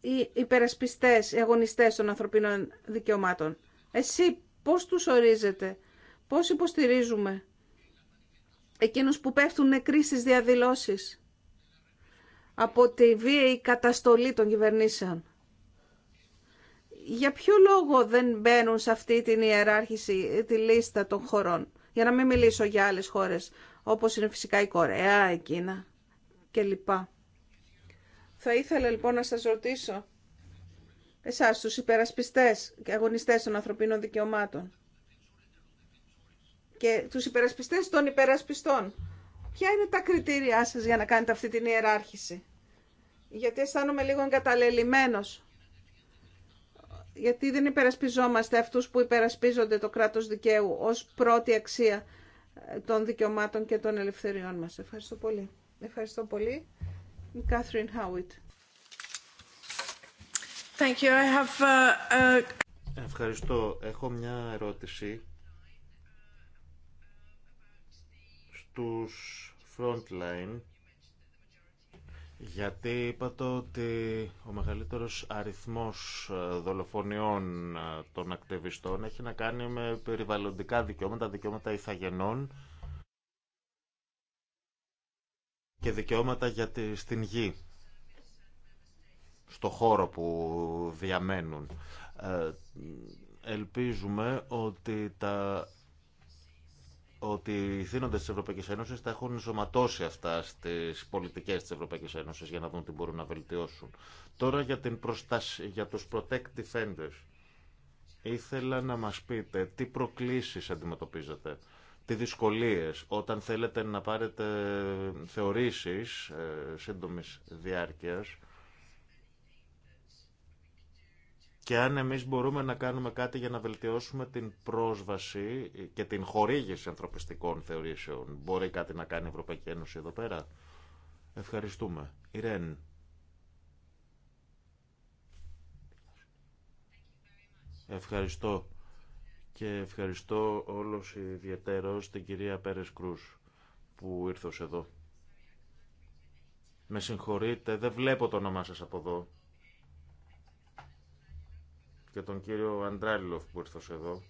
οι υπερασπιστές, οι αγωνιστές των ανθρωπίνων δικαιωμάτων. Εσύ πώς τους ορίζετε, πώς υποστηρίζουμε εκείνους που πέφτουν νεκροί στις διαδηλώσεις από τη βίαιη καταστολή των κυβερνήσεων. Για ποιο λόγο δεν μπαίνουν σε αυτή την ιεράρχηση, τη λίστα των χωρών, για να μην μιλήσω για άλλες χώρες, όπως είναι φυσικά η Κορέα, η Κίνα. Θα ήθελα λοιπόν να σας ρωτήσω, εσάς τους υπερασπιστές και αγωνιστές των ανθρωπίνων δικαιωμάτων και τους υπερασπιστές των υπερασπιστών, ποια είναι τα κριτήρια σας για να κάνετε αυτή την ιεράρχηση. Γιατί αισθάνομαι λίγο εγκαταλελειμμένος. Γιατί δεν υπερασπιζόμαστε αυτούς που υπερασπίζονται το κράτος δικαίου ως πρώτη αξία των δικαιωμάτων και των ελευθεριών μας. Ευχαριστώ πολύ. Ευχαριστώ πολύ. Κάθριν Χάουιτ. Uh, uh, Ευχαριστώ. Έχω μια ερώτηση στους frontline γιατί είπατε ότι ο μεγαλύτερος αριθμός ε, δολοφονιών ε, των ακτιβιστών έχει να κάνει με περιβαλλοντικά δικαιώματα, δικαιώματα ηθαγενών και δικαιώματα για τη, στην γη, στο χώρο που διαμένουν. Ε, ελπίζουμε ότι τα ότι οι θύνοντες της Ευρωπαϊκής Ένωσης θα έχουν ενσωματώσει αυτά στις πολιτικές της Ευρωπαϊκής Ένωσης για να δουν τι μπορούν να βελτιώσουν. Τώρα για, την προστασία, για τους protect defenders. Ήθελα να μας πείτε τι προκλήσεις αντιμετωπίζετε τι δυσκολίες όταν θέλετε να πάρετε θεωρήσεις ε, σύντομης διάρκειας και αν εμείς μπορούμε να κάνουμε κάτι για να βελτιώσουμε την πρόσβαση και την χορήγηση ανθρωπιστικών θεωρήσεων. Μπορεί κάτι να κάνει η Ευρωπαϊκή Ένωση εδώ πέρα. Ευχαριστούμε. Ιρέν. Ευχαριστώ και ευχαριστώ όλος ιδιαιτέρως την κυρία Πέρες Κρούς που ήρθες εδώ. Με συγχωρείτε, δεν βλέπω το όνομά σας από εδώ. Και τον κύριο Αντράλιλοφ που ήρθες εδώ.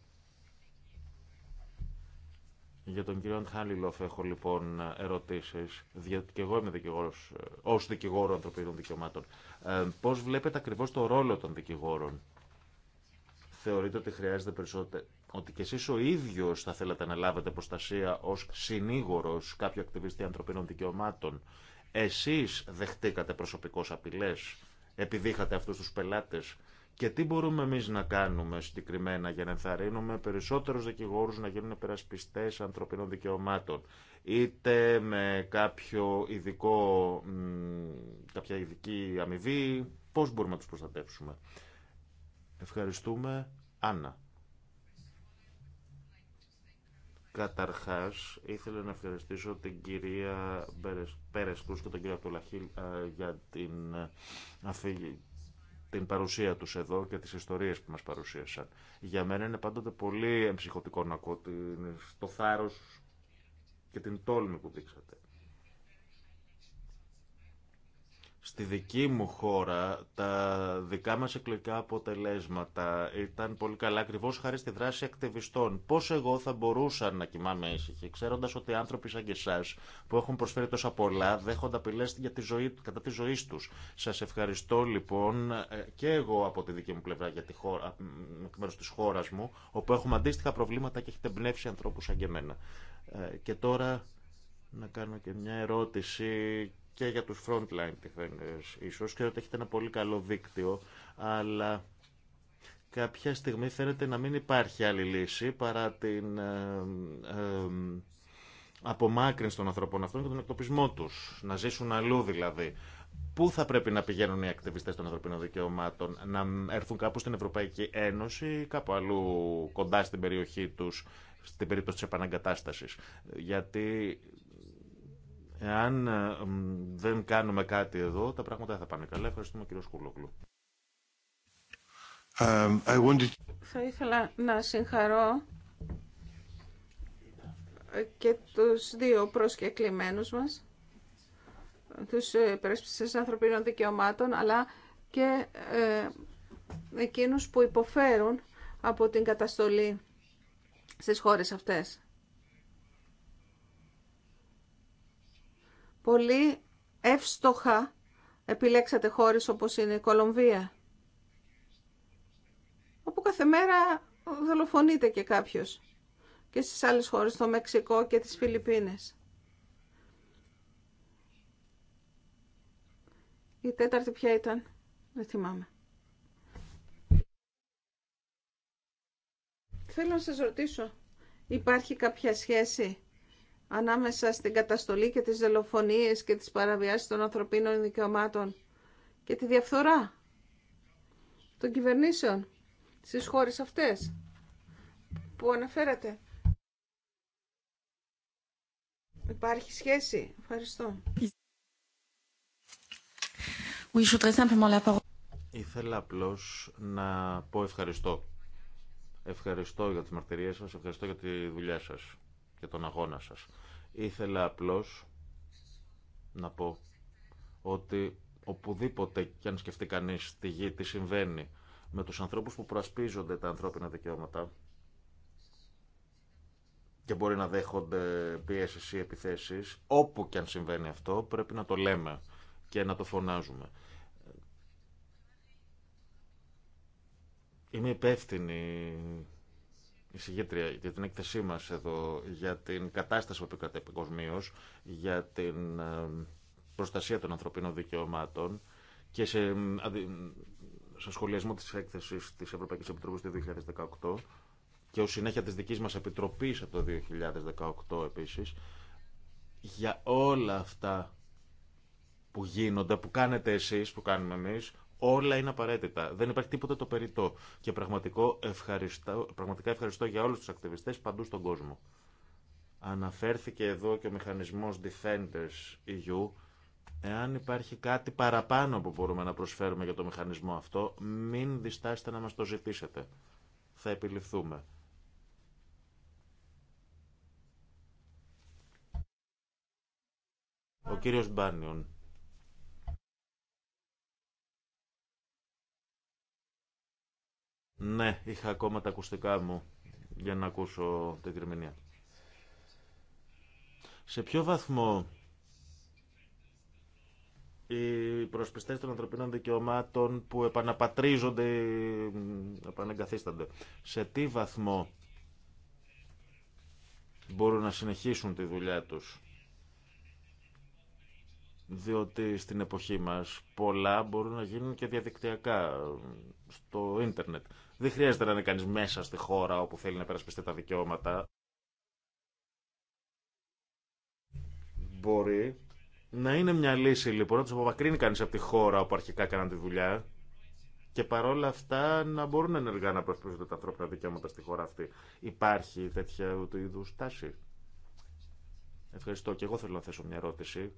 Για τον κύριο Αντχάλιλοφ έχω λοιπόν ερωτήσεις. Και εγώ είμαι δικηγόρος, ε, ως δικηγόρο ανθρωπίνων δικαιωμάτων. Ε, πώς βλέπετε ακριβώς το ρόλο των δικηγόρων θεωρείτε ότι χρειάζεται περισσότερο, ότι και εσεί ο ίδιο θα θέλατε να λάβετε προστασία ω συνήγορο κάποιου ακτιβιστή ανθρωπίνων δικαιωμάτων. Εσεί δεχτήκατε προσωπικώ απειλέ, επειδή είχατε αυτού του πελάτε. Και τι μπορούμε εμεί να κάνουμε συγκεκριμένα για να ενθαρρύνουμε περισσότερου δικηγόρου να γίνουν περασπιστές ανθρωπίνων δικαιωμάτων. Είτε με κάποιο ειδικό, κάποια ειδική αμοιβή, πώ μπορούμε να του προστατεύσουμε. Ευχαριστούμε. Άννα. Καταρχάς, ήθελα να ευχαριστήσω την κυρία Πέρεσκους και τον κύριο Αυτολαχή ε, για την, ε, την παρουσία τους εδώ και τις ιστορίες που μας παρουσίασαν. Για μένα είναι πάντοτε πολύ εμψυχωτικό να ακούω το θάρρος και την τόλμη που δείξατε. Στη δική μου χώρα τα δικά μας εκλογικά αποτελέσματα ήταν πολύ καλά ακριβώ χάρη στη δράση ακτιβιστών. Πώς εγώ θα μπορούσα να κοιμάμαι ήσυχη, ξέροντας ότι άνθρωποι σαν και εσάς που έχουν προσφέρει τόσα πολλά δέχονται απειλές για τη ζωή, κατά τη ζωή τους. Σας ευχαριστώ λοιπόν ε, και εγώ από τη δική μου πλευρά για τη χώρα, εκ της χώρας μου, όπου έχουμε αντίστοιχα προβλήματα και έχετε εμπνεύσει ανθρώπους σαν και εμένα. Ε, και τώρα να κάνω και μια ερώτηση και για τους frontline defenders ίσως. Ξέρω ότι έχετε ένα πολύ καλό δίκτυο, αλλά κάποια στιγμή φαίνεται να μην υπάρχει άλλη λύση παρά την ε, ε απομάκρυνση των ανθρώπων αυτών και τον εκτοπισμό τους. Να ζήσουν αλλού δηλαδή. Πού θα πρέπει να πηγαίνουν οι ακτιβιστέ των ανθρωπίνων δικαιωμάτων, να έρθουν κάπου στην Ευρωπαϊκή Ένωση ή κάπου αλλού κοντά στην περιοχή του, στην περίπτωση τη επαναγκατάσταση. Γιατί Εάν ε, δεν κάνουμε κάτι εδώ, τα πράγματα δεν θα πάνε καλά. Ευχαριστούμε κύριο Σκουλόκλου. Um, θα ήθελα να συγχαρώ και τους δύο προσκεκλημένους μας, τους υπερασπιστές ανθρωπίνων δικαιωμάτων, αλλά και ε, εκείνους που υποφέρουν από την καταστολή στις χώρες αυτές. πολύ εύστοχα επιλέξατε χώρες όπως είναι η Κολομβία, όπου κάθε μέρα δολοφονείται και κάποιος και στις άλλες χώρες, στο Μεξικό και τις Φιλιππίνες. Η τέταρτη ποια ήταν, δεν θυμάμαι. Θέλω να σας ρωτήσω, υπάρχει κάποια σχέση ανάμεσα στην καταστολή και τις δελοφονίες και τις παραβιάσεις των ανθρωπίνων δικαιωμάτων και τη διαφθορά των κυβερνήσεων στις χώρες αυτές που αναφέρατε. Υπάρχει σχέση. Ευχαριστώ. Ήθελα απλώ να πω ευχαριστώ. Ευχαριστώ για τις μαρτυρίες σας, ευχαριστώ για τη δουλειά σας και τον αγώνα σας. Ήθελα απλώς να πω ότι οπουδήποτε και αν σκεφτεί κανείς τη γη, τι συμβαίνει με τους ανθρώπους που προασπίζονται τα ανθρώπινα δικαιώματα και μπορεί να δέχονται πιέσεις ή επιθέσεις, όπου και αν συμβαίνει αυτό πρέπει να το λέμε και να το φωνάζουμε. Είμαι υπεύθυνη εισηγήτρια για την έκθεσή μας εδώ, για την κατάσταση που επικρατεί παγκοσμίω, για την ε, προστασία των ανθρωπίνων δικαιωμάτων και σε, σε σχολιασμό της έκθεσης της Ευρωπαϊκής Επιτροπής του 2018 και ω συνέχεια της δικής μας Επιτροπής από το 2018 επίσης, για όλα αυτά που γίνονται, που κάνετε εσείς, που κάνουμε εμείς, Όλα είναι απαραίτητα. Δεν υπάρχει τίποτα το περιττό. Και πραγματικό ευχαριστώ, πραγματικά ευχαριστώ για όλους τους ακτιβιστές παντού στον κόσμο. Αναφέρθηκε εδώ και ο μηχανισμός Defenders EU. Εάν υπάρχει κάτι παραπάνω που μπορούμε να προσφέρουμε για το μηχανισμό αυτό, μην διστάσετε να μας το ζητήσετε. Θα επιληφθούμε. Ο κύριος Μπάνιον. Ναι, είχα ακόμα τα ακουστικά μου για να ακούσω την κρυμμηνία. Σε ποιο βαθμό οι προσπιστές των ανθρωπίνων δικαιωμάτων που επαναπατρίζονται, επανεγκαθίστανται, σε τι βαθμό μπορούν να συνεχίσουν τη δουλειά τους. Διότι στην εποχή μας πολλά μπορούν να γίνουν και διαδικτυακά, στο ίντερνετ. Δεν χρειάζεται να είναι κανεί μέσα στη χώρα όπου θέλει να περασπιστεί τα δικαιώματα. Μπορεί να είναι μια λύση λοιπόν να του απομακρύνει κανεί από τη χώρα όπου αρχικά έκαναν τη δουλειά και παρόλα αυτά να μπορούν ενεργά να προσπίζονται τα ανθρώπινα δικαιώματα στη χώρα αυτή. Υπάρχει τέτοια του είδου τάση. Ευχαριστώ. Και εγώ θέλω να θέσω μια ερώτηση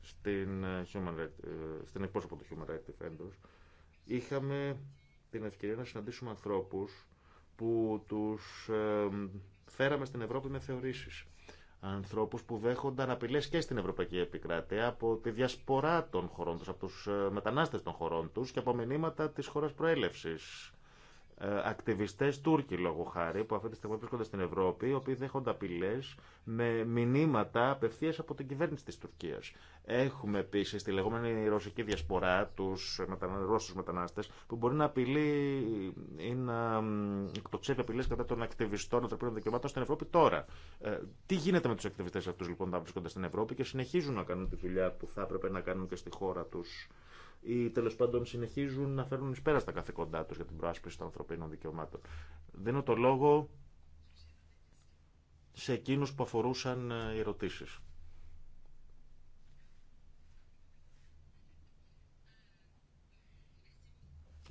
στην, ε, ε, στην εκπρόσωπο του Human Rights Defenders. Είχαμε την ευκαιρία να συναντήσουμε ανθρώπους που τους ε, φέραμε στην Ευρώπη με θεωρήσεις. Ανθρώπους που δέχονταν απειλές και στην Ευρωπαϊκή Επικράτεια από τη διασπορά των χωρών τους, από τους ε, μετανάστες των χωρών τους και από μηνύματα της χώρας προέλευσης ε, ακτιβιστέ Τούρκοι λόγω χάρη που αυτή τη στιγμή βρίσκονται στην Ευρώπη, οι οποίοι δέχονται απειλέ με μηνύματα απευθεία από την κυβέρνηση τη Τουρκία. Έχουμε επίση τη λεγόμενη ρωσική διασπορά, του Ρώσου μετανάστε, που μπορεί να απειλεί ή να εκτοξεύει απειλέ κατά των ακτιβιστών ανθρωπίνων δικαιωμάτων στην Ευρώπη τώρα. Ε, τι γίνεται με του ακτιβιστέ αυτού λοιπόν που βρίσκονται στην Ευρώπη και συνεχίζουν να κάνουν τη δουλειά που θα έπρεπε να κάνουν και στη χώρα του ή τέλο πάντων συνεχίζουν να φέρνουν ει πέρα στα καθήκοντά του για την προάσπιση των ανθρωπίνων δικαιωμάτων. Δίνω το λόγο σε εκείνους που αφορούσαν ε, οι ερωτήσεις.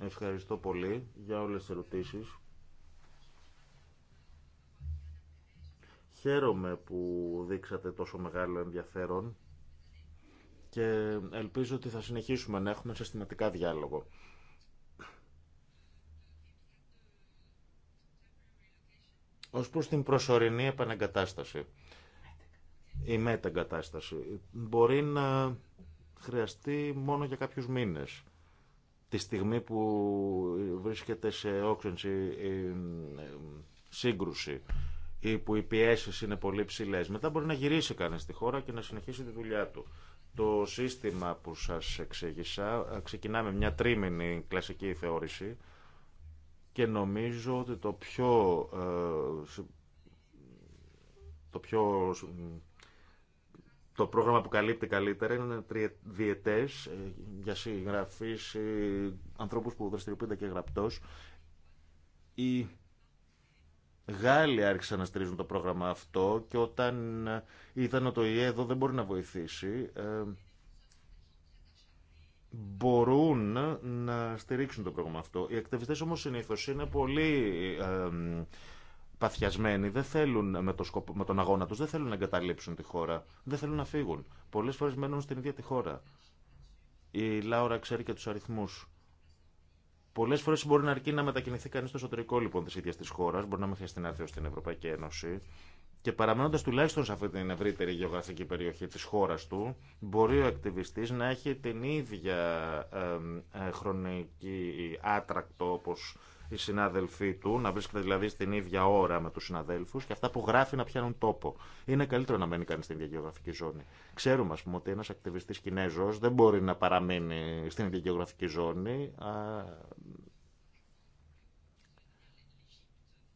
Ευχαριστώ πολύ για όλες τις ερωτήσεις. Χαίρομαι που δείξατε τόσο μεγάλο ενδιαφέρον και ελπίζω ότι θα συνεχίσουμε να έχουμε συστηματικά διάλογο. Ως προς την προσωρινή επαναγκατάσταση, η μεταγκατάσταση, μπορεί να χρειαστεί μόνο για κάποιους μήνες. Τη στιγμή που βρίσκεται σε όξενση ...ή ε, σύγκρουση ή που οι πιέσει είναι πολύ ψηλέ. Μετά μπορεί να γυρίσει κανεί στη χώρα και να συνεχίσει τη δουλειά του. Το σύστημα που σας εξήγησα ξεκινάμε μια τρίμηνη κλασική θεώρηση και νομίζω ότι το πιο, ε, το πιο το πρόγραμμα που καλύπτει καλύτερα είναι διετές ε, για συγγραφείς, ε, ανθρώπους που δραστηριοποιούνται και γραπτός. Η Γάλλοι άρχισαν να στηρίζουν το πρόγραμμα αυτό και όταν είδαν ότι η ΕΔΟ δεν μπορεί να βοηθήσει, ε, μπορούν να στηρίξουν το πρόγραμμα αυτό. Οι ακτιβιστές όμως συνήθως είναι πολύ ε, παθιασμένοι, δεν θέλουν με, το σκοπό, με τον αγώνα τους, δεν θέλουν να εγκαταλείψουν τη χώρα, δεν θέλουν να φύγουν. Πολλές φορές μένουν στην ίδια τη χώρα. Η Λάουρα ξέρει και τους αριθμούς. Πολλέ φορέ μπορεί να αρκεί να μετακινηθεί κανεί στο εσωτερικό λοιπόν τη ίδια τη χώρα, μπορεί να μην χρειαστεί να έρθει στην Ευρωπαϊκή Ένωση. Και παραμένοντα τουλάχιστον σε αυτή την ευρύτερη γεωγραφική περιοχή τη χώρα του, μπορεί ο ακτιβιστή να έχει την ίδια ε, χρονική άτρακτο όπω οι συνάδελφοί του, να βρίσκεται δηλαδή στην ίδια ώρα με του συναδέλφου και αυτά που γράφει να πιάνουν τόπο. Είναι καλύτερο να μένει κανεί στην ίδια γεωγραφική ζώνη. Ξέρουμε, α πούμε, ότι ένα ακτιβιστή Κινέζο δεν μπορεί να παραμείνει στην ίδια γεωγραφική ζώνη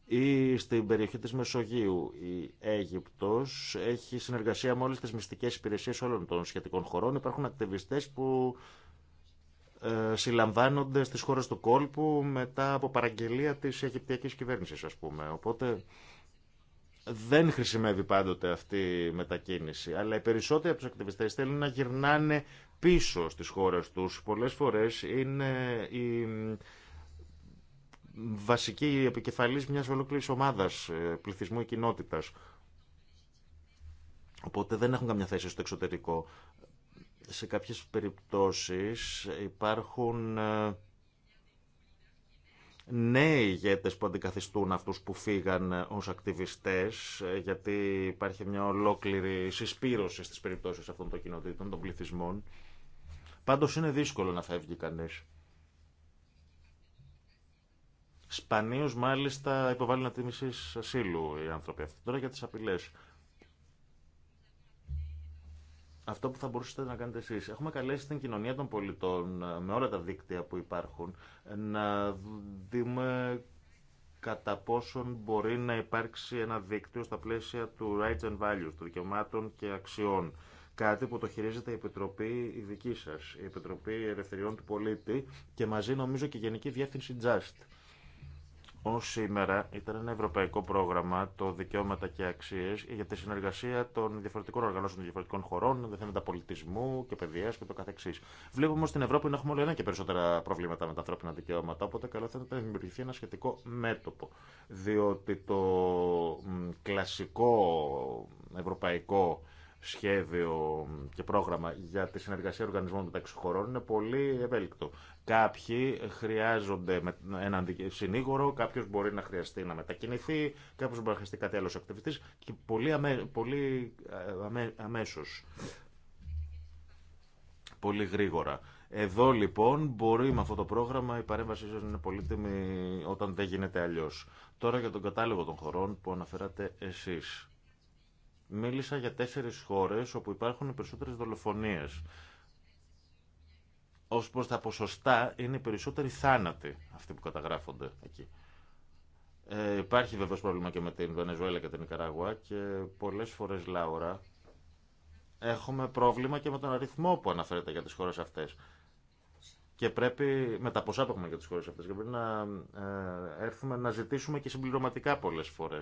ή στην περιοχή της Μεσογείου. Η Αίγυπτος έχει συνεργασία με όλες τις μυστικές υπηρεσίες όλων των σχετικών χωρών. Υπάρχουν ακτιβιστές που ε, συλλαμβάνονται στις χώρες του κόλπου μετά από παραγγελία της Αιγυπτιακής κυβέρνησης ας πούμε. Οπότε δεν χρησιμεύει πάντοτε αυτή η μετακίνηση, αλλά οι περισσότεροι από τους ακτιβιστές θέλουν να γυρνάνε πίσω στις χώρες τους. Πολλές φορές είναι η βασική επικεφαλής μιας ολόκληρης ομάδας ε, πληθυσμού ή κοινότητας. Οπότε δεν έχουν καμιά θέση στο εξωτερικό σε κάποιες περιπτώσεις υπάρχουν ε, νέοι ηγέτες που αντικαθιστούν αυτούς που φύγαν ε, ως ακτιβιστές, ε, γιατί υπάρχει μια ολόκληρη συσπήρωση στις περιπτώσεις αυτών των κοινοτήτων, των πληθυσμών. Πάντως είναι δύσκολο να φεύγει κανείς. Σπανίως μάλιστα υποβάλλουν τίμησεις ασύλου οι άνθρωποι αυτοί. Τώρα για τις απειλές αυτό που θα μπορούσατε να κάνετε εσείς. Έχουμε καλέσει την κοινωνία των πολιτών ε, με όλα τα δίκτυα που υπάρχουν ε, να δούμε κατά πόσον μπορεί να υπάρξει ένα δίκτυο στα πλαίσια του rights and values, των δικαιωμάτων και αξιών. Κάτι που το χειρίζεται η Επιτροπή η δική σας, η Επιτροπή Ελευθεριών του Πολίτη και μαζί νομίζω και η Γενική Διεύθυνση Just. Ω σήμερα ήταν ένα ευρωπαϊκό πρόγραμμα το δικαιώματα και αξίε για τη συνεργασία των διαφορετικών οργανώσεων των διαφορετικών χωρών, δεν θέματα πολιτισμού και παιδεία και το καθεξή. Βλέπουμε όμω στην Ευρώπη να έχουμε όλο ένα και περισσότερα προβλήματα με τα ανθρώπινα δικαιώματα, οπότε καλό θα ήταν να δημιουργηθεί ένα σχετικό μέτωπο. Διότι το κλασικό ευρωπαϊκό σχέδιο και πρόγραμμα για τη συνεργασία οργανισμών μεταξύ χωρών είναι πολύ ευέλικτο. Κάποιοι χρειάζονται έναν συνήγορο, κάποιο μπορεί να χρειαστεί να μετακινηθεί, κάποιο μπορεί να χρειαστεί κάτι άλλο ακτιβιστή και πολύ, αμέ, πολύ ε, αμέσω. Πολύ γρήγορα. Εδώ λοιπόν μπορεί με αυτό το πρόγραμμα η παρέμβαση να είναι πολύτιμη όταν δεν γίνεται αλλιώ. Τώρα για τον κατάλογο των χωρών που αναφέρατε εσεί. Μίλησα για τέσσερι χώρε όπου υπάρχουν περισσότερε περισσότερες Ω προ τα ποσοστά είναι οι περισσότεροι θάνατοι αυτοί που καταγράφονται εκεί. Ε, υπάρχει βεβαίω πρόβλημα και με την Βενεζουέλα και την Ικαραγουά και πολλέ φορέ Λάουρα, έχουμε πρόβλημα και με τον αριθμό που αναφέρεται για τι χώρε αυτέ. Και πρέπει, με τα ποσά που έχουμε για τι χώρε αυτέ, να ε, έρθουμε να ζητήσουμε και συμπληρωματικά πολλέ φορέ.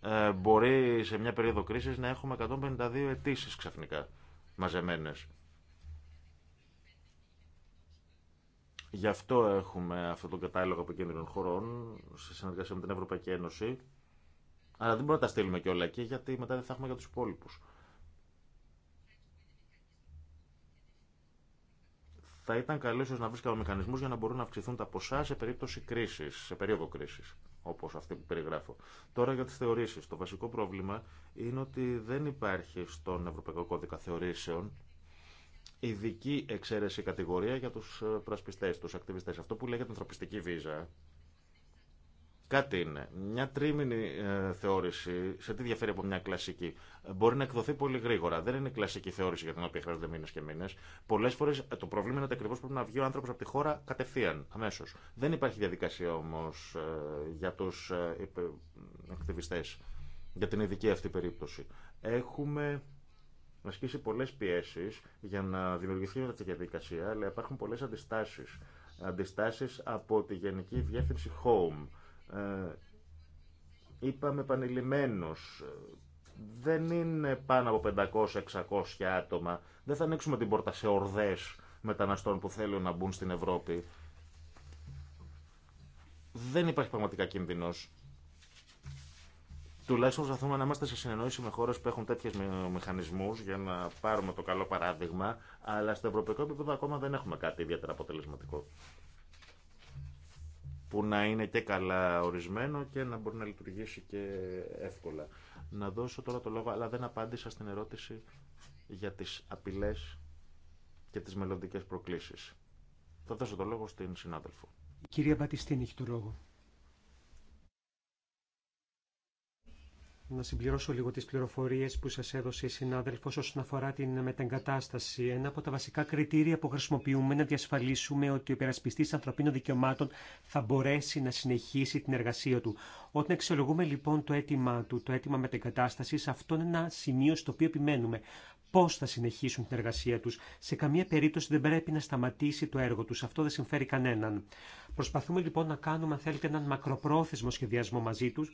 Ε, μπορεί σε μια περίοδο κρίση να έχουμε 152 αιτήσει ξαφνικά μαζεμένε. Γι' αυτό έχουμε αυτόν τον κατάλογο από κίνδυνων χωρών σε συνεργασία με την Ευρωπαϊκή Ένωση. Αλλά δεν μπορούμε να τα στείλουμε και όλα εκεί, γιατί μετά δεν θα έχουμε για του υπόλοιπου. Θα ήταν καλό ίσω να βρίσκαμε μηχανισμού για να μπορούν να αυξηθούν τα ποσά σε περίπτωση κρίση, σε περίοδο κρίση, όπω αυτή που περιγράφω. Τώρα για τι θεωρήσει. Το βασικό πρόβλημα είναι ότι δεν υπάρχει στον Ευρωπαϊκό Κώδικα Θεωρήσεων ειδική εξαίρεση κατηγορία για τους ε, προασπιστές, τους ακτιβιστές. Αυτό που λέγεται ανθρωπιστική βίζα, κάτι είναι. Μια τρίμηνη ε, θεώρηση, σε τι διαφέρει από μια κλασική, μπορεί να εκδοθεί πολύ γρήγορα. Δεν είναι κλασική θεώρηση για την οποία χρειάζονται μήνες και μήνες. Πολλέ φορές ε, το πρόβλημα είναι ότι ακριβώ πρέπει να βγει ο άνθρωπος από τη χώρα κατευθείαν, αμέσως. Δεν υπάρχει διαδικασία όμω για του ακτιβιστέ, για την ειδική αυτή περίπτωση. Έχουμε να ασκήσει πολλές πιέσεις για να δημιουργηθεί μια τέτοια διαδικασία, αλλά υπάρχουν πολλές αντιστάσεις. Αντιστάσεις από τη Γενική Διεύθυνση Home. Ε, είπαμε επανειλημμένως, δεν είναι πάνω από 500-600 άτομα. Δεν θα ανοίξουμε την πόρτα σε ορδές μεταναστών που θέλουν να μπουν στην Ευρώπη. Δεν υπάρχει πραγματικά κίνδυνος Τουλάχιστον προσπαθούμε να είμαστε σε συνεννόηση με χώρε που έχουν τέτοιου μηχανισμού για να πάρουμε το καλό παράδειγμα, αλλά στο ευρωπαϊκό επίπεδο ακόμα δεν έχουμε κάτι ιδιαίτερα αποτελεσματικό. Που να είναι και καλά ορισμένο και να μπορεί να λειτουργήσει και εύκολα. Να δώσω τώρα το λόγο, αλλά δεν απάντησα στην ερώτηση για τι απειλέ και τι μελλοντικέ προκλήσει. Θα δώσω το λόγο στην συνάδελφο. Η κυρία Μπατιστίνη έχει το λόγο. να συμπληρώσω λίγο τις πληροφορίες που σας έδωσε η συνάδελφος όσον αφορά την μετεγκατάσταση. Ένα από τα βασικά κριτήρια που χρησιμοποιούμε είναι να διασφαλίσουμε ότι ο υπερασπιστής ανθρωπίνων δικαιωμάτων θα μπορέσει να συνεχίσει την εργασία του. Όταν αξιολογούμε λοιπόν το αίτημα του, το αίτημα μετεγκατάστασης, αυτό είναι ένα σημείο στο οποίο επιμένουμε. Πώ θα συνεχίσουν την εργασία του. Σε καμία περίπτωση δεν πρέπει να σταματήσει το έργο του. Αυτό δεν συμφέρει κανέναν. Προσπαθούμε λοιπόν να κάνουμε, αν θέλετε, έναν μακροπρόθεσμο σχεδιασμό μαζί του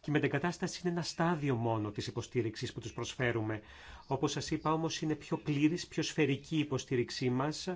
και η μετεγκατάσταση είναι ένα στάδιο μόνο της υποστήριξης που τους προσφέρουμε. Όπως σας είπα όμως είναι πιο πλήρης, πιο σφαιρική η υποστήριξή μας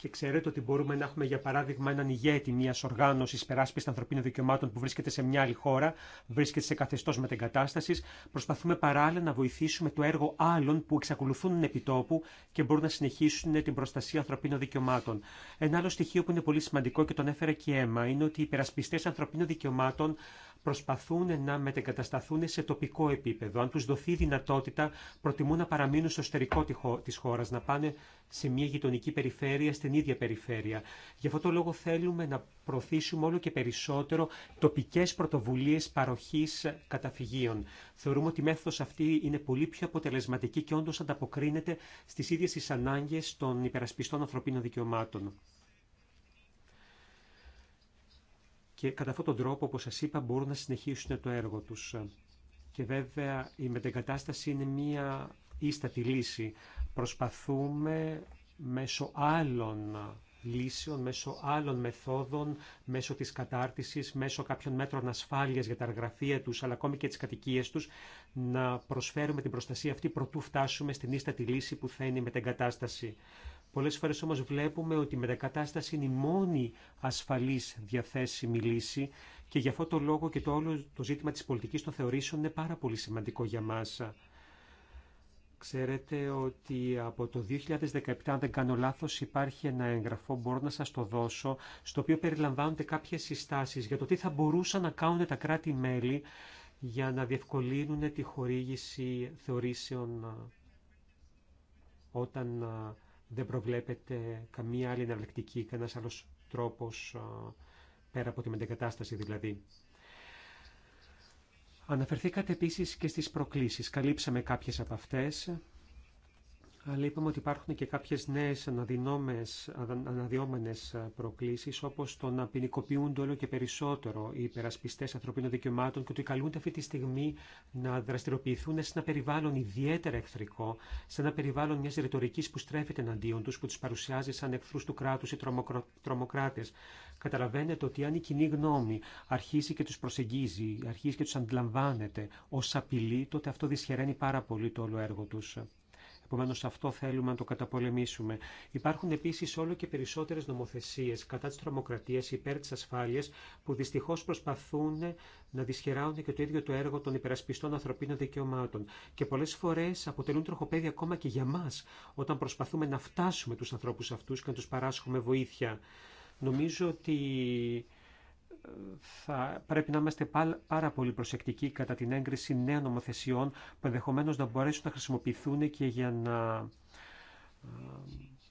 και ξέρετε ότι μπορούμε να έχουμε, για παράδειγμα, έναν ηγέτη μια οργάνωση περάσπιση ανθρωπίνων δικαιωμάτων που βρίσκεται σε μια άλλη χώρα, βρίσκεται σε καθεστώ μετεγκατάσταση. Προσπαθούμε παράλληλα να βοηθήσουμε το έργο άλλων που εξακολουθούν επιτόπου και μπορούν να συνεχίσουν την προστασία ανθρωπίνων δικαιωμάτων. Ένα άλλο στοιχείο που είναι πολύ σημαντικό και τον έφερε και η ΕΜΑ είναι ότι οι περασπιστέ ανθρωπίνων δικαιωμάτων προσπαθούν να μετεγκατασταθούν σε τοπικό επίπεδο. Αν τους δοθεί δυνατότητα, προτιμούν να παραμείνουν στο εσωτερικό της χώρας, να πάνε σε μια γειτονική περιφέρεια, στην ίδια περιφέρεια. Γι' αυτό το λόγο θέλουμε να προωθήσουμε όλο και περισσότερο τοπικές πρωτοβουλίες παροχής καταφυγίων. Θεωρούμε ότι η μέθοδος αυτή είναι πολύ πιο αποτελεσματική και όντως ανταποκρίνεται στις ίδιες τις ανάγκες των υπερασπιστών ανθρωπίνων δικαιωμάτων. και κατά αυτόν τον τρόπο, όπως σας είπα, μπορούν να συνεχίσουν το έργο τους. Και βέβαια η μετεγκατάσταση είναι μία ίστατη λύση. Προσπαθούμε μέσω άλλων λύσεων, μέσω άλλων μεθόδων, μέσω της κατάρτισης, μέσω κάποιων μέτρων ασφάλειας για τα εργαφεία τους, αλλά ακόμη και τις κατοικίες τους, να προσφέρουμε την προστασία αυτή προτού φτάσουμε στην ίστατη λύση που θα είναι η μετεγκατάσταση. Πολλές φορές όμως βλέπουμε ότι η μετακατάσταση είναι η μόνη ασφαλής διαθέσιμη λύση και γι' αυτό το λόγο και το όλο το ζήτημα της πολιτικής των θεωρήσεων είναι πάρα πολύ σημαντικό για μας. Ξέρετε ότι από το 2017, αν δεν κάνω λάθος, υπάρχει ένα έγγραφο, μπορώ να σας το δώσω, στο οποίο περιλαμβάνονται κάποιες συστάσεις για το τι θα μπορούσαν να κάνουν τα κράτη-μέλη για να διευκολύνουν τη χορήγηση θεωρήσεων ε, όταν ε, δεν προβλέπεται καμία άλλη εναλλακτική, κανένα άλλο τρόπο πέρα από τη μετεγκατάσταση δηλαδή. Αναφερθήκατε επίσης και στις προκλήσεις. Καλύψαμε κάποιες από αυτές. Αλλά είπαμε ότι υπάρχουν και κάποιες νέες αναδυόμενες ε, προκλήσεις, όπως το να ποινικοποιούνται όλο και περισσότερο οι υπερασπιστές ανθρωπίνων δικαιωμάτων και ότι καλούνται αυτή τη στιγμή να δραστηριοποιηθούν σε ένα περιβάλλον ιδιαίτερα εχθρικό, σε ένα περιβάλλον μιας ρητορικής που στρέφεται εναντίον τους, που τους παρουσιάζει σαν εχθρούς του κράτους ή τρομοκράτες. Καταλαβαίνετε ότι αν η κοινή γνώμη αρχίσει και τους προσεγγίζει, αρχίσει και τους αντιλαμβάνεται ως απειλή, τότε αυτό δυσχεραίνει πάρα πολύ το όλο έργο τους. Επομένω, αυτό θέλουμε να το καταπολεμήσουμε. Υπάρχουν επίση όλο και περισσότερε νομοθεσίε κατά τη τρομοκρατία υπέρ τη ασφάλεια που δυστυχώ προσπαθούν να δυσχεράουν και το ίδιο το έργο των υπερασπιστών ανθρωπίνων δικαιωμάτων. Και πολλέ φορέ αποτελούν τροχοπέδι ακόμα και για μα όταν προσπαθούμε να φτάσουμε του ανθρώπου αυτού και να του παράσχουμε βοήθεια. Νομίζω ότι θα πρέπει να είμαστε πάρα πολύ προσεκτικοί κατά την έγκριση νέων νομοθεσιών που ενδεχομένως να μπορέσουν να χρησιμοποιηθούν και για να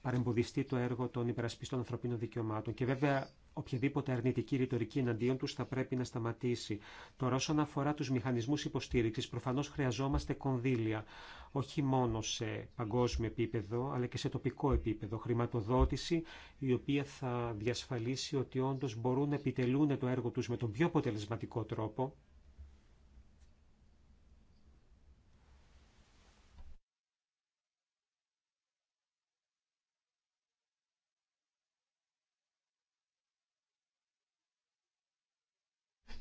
παρεμποδιστεί το έργο των υπερασπιστών ανθρωπίνων δικαιωμάτων. Και βέβαια οποιαδήποτε αρνητική ρητορική εναντίον του θα πρέπει να σταματήσει. Τώρα όσον αφορά του μηχανισμού υποστήριξης, προφανώς χρειαζόμαστε κονδύλια, όχι μόνο σε παγκόσμιο επίπεδο, αλλά και σε τοπικό επίπεδο. Χρηματοδότηση η οποία θα διασφαλίσει ότι όντω μπορούν να επιτελούν το έργο τους με τον πιο αποτελεσματικό τρόπο,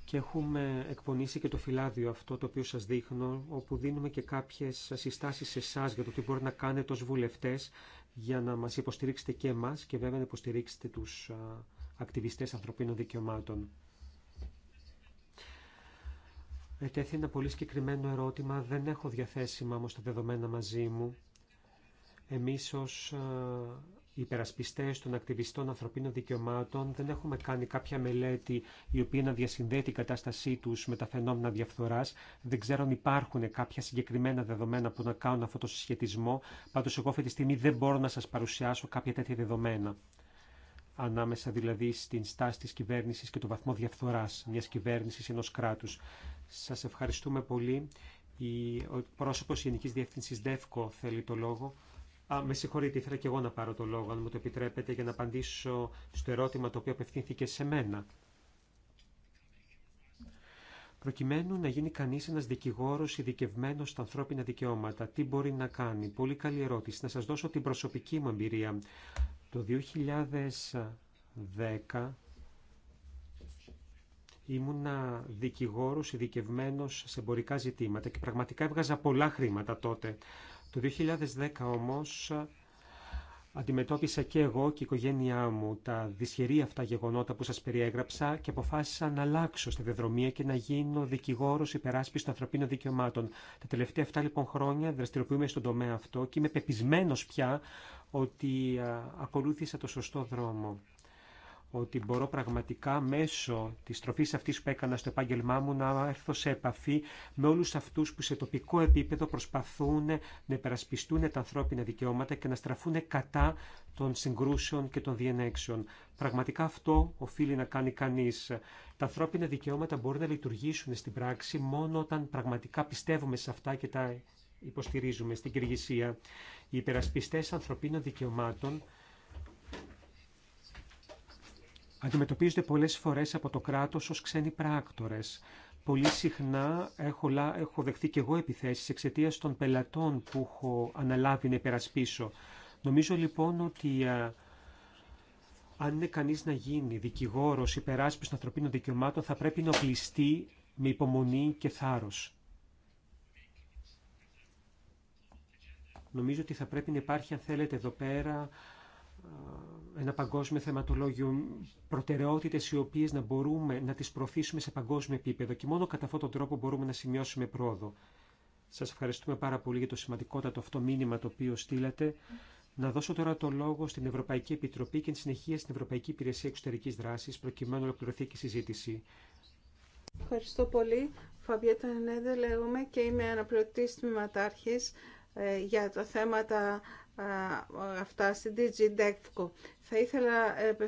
και έχουμε εκπονήσει και το φυλάδιο αυτό το οποίο σας δείχνω, όπου δίνουμε και κάποιες συστάσεις σε εσά για το τι μπορεί να κάνετε ως βουλευτές για να μας υποστηρίξετε και εμάς και βέβαια να υποστηρίξετε τους ακτιβιστές ανθρωπίνων δικαιωμάτων. Ετέθη ένα πολύ συγκεκριμένο ερώτημα, δεν έχω διαθέσιμα όμως τα δεδομένα μαζί μου. Εμείς ως οι υπερασπιστέ των ακτιβιστών ανθρωπίνων δικαιωμάτων δεν έχουμε κάνει κάποια μελέτη η οποία να διασυνδέει την κατάστασή του με τα φαινόμενα διαφθορά. Δεν ξέρω αν υπάρχουν κάποια συγκεκριμένα δεδομένα που να κάνουν αυτό το συσχετισμό. Πάντω, εγώ αυτή τη στιγμή δεν μπορώ να σα παρουσιάσω κάποια τέτοια δεδομένα. Ανάμεσα δηλαδή στην στάση τη κυβέρνηση και το βαθμό διαφθορά, μια κυβέρνηση ενό κράτου. Σα ευχαριστούμε πολύ. Ο πρόσωπος Γενικής Διευθύνσης ΔΕΦΚΟ θέλει το λόγο. Α, με συγχωρείτε, ήθελα και εγώ να πάρω το λόγο, αν μου το επιτρέπετε, για να απαντήσω στο ερώτημα το οποίο απευθύνθηκε σε μένα. Προκειμένου να γίνει κανείς ένας δικηγόρος ειδικευμένο στα ανθρώπινα δικαιώματα, τι μπορεί να κάνει. Πολύ καλή ερώτηση. Να σας δώσω την προσωπική μου εμπειρία. Το 2010 ήμουνα δικηγόρος ειδικευμένο σε εμπορικά ζητήματα και πραγματικά έβγαζα πολλά χρήματα τότε. Το 2010 όμως ε, αντιμετώπισα και εγώ και η οικογένειά μου τα δυσχερή αυτά γεγονότα που σας περιέγραψα και αποφάσισα να αλλάξω στη δεδρομία και να γίνω δικηγόρος υπεράσπισης των ανθρωπίνων δικαιωμάτων. Τα τελευταία 7 λοιπόν χρόνια δραστηριοποιούμε στον τομέα αυτό και είμαι πεπισμένος πια ότι ε, ακολούθησα το σωστό δρόμο ότι μπορώ πραγματικά μέσω της τροφής αυτής που έκανα στο επάγγελμά μου να έρθω σε επαφή με όλους αυτούς που σε τοπικό επίπεδο προσπαθούν να υπερασπιστούν τα ανθρώπινα δικαιώματα και να στραφούν κατά των συγκρούσεων και των διενέξεων. Πραγματικά αυτό οφείλει να κάνει κανείς. Τα ανθρώπινα δικαιώματα μπορούν να λειτουργήσουν στην πράξη μόνο όταν πραγματικά πιστεύουμε σε αυτά και τα υποστηρίζουμε στην Κυργυσία. Οι υπερασπιστές ανθρωπίνων δικαιωμάτων αντιμετωπίζονται πολλές φορές από το κράτος ως ξένοι πράκτορες. Πολύ συχνά έχω, έχω δεχτεί και εγώ επιθέσεις εξαιτίας των πελατών που έχω αναλάβει να υπερασπίσω. Νομίζω λοιπόν ότι αν είναι κανείς να γίνει δικηγόρος υπεράσπιση των ανθρωπίνων δικαιωμάτων θα πρέπει να οπλιστεί με υπομονή και θάρρος. Νομίζω ότι θα πρέπει να υπάρχει, αν θέλετε, εδώ πέρα ε, ένα παγκόσμιο θεματολόγιο, προτεραιότητες οι οποίες να μπορούμε να τις προωθήσουμε σε παγκόσμιο επίπεδο και μόνο κατά αυτόν τον τρόπο μπορούμε να σημειώσουμε πρόοδο. Σας ευχαριστούμε πάρα πολύ για το σημαντικότατο αυτό μήνυμα το οποίο στείλατε. Να δώσω τώρα το λόγο στην Ευρωπαϊκή Επιτροπή και εν συνεχεία στην Ευρωπαϊκή Υπηρεσία Εξωτερικής Δράσης προκειμένου να ολοκληρωθεί και η συζήτηση. Ευχαριστώ πολύ. Φαβιέτα Νέντε λέγομαι και είμαι αναπληρωτής τμήματάρχης ε, για τα θέματα αυτά στην DG Θα ήθελα επ'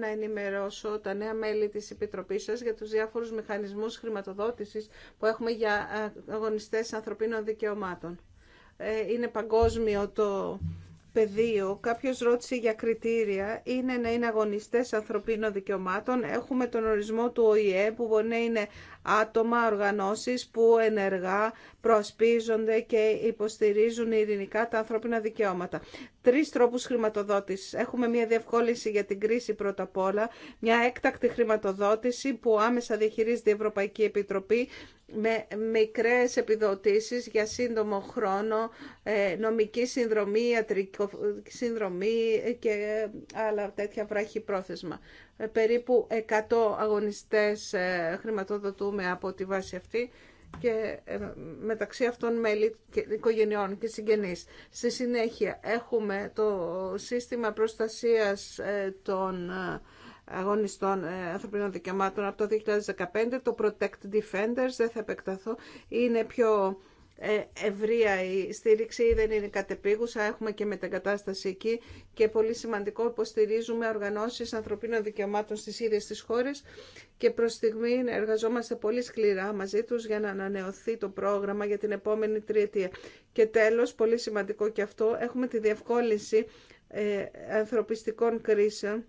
να ενημερώσω τα νέα μέλη της Επιτροπής σας για τους διάφορους μηχανισμούς χρηματοδότησης που έχουμε για αγωνιστές ανθρωπίνων δικαιωμάτων. Ε, είναι παγκόσμιο το πεδίο. Κάποιος ρώτησε για κριτήρια. Είναι να είναι αγωνιστές ανθρωπίνων δικαιωμάτων. Έχουμε τον ορισμό του ΟΗΕ που μπορεί να είναι άτομα, οργανώσεις που ενεργά προσπίζονται και υποστηρίζουν ειρηνικά τα ανθρώπινα δικαιώματα. Τρεις τρόπους χρηματοδότησης. Έχουμε μια διευκόλυνση για την κρίση πρώτα απ' όλα, μια έκτακτη χρηματοδότηση που άμεσα διαχειρίζεται η Ευρωπαϊκή Επιτροπή με μικρές επιδοτήσεις για σύντομο χρόνο, ε, νομική συνδρομή, ιατρική ε, συνδρομή και άλλα τέτοια βράχη πρόθεσμα. Ε, περίπου 100 αγωνιστές ε, χρηματοδοτούμε από τη βάση αυτή και ε, μεταξύ αυτών μέλη οικογενειών και συγγενείς. Στη συνέχεια έχουμε το σύστημα προστασίας των αγωνιστών ανθρωπίνων δικαιωμάτων από το 2015, το Protect Defenders, δεν θα επεκταθώ, είναι πιο ε, ευρεία η στήριξη, δεν είναι κατεπίγουσα, έχουμε και μετακατάσταση εκεί και πολύ σημαντικό υποστηρίζουμε οργανώσεις ανθρωπίνων δικαιωμάτων στις ίδιες τις χώρες και προς στιγμή εργαζόμαστε πολύ σκληρά μαζί τους για να ανανεωθεί το πρόγραμμα για την επόμενη τριετία. Και τέλος, πολύ σημαντικό και αυτό, έχουμε τη διευκόλυνση ε, ανθρωπιστικών κρίσεων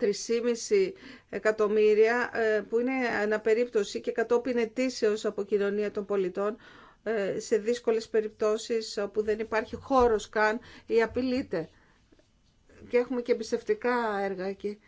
3,5 εκατομμύρια ε, που είναι αναπερίπτωση και κατόπιν ετήσεως από κοινωνία των πολιτών ε, σε δύσκολες περιπτώσεις όπου δεν υπάρχει χώρος καν ή απειλείται. Και έχουμε και εμπιστευτικά έργα εκεί.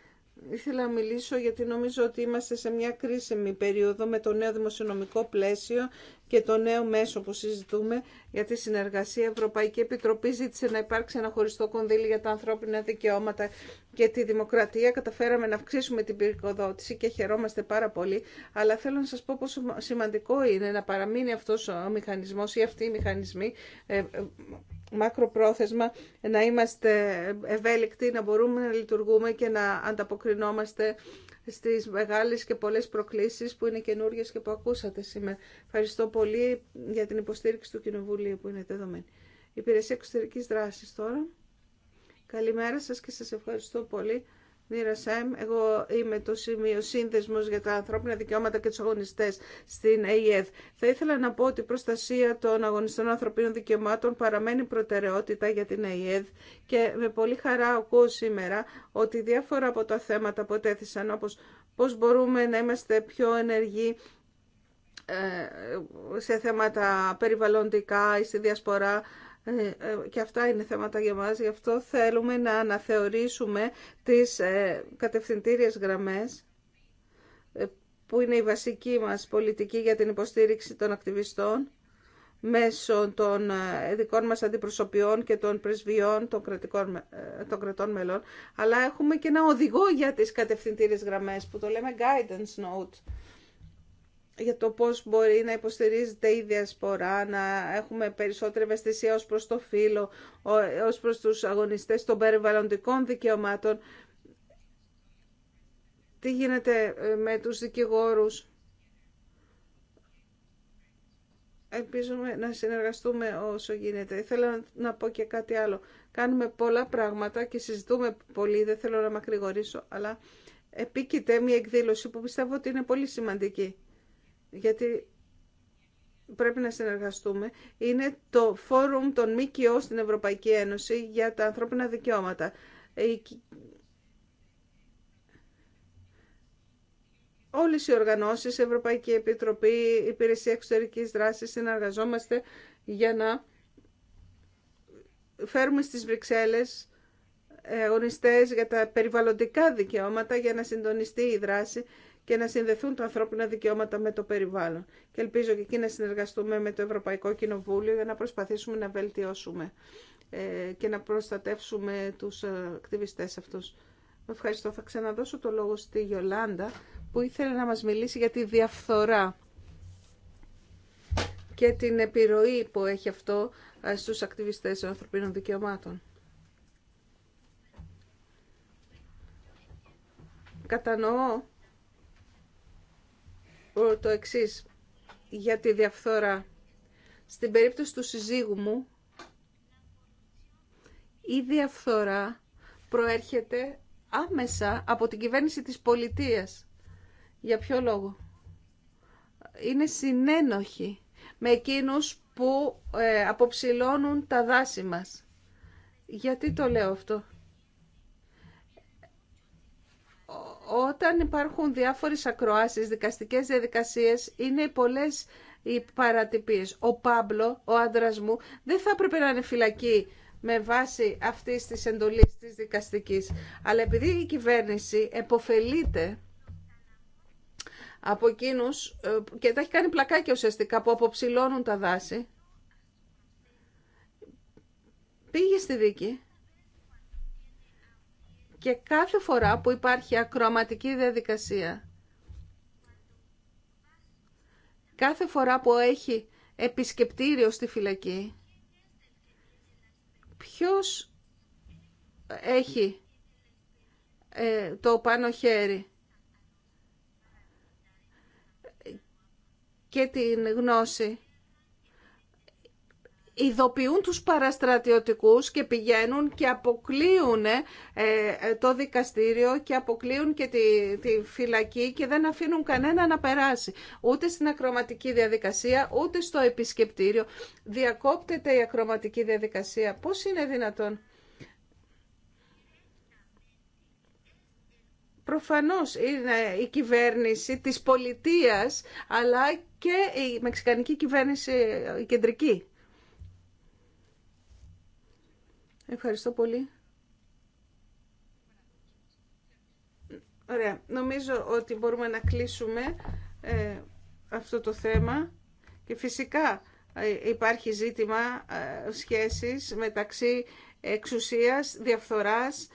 Ήθελα να μιλήσω γιατί νομίζω ότι είμαστε σε μια κρίσιμη περίοδο με το νέο δημοσιονομικό πλαίσιο και το νέο μέσο που συζητούμε για τη συνεργασία. Η Ευρωπαϊκή Επιτροπή ζήτησε να υπάρξει ένα χωριστό κονδύλι για τα ανθρώπινα δικαιώματα και τη δημοκρατία. Καταφέραμε να αυξήσουμε την πυρκοδότηση και χαιρόμαστε πάρα πολύ. Αλλά θέλω να σα πω πόσο σημαντικό είναι να παραμείνει αυτό ο μηχανισμό, ή αυτοί οι μηχανισμοί ε, ε, μακροπρόθεσμα, να είμαστε ευέλικτοι, να μπορούμε να λειτουργούμε και να ανταποκρινόμαστε στις μεγάλες και πολλές προκλήσεις που είναι καινούργιες και που ακούσατε σήμερα. Ευχαριστώ πολύ για την υποστήριξη του Κοινοβουλίου που είναι δεδομένη. Υπηρεσία Εξωτερικής Δράσης τώρα. Καλημέρα σας και σας ευχαριστώ πολύ. Εγώ είμαι το σημείο σύνδεσμο για τα ανθρώπινα δικαιώματα και του αγωνιστέ στην ΑΕΔ. Θα ήθελα να πω ότι η προστασία των αγωνιστών ανθρωπίνων δικαιωμάτων παραμένει προτεραιότητα για την ΑΕΔ και με πολύ χαρά ακούω σήμερα ότι διάφορα από τα θέματα που ετέθησαν, όπω πώ μπορούμε να είμαστε πιο ενεργοί ε, σε θέματα περιβαλλοντικά ή στη διασπορά ε, ε, και αυτά είναι θέματα για μας, γι' αυτό θέλουμε να αναθεωρήσουμε τις ε, κατευθυντήριες γραμμές που είναι η βασική μας πολιτική για την υποστήριξη των ακτιβιστών μέσω των ειδικών μας αντιπροσωπιών και των πρεσβειών των, κρατικών, των κρατών μελών, αλλά έχουμε και ένα οδηγό για τις κατευθυντήριες γραμμές που το λέμε guidance note για το πώς μπορεί να υποστηρίζεται η διασπορά, να έχουμε περισσότερη ευαισθησία ως προς το φύλλο, ως προς τους αγωνιστές των περιβαλλοντικών δικαιωμάτων. Τι γίνεται ε, με τους δικηγόρους. Ελπίζουμε να συνεργαστούμε όσο γίνεται. Θέλω να πω και κάτι άλλο. Κάνουμε πολλά πράγματα και συζητούμε πολύ, δεν θέλω να μακρηγορήσω, αλλά επίκειται μια εκδήλωση που πιστεύω ότι είναι πολύ σημαντική γιατί πρέπει να συνεργαστούμε, είναι το Φόρουμ των ΜΚΟ στην Ευρωπαϊκή Ένωση για τα ανθρώπινα δικαιώματα. Όλες οι οργανώσεις, Ευρωπαϊκή Επιτροπή, Υπηρεσία Εξωτερικής Δράσης, συνεργαζόμαστε για να φέρουμε στις Βρυξέλλες αγωνιστές ε, για τα περιβαλλοντικά δικαιώματα για να συντονιστεί η δράση και να συνδεθούν τα ανθρώπινα δικαιώματα με το περιβάλλον. Και ελπίζω και εκεί να συνεργαστούμε με το Ευρωπαϊκό Κοινοβούλιο για να προσπαθήσουμε να βελτιώσουμε ε, και να προστατεύσουμε τους ε, ακτιβιστές αυτούς. Ευχαριστώ. Θα ξαναδώσω το λόγο στη Γιολάντα που ήθελε να μας μιλήσει για τη διαφθορά και την επιρροή που έχει αυτό ε, στους ακτιβιστές των ανθρωπίνων δικαιωμάτων. Κατανοώ το εξής για τη διαφθορά. Στην περίπτωση του συζύγου μου, η διαφθορά προέρχεται άμεσα από την κυβέρνηση της πολιτείας. Για ποιο λόγο. Είναι συνένοχη με εκείνους που ε, αποψηλώνουν τα δάση μας. Γιατί το λέω αυτό. όταν υπάρχουν διάφορες ακροάσεις, δικαστικές διαδικασίες, είναι πολλές οι παρατυπίες. Ο Πάμπλο, ο άντρα μου, δεν θα έπρεπε να είναι φυλακή με βάση αυτή τη εντολή τη δικαστική. Αλλά επειδή η κυβέρνηση εποφελείται από εκείνου ε, και τα έχει κάνει πλακάκια ουσιαστικά που αποψηλώνουν τα δάση, πήγε στη δίκη και κάθε φορά που υπάρχει ακροαματική διαδικασία, κάθε φορά που έχει επισκεπτήριο στη φυλακή, ποιος έχει ε, το πάνω χέρι και την γνώση ειδοποιούν τους παραστρατιωτικούς και πηγαίνουν και αποκλείουν ε, ε, το δικαστήριο και αποκλείουν και τη, φυλακή και δεν αφήνουν κανένα να περάσει. Ούτε στην ακροματική διαδικασία, ούτε στο επισκεπτήριο. Διακόπτεται η ακροματική διαδικασία. Πώς είναι δυνατόν. Προφανώς είναι η κυβέρνηση της πολιτείας, αλλά και η μεξικανική κυβέρνηση κεντρική. Ευχαριστώ πολύ. Ωραία. Νομίζω ότι μπορούμε να κλείσουμε ε, αυτό το θέμα και φυσικά ε, υπάρχει ζήτημα ε, σχέσης μεταξύ εξουσίας, διαφθοράς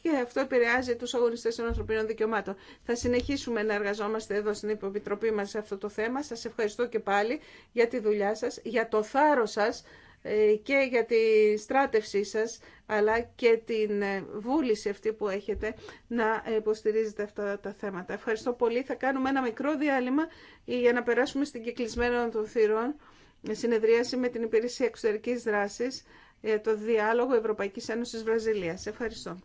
και αυτό επηρεάζει τους αγωνιστές των ανθρωπίνων δικαιωμάτων. Θα συνεχίσουμε να εργαζόμαστε εδώ στην Υποπιτροπή μας σε αυτό το θέμα. Σας ευχαριστώ και πάλι για τη δουλειά σας, για το θάρρος σας ε, και για τη στράτευσή σας, αλλά και την ε, βούληση αυτή που έχετε να υποστηρίζετε αυτά τα θέματα. Ευχαριστώ πολύ. Θα κάνουμε ένα μικρό διάλειμμα για να περάσουμε στην κυκλισμένη των θύρων ε, συνεδρίαση με την Υπηρεσία Εξωτερικής Δράσης, το Διάλογο Ευρωπαϊκής Ένωσης Βραζιλίας. Ευχαριστώ.